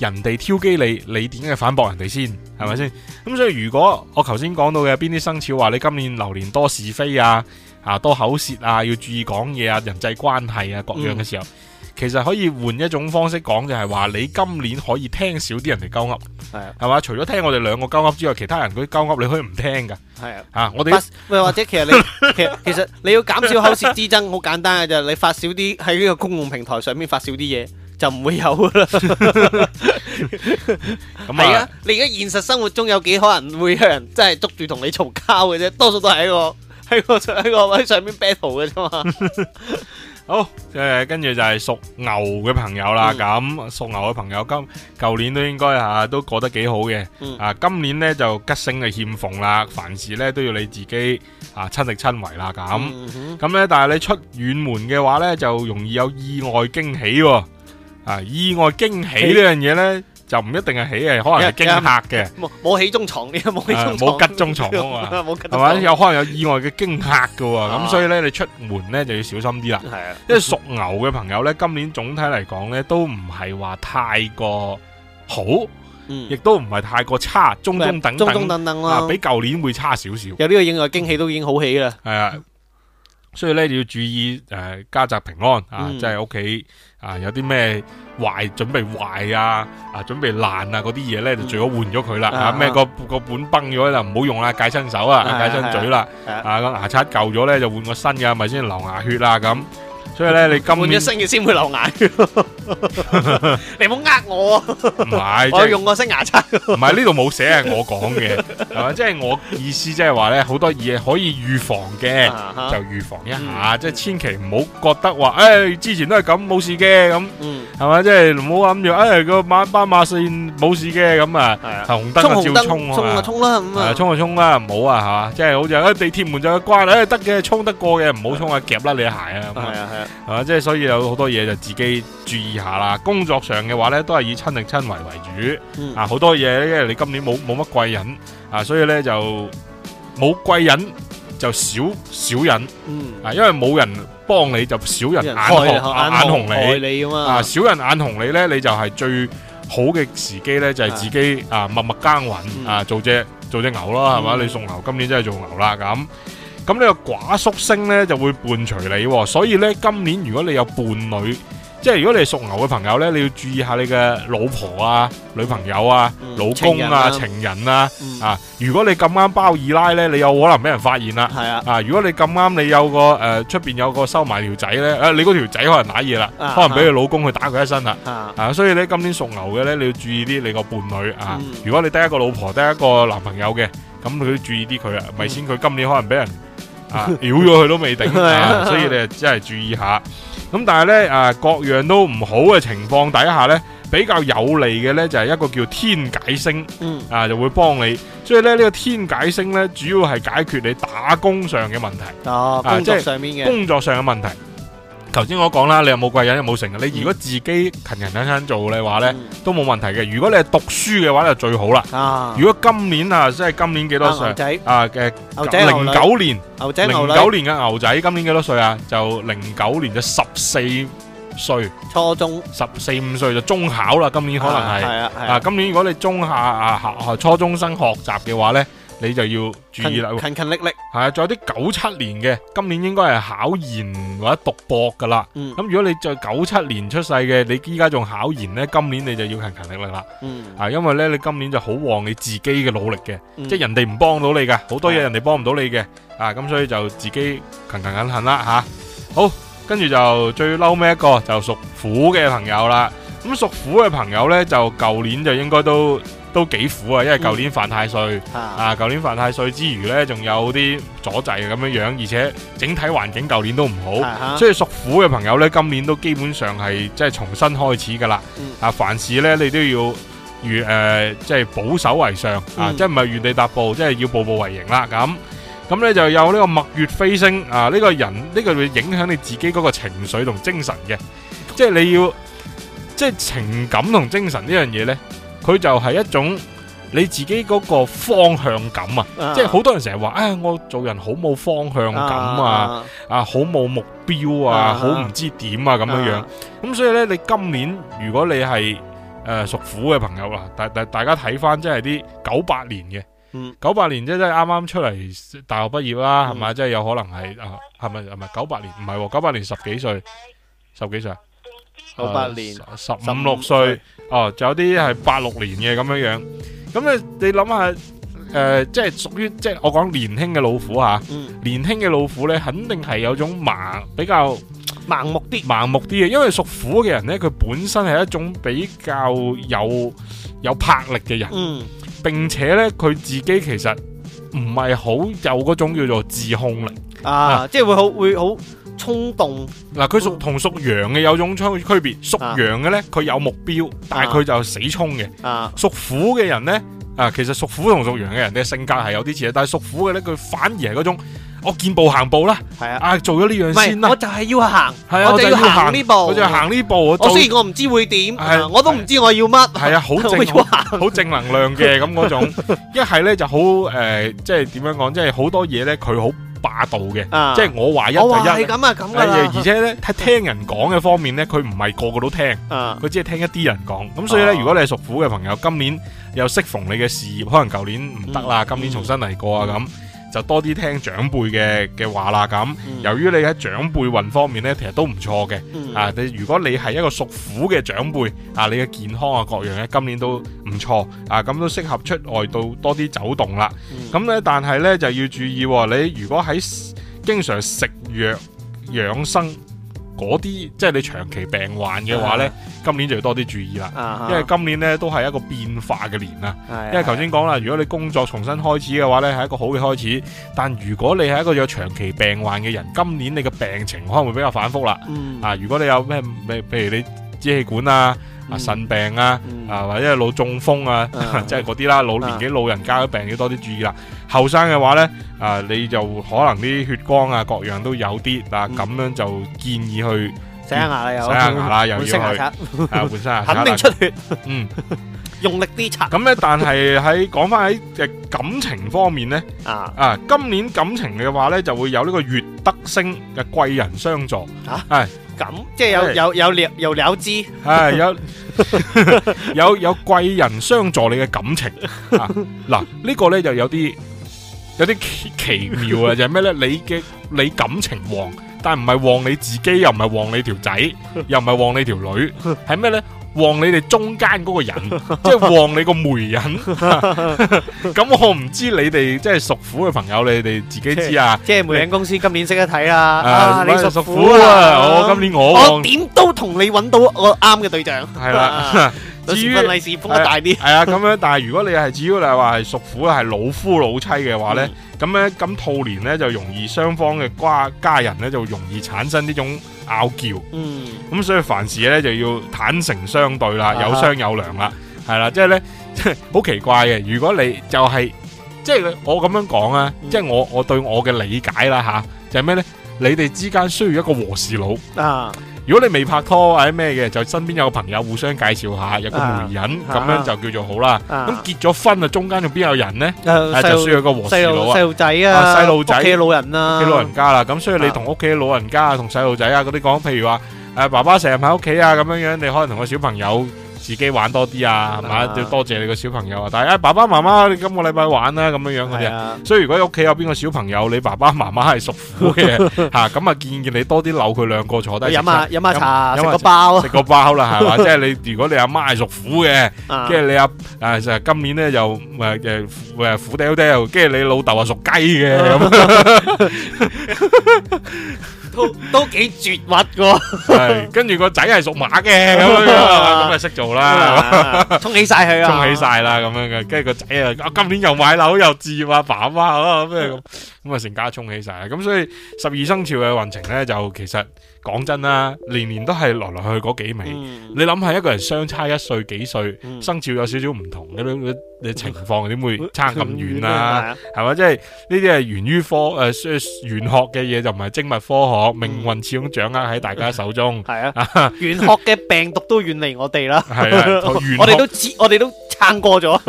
A: 人哋挑機你，你點解要反駁人哋先？係咪先？咁所以如果我頭先講到嘅邊啲生肖話你今年流年多是非啊，啊多口舌啊，要注意講嘢啊，人際關係啊各樣嘅時候。嗯其實可以換一種方式講，就係話你今年可以聽少啲人哋鳩噏，係啊，係嘛？除咗聽我哋兩個鳩噏之外，其他人嗰啲鳩噏你可以唔聽噶，係是的 啊，吓我哋或
E: 者其實你
B: 其實你要減少口舌之爭，好簡單嘅就係你發少啲喺呢個公共平台上面發少啲嘢，就唔會有噶啦。咁係啊， 你而家現實生活中有幾可能會有人真係捉住同你嘈交嘅啫，多數都係一個喺個喺個喺上面 battle 嘅啫嘛。
A: 好，誒，跟住就係屬牛嘅朋友啦，咁屬牛嘅朋友今舊年都應該吓都過得幾好嘅，啊，今年咧就吉星係欠奉啦，凡事咧都要你自己吓親力親為啦，咁，咁咧，但係你出遠門嘅話咧，就容易有意外驚喜，啊，意外驚喜呢樣嘢咧。就唔一定係起，係可能係驚吓嘅，冇
B: 冇起中床嘅，冇起中冇吉中床風啊，係咪？
A: 有可能有意外嘅驚吓㗎，咁所以咧你出門咧就要小心啲啦。係啊，因為屬牛嘅朋友咧，今年總體嚟講咧都唔係話太過好，嗯，亦都唔係太過差，中中等等，中中等等啦，比舊年會差少少。有呢個意外驚喜都已經好起啦，係啊，所以咧要注意誒，家宅平安啊，即係屋企啊，有啲咩？壞準備壞啊，啊準備爛啊，嗰啲嘢咧就最好換咗佢啦。啊咩、啊、個個本崩咗就唔好用啦，戒親手啊，戒親嘴啦。啊個、啊啊啊、牙刷舊咗咧，就換個新㗎，咪先流牙血啦咁。所以咧，你今年換咗新嘅先會留牙，你唔
B: 好呃我，
A: 唔係，我用個新牙刷。唔係呢度冇寫，係我講嘅，係嘛，即係我意思，即係話咧，好多嘢可以預防嘅，就預防一下，即係千祈唔好覺得話，誒，之前都係咁，冇事嘅咁，嗯，係嘛，即係唔好諗住，誒，個馬斑馬線冇事嘅咁啊，紅燈啊照衝，衝啊衝啦，咁啊，衝啊衝啦，唔好啊，吓，即係好似喺地鐵門就關，誒得嘅，衝得過嘅，唔好衝啊夾甩你鞋啊，係啊係。係即係所以有好多嘢就自己注意下啦。工作上嘅話咧，都係以親力親為為主。啊，好多嘢，因為你今年冇冇乜貴人啊，所以咧就冇貴人就少少人。啊，嗯、因為冇人幫你就少人眼紅眼紅熊你啊，少你人眼紅你咧，你就係最好嘅時機咧，就係自己啊默默耕耘啊、嗯，做隻做隻牛咯，係嘛，嗯、你送牛今年真係做牛啦咁。咁呢個寡宿星咧就會伴隨你，所以咧今年如果你有伴侶，即係如果你係屬牛嘅朋友咧，你要注意下你嘅老婆啊、女朋友啊、老公啊、情人啊，啊！如果你咁啱包二奶咧，你有可能俾人發現啦。係啊，啊！如果你咁啱你有個誒出邊有個收埋條仔咧，誒你嗰條仔可能打嘢啦，可能俾佢老公去打佢一身啊，啊！所以咧今年屬牛嘅咧，你要注意啲你個伴侶啊。如果你得一個老婆，得一個男朋友嘅，咁你都注意啲佢啊，咪先佢今年可能俾人。 啊，屌咗佢都未定，所以你啊真係注意下。咁但係呢，啊各樣都唔好嘅情況底下呢，比較有利嘅呢就係一個叫天解星，嗯、啊就會幫你。所以咧呢、呢個天解星呢，主要係解決你打工上嘅問題，啊、哦，即係工作上嘅、啊就是、問題。頭先我講啦，你又冇貴人又冇成嘅，你如果自己勤勤懇懇做嘅話呢，嗯、都冇問題嘅。如果你係讀書嘅話，就最好啦。啊、如果今年啊，即係今年幾多歲？牛仔啊嘅零九年，牛仔牛女零九年嘅牛仔，今年幾多歲啊？就零九年嘅十四歲，初中十四五歲就中考啦。今年可能係啊，啊，啊，啊，今年如果你中下啊初中生學習嘅話呢。你就要注意啦，勤勤力力係啊！仲有啲九七年嘅，今年應該係考研或者讀博噶啦。咁、嗯、如果你在九七年出世嘅，你依家仲考研呢，今年你就要勤勤力力啦。嗯、啊，因為呢，你今年就好旺你自己嘅努力嘅，嗯、即係人哋唔幫到你噶，好多嘢人哋幫唔到你嘅。嗯、啊，咁所以就自己勤勤懇懇啦吓。好，跟住就最嬲尾一個就屬虎嘅朋友啦。咁屬虎嘅朋友呢，就舊年就應該都。都幾苦啊，因為舊年犯太歲、嗯、啊，舊年犯太歲之餘呢，仲有啲阻滯咁樣樣，而且整體環境舊年都唔好，啊、所以屬虎嘅朋友呢，今年都基本上係即係重新開始噶啦。啊、嗯，凡事呢，你都要如誒，即、呃、係、就是、保守為上、嗯、啊，即係唔係原地踏步，即、就、係、是、要步步為營啦。咁咁咧就有呢個墨月飛星啊，呢、這個人呢、這個會影響你自己嗰個情緒同精神嘅，即、就、係、是、你要即係、就是、情感同精神呢樣嘢呢。佢就係一種你自己嗰個方向，uh huh. 哎、方向感啊，即係好多人成日話啊，我做人好冇方向感啊，啊好冇目標啊，uh huh. 好唔知點啊咁樣樣，咁、uh huh. 所以呢，你今年如果你係誒屬虎嘅朋友啦，大大大家睇翻即係啲九八年嘅，九八、嗯、年即係啱啱出嚟大學畢業啦，係咪、嗯？即係、就是、有可能係啊，係咪係咪九八年？唔係喎，九八年十幾歲，十幾歲。九八年、十五六歲哦，仲、嗯、有啲係八六年嘅,咁樣樣。咁你你諗下，誒、呃，即係屬於即係我講年輕嘅老虎吓。嗯、年輕嘅老虎咧，肯定係有種盲比較盲目啲、盲目啲嘅。因為屬虎嘅人咧，佢本身係一種比較有有魄力嘅人，嗯、並且咧佢自己其實唔係好有嗰種叫做自控力啊，啊即係會好會好。會好衝動嗱，佢屬同屬羊嘅有種區區別，屬羊嘅咧，佢有目標，但係佢就死衝嘅。屬虎嘅人咧，啊，其實屬虎同屬羊嘅人嘅性格係有啲似，但係屬虎嘅咧，佢反而係嗰種我見步行步啦，係啊，啊做咗呢樣先啦，我就係要行，我就要行呢步，我就行呢步。我雖然我
B: 唔知會點，我都唔知我要乜，係啊，好正能量，
A: 好正能量嘅咁嗰種。一係咧就好誒，即係點樣講，即係好多嘢咧，佢好。霸道嘅，啊、即係我話一就一咁啊，咁而且咧，喺 聽人講嘅方面咧，佢唔係個個都聽，佢、啊、只係聽一啲人講。咁所以咧，啊、如果你係屬虎嘅朋友，今年又適逢你嘅事業，可能舊年唔得啦，嗯、今年重新嚟過啊咁。嗯就多啲聽長輩嘅嘅話啦，咁由於你喺長輩運方面呢，其實都唔錯嘅。啊，你如果你係一個屬虎嘅長輩，啊，你嘅健康啊各樣咧，今年都唔錯，啊，咁都適合出外到多啲走動啦。咁、啊、咧，但係呢，就要注意、哦，你如果喺經常食藥養生。嗰啲即係你長期病患嘅話呢、uh huh. 今年就要多啲注意啦，uh huh. 因為今年呢都係一個變化嘅年啦。Uh huh. 因為頭先講啦，如果你工作重新開始嘅話呢係一個好嘅開始。但如果你係一個有長期病患嘅人，今年你嘅病情可能會比較反覆啦。Uh huh. 啊，如果你有咩，譬如你支氣管啊。啊腎病啊，啊或者係老中風啊，即係嗰啲啦，老年紀老人家嘅病要多啲注意啦。後生嘅話咧，啊你就可能啲血光啊各樣都有啲，嗱咁樣就建議去洗牙啦，又洗牙啦，又要去啊換新牙刷，肯定出血。嗯，用力啲刷。咁咧，但係喺講翻喺嘅感情方面咧，啊啊今年感情嘅話咧就會有呢個月得星嘅貴人相助啊，係。咁即係
B: 有有有了
A: 有了知 有，係有有有貴人相助你嘅感情。嗱、啊，這個、呢個咧就有啲有啲奇妙啊！就係咩咧？你嘅你感情旺，但係唔係旺你自己，又唔係旺你條仔，又唔係旺你條女，係咩咧？旺你哋中間嗰個人，即係旺你個媒人。咁我唔知你哋即係屬虎嘅朋友，你哋自己知啊？即係媒人
B: 公司今年識得睇啦。啊，你屬屬虎啊！我今年我我點都同你揾到我啱嘅對象。係啦，至於利是封大
A: 啲。係啊，咁樣。但係如果你係主要係話係屬虎係老夫老妻嘅話咧，咁咧咁兔年咧就容易雙方嘅瓜家人咧就容易產生呢種。拗叫，咁所以凡事咧就要坦誠相對啦，啊、有商有量啦，係啦、啊，即係咧，即係好奇怪嘅。如果你就係即係我咁樣講啊，即係、嗯、我我對我嘅理解啦吓、啊，就係咩咧？你哋之間需要一個和事佬啊。如果你未拍拖或者咩嘅，就身邊有個朋友互相介紹下，有個媒人咁、啊、樣就叫做好啦。咁結咗婚啊，中間仲邊有人呢？就需要個和事佬啊，細路仔啊，細路仔、屋企嘅老人啊，屋企老人家啦。咁所以你同屋企嘅老人家啊，同細路仔啊嗰啲講，譬如話誒、啊，爸爸成日喺屋企啊，咁樣樣，你可能同個小朋友。自己玩多啲啊，係嘛，要多謝你個小朋友啊！但係阿、欸、爸爸媽媽，你今個禮拜玩啦、啊，咁樣樣嘅啫。的啊、所以如果屋企有邊個小朋友，你爸爸媽媽係屬虎嘅，吓咁 啊，建議你多啲留佢兩個坐低飲下飲下茶，食個包，食個包啦、啊，係嘛。 即係你如果你阿媽係屬虎嘅，跟住 你阿誒就係今年咧又誒誒誒虎嗲嗲，跟、呃、住、呃呃呃呃呃呃呃、你老豆啊屬雞嘅咁。 都都幾絕物㗎，係 跟住個仔係屬馬嘅，咁 樣咁，啊識做啦，沖起晒佢，啊，沖起晒啦咁樣嘅，跟住個仔啊，今年又買樓又置業，爸媽啊咩咁，咁啊成家沖起晒啦，咁所以十二生肖嘅運程咧就其實。講真啦，年年都係來來去去嗰幾味。你諗下，一個人相差一歲幾歲，生肖有少少唔同嘅，你你你情況點會差咁遠啊？係嘛，即係呢啲係源於科誒玄學嘅嘢，就唔係精密科學。命運始終掌握喺大家手中。係啊，玄學嘅病毒都遠離我哋啦。係啊，我哋都知，我哋都。撐過咗，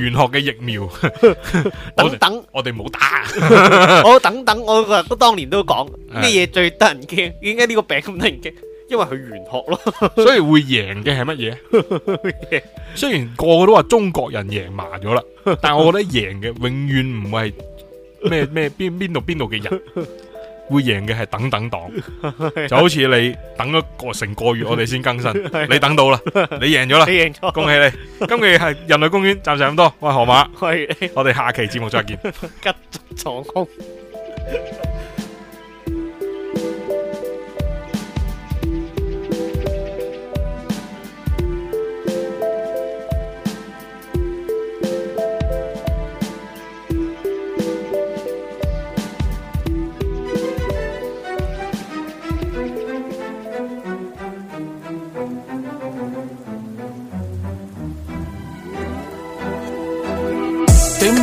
A: 玄學嘅疫苗 們等等，我哋冇打啊。 我
B: 等等，我個都當年都講咩嘢最得人驚，點解呢個病咁得人驚？因為佢玄學咯。
A: 所以會贏嘅係乜嘢？ 雖然個個都話中國人贏麻咗啦，但係我覺得贏嘅永遠唔會係咩咩邊邊度邊度嘅人。會贏嘅係等等黨，就好似你等咗個成個月，我哋先更新，你等到啦，你贏咗啦，恭喜你！今期係人類公園，暫時咁多，我係河馬，喂，我哋下期節目再見，急作工。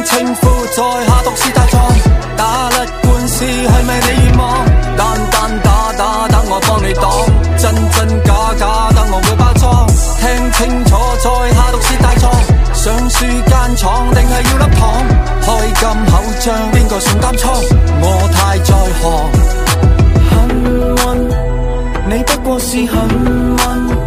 F: 稱呼在下毒是大狀，打甩官司係咪你願望？單單打打，打等我幫你擋，真真假假等我會包裝。聽清楚，在下毒是大狀，想輸間廠定係要粒糖？開金口將邊個送監倉？我太在行。幸運，你不過是幸運。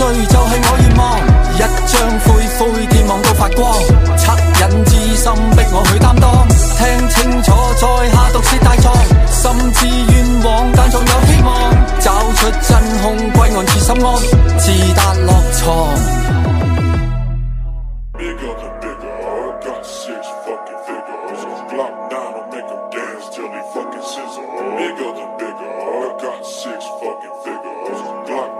F: 罪就係我願望，一張灰灰天網都發光，惻隱之心逼我去擔當，聽清楚在下毒舌大狀，甚至冤枉，但仲有希望，找出真空歸案切心安，自達落床。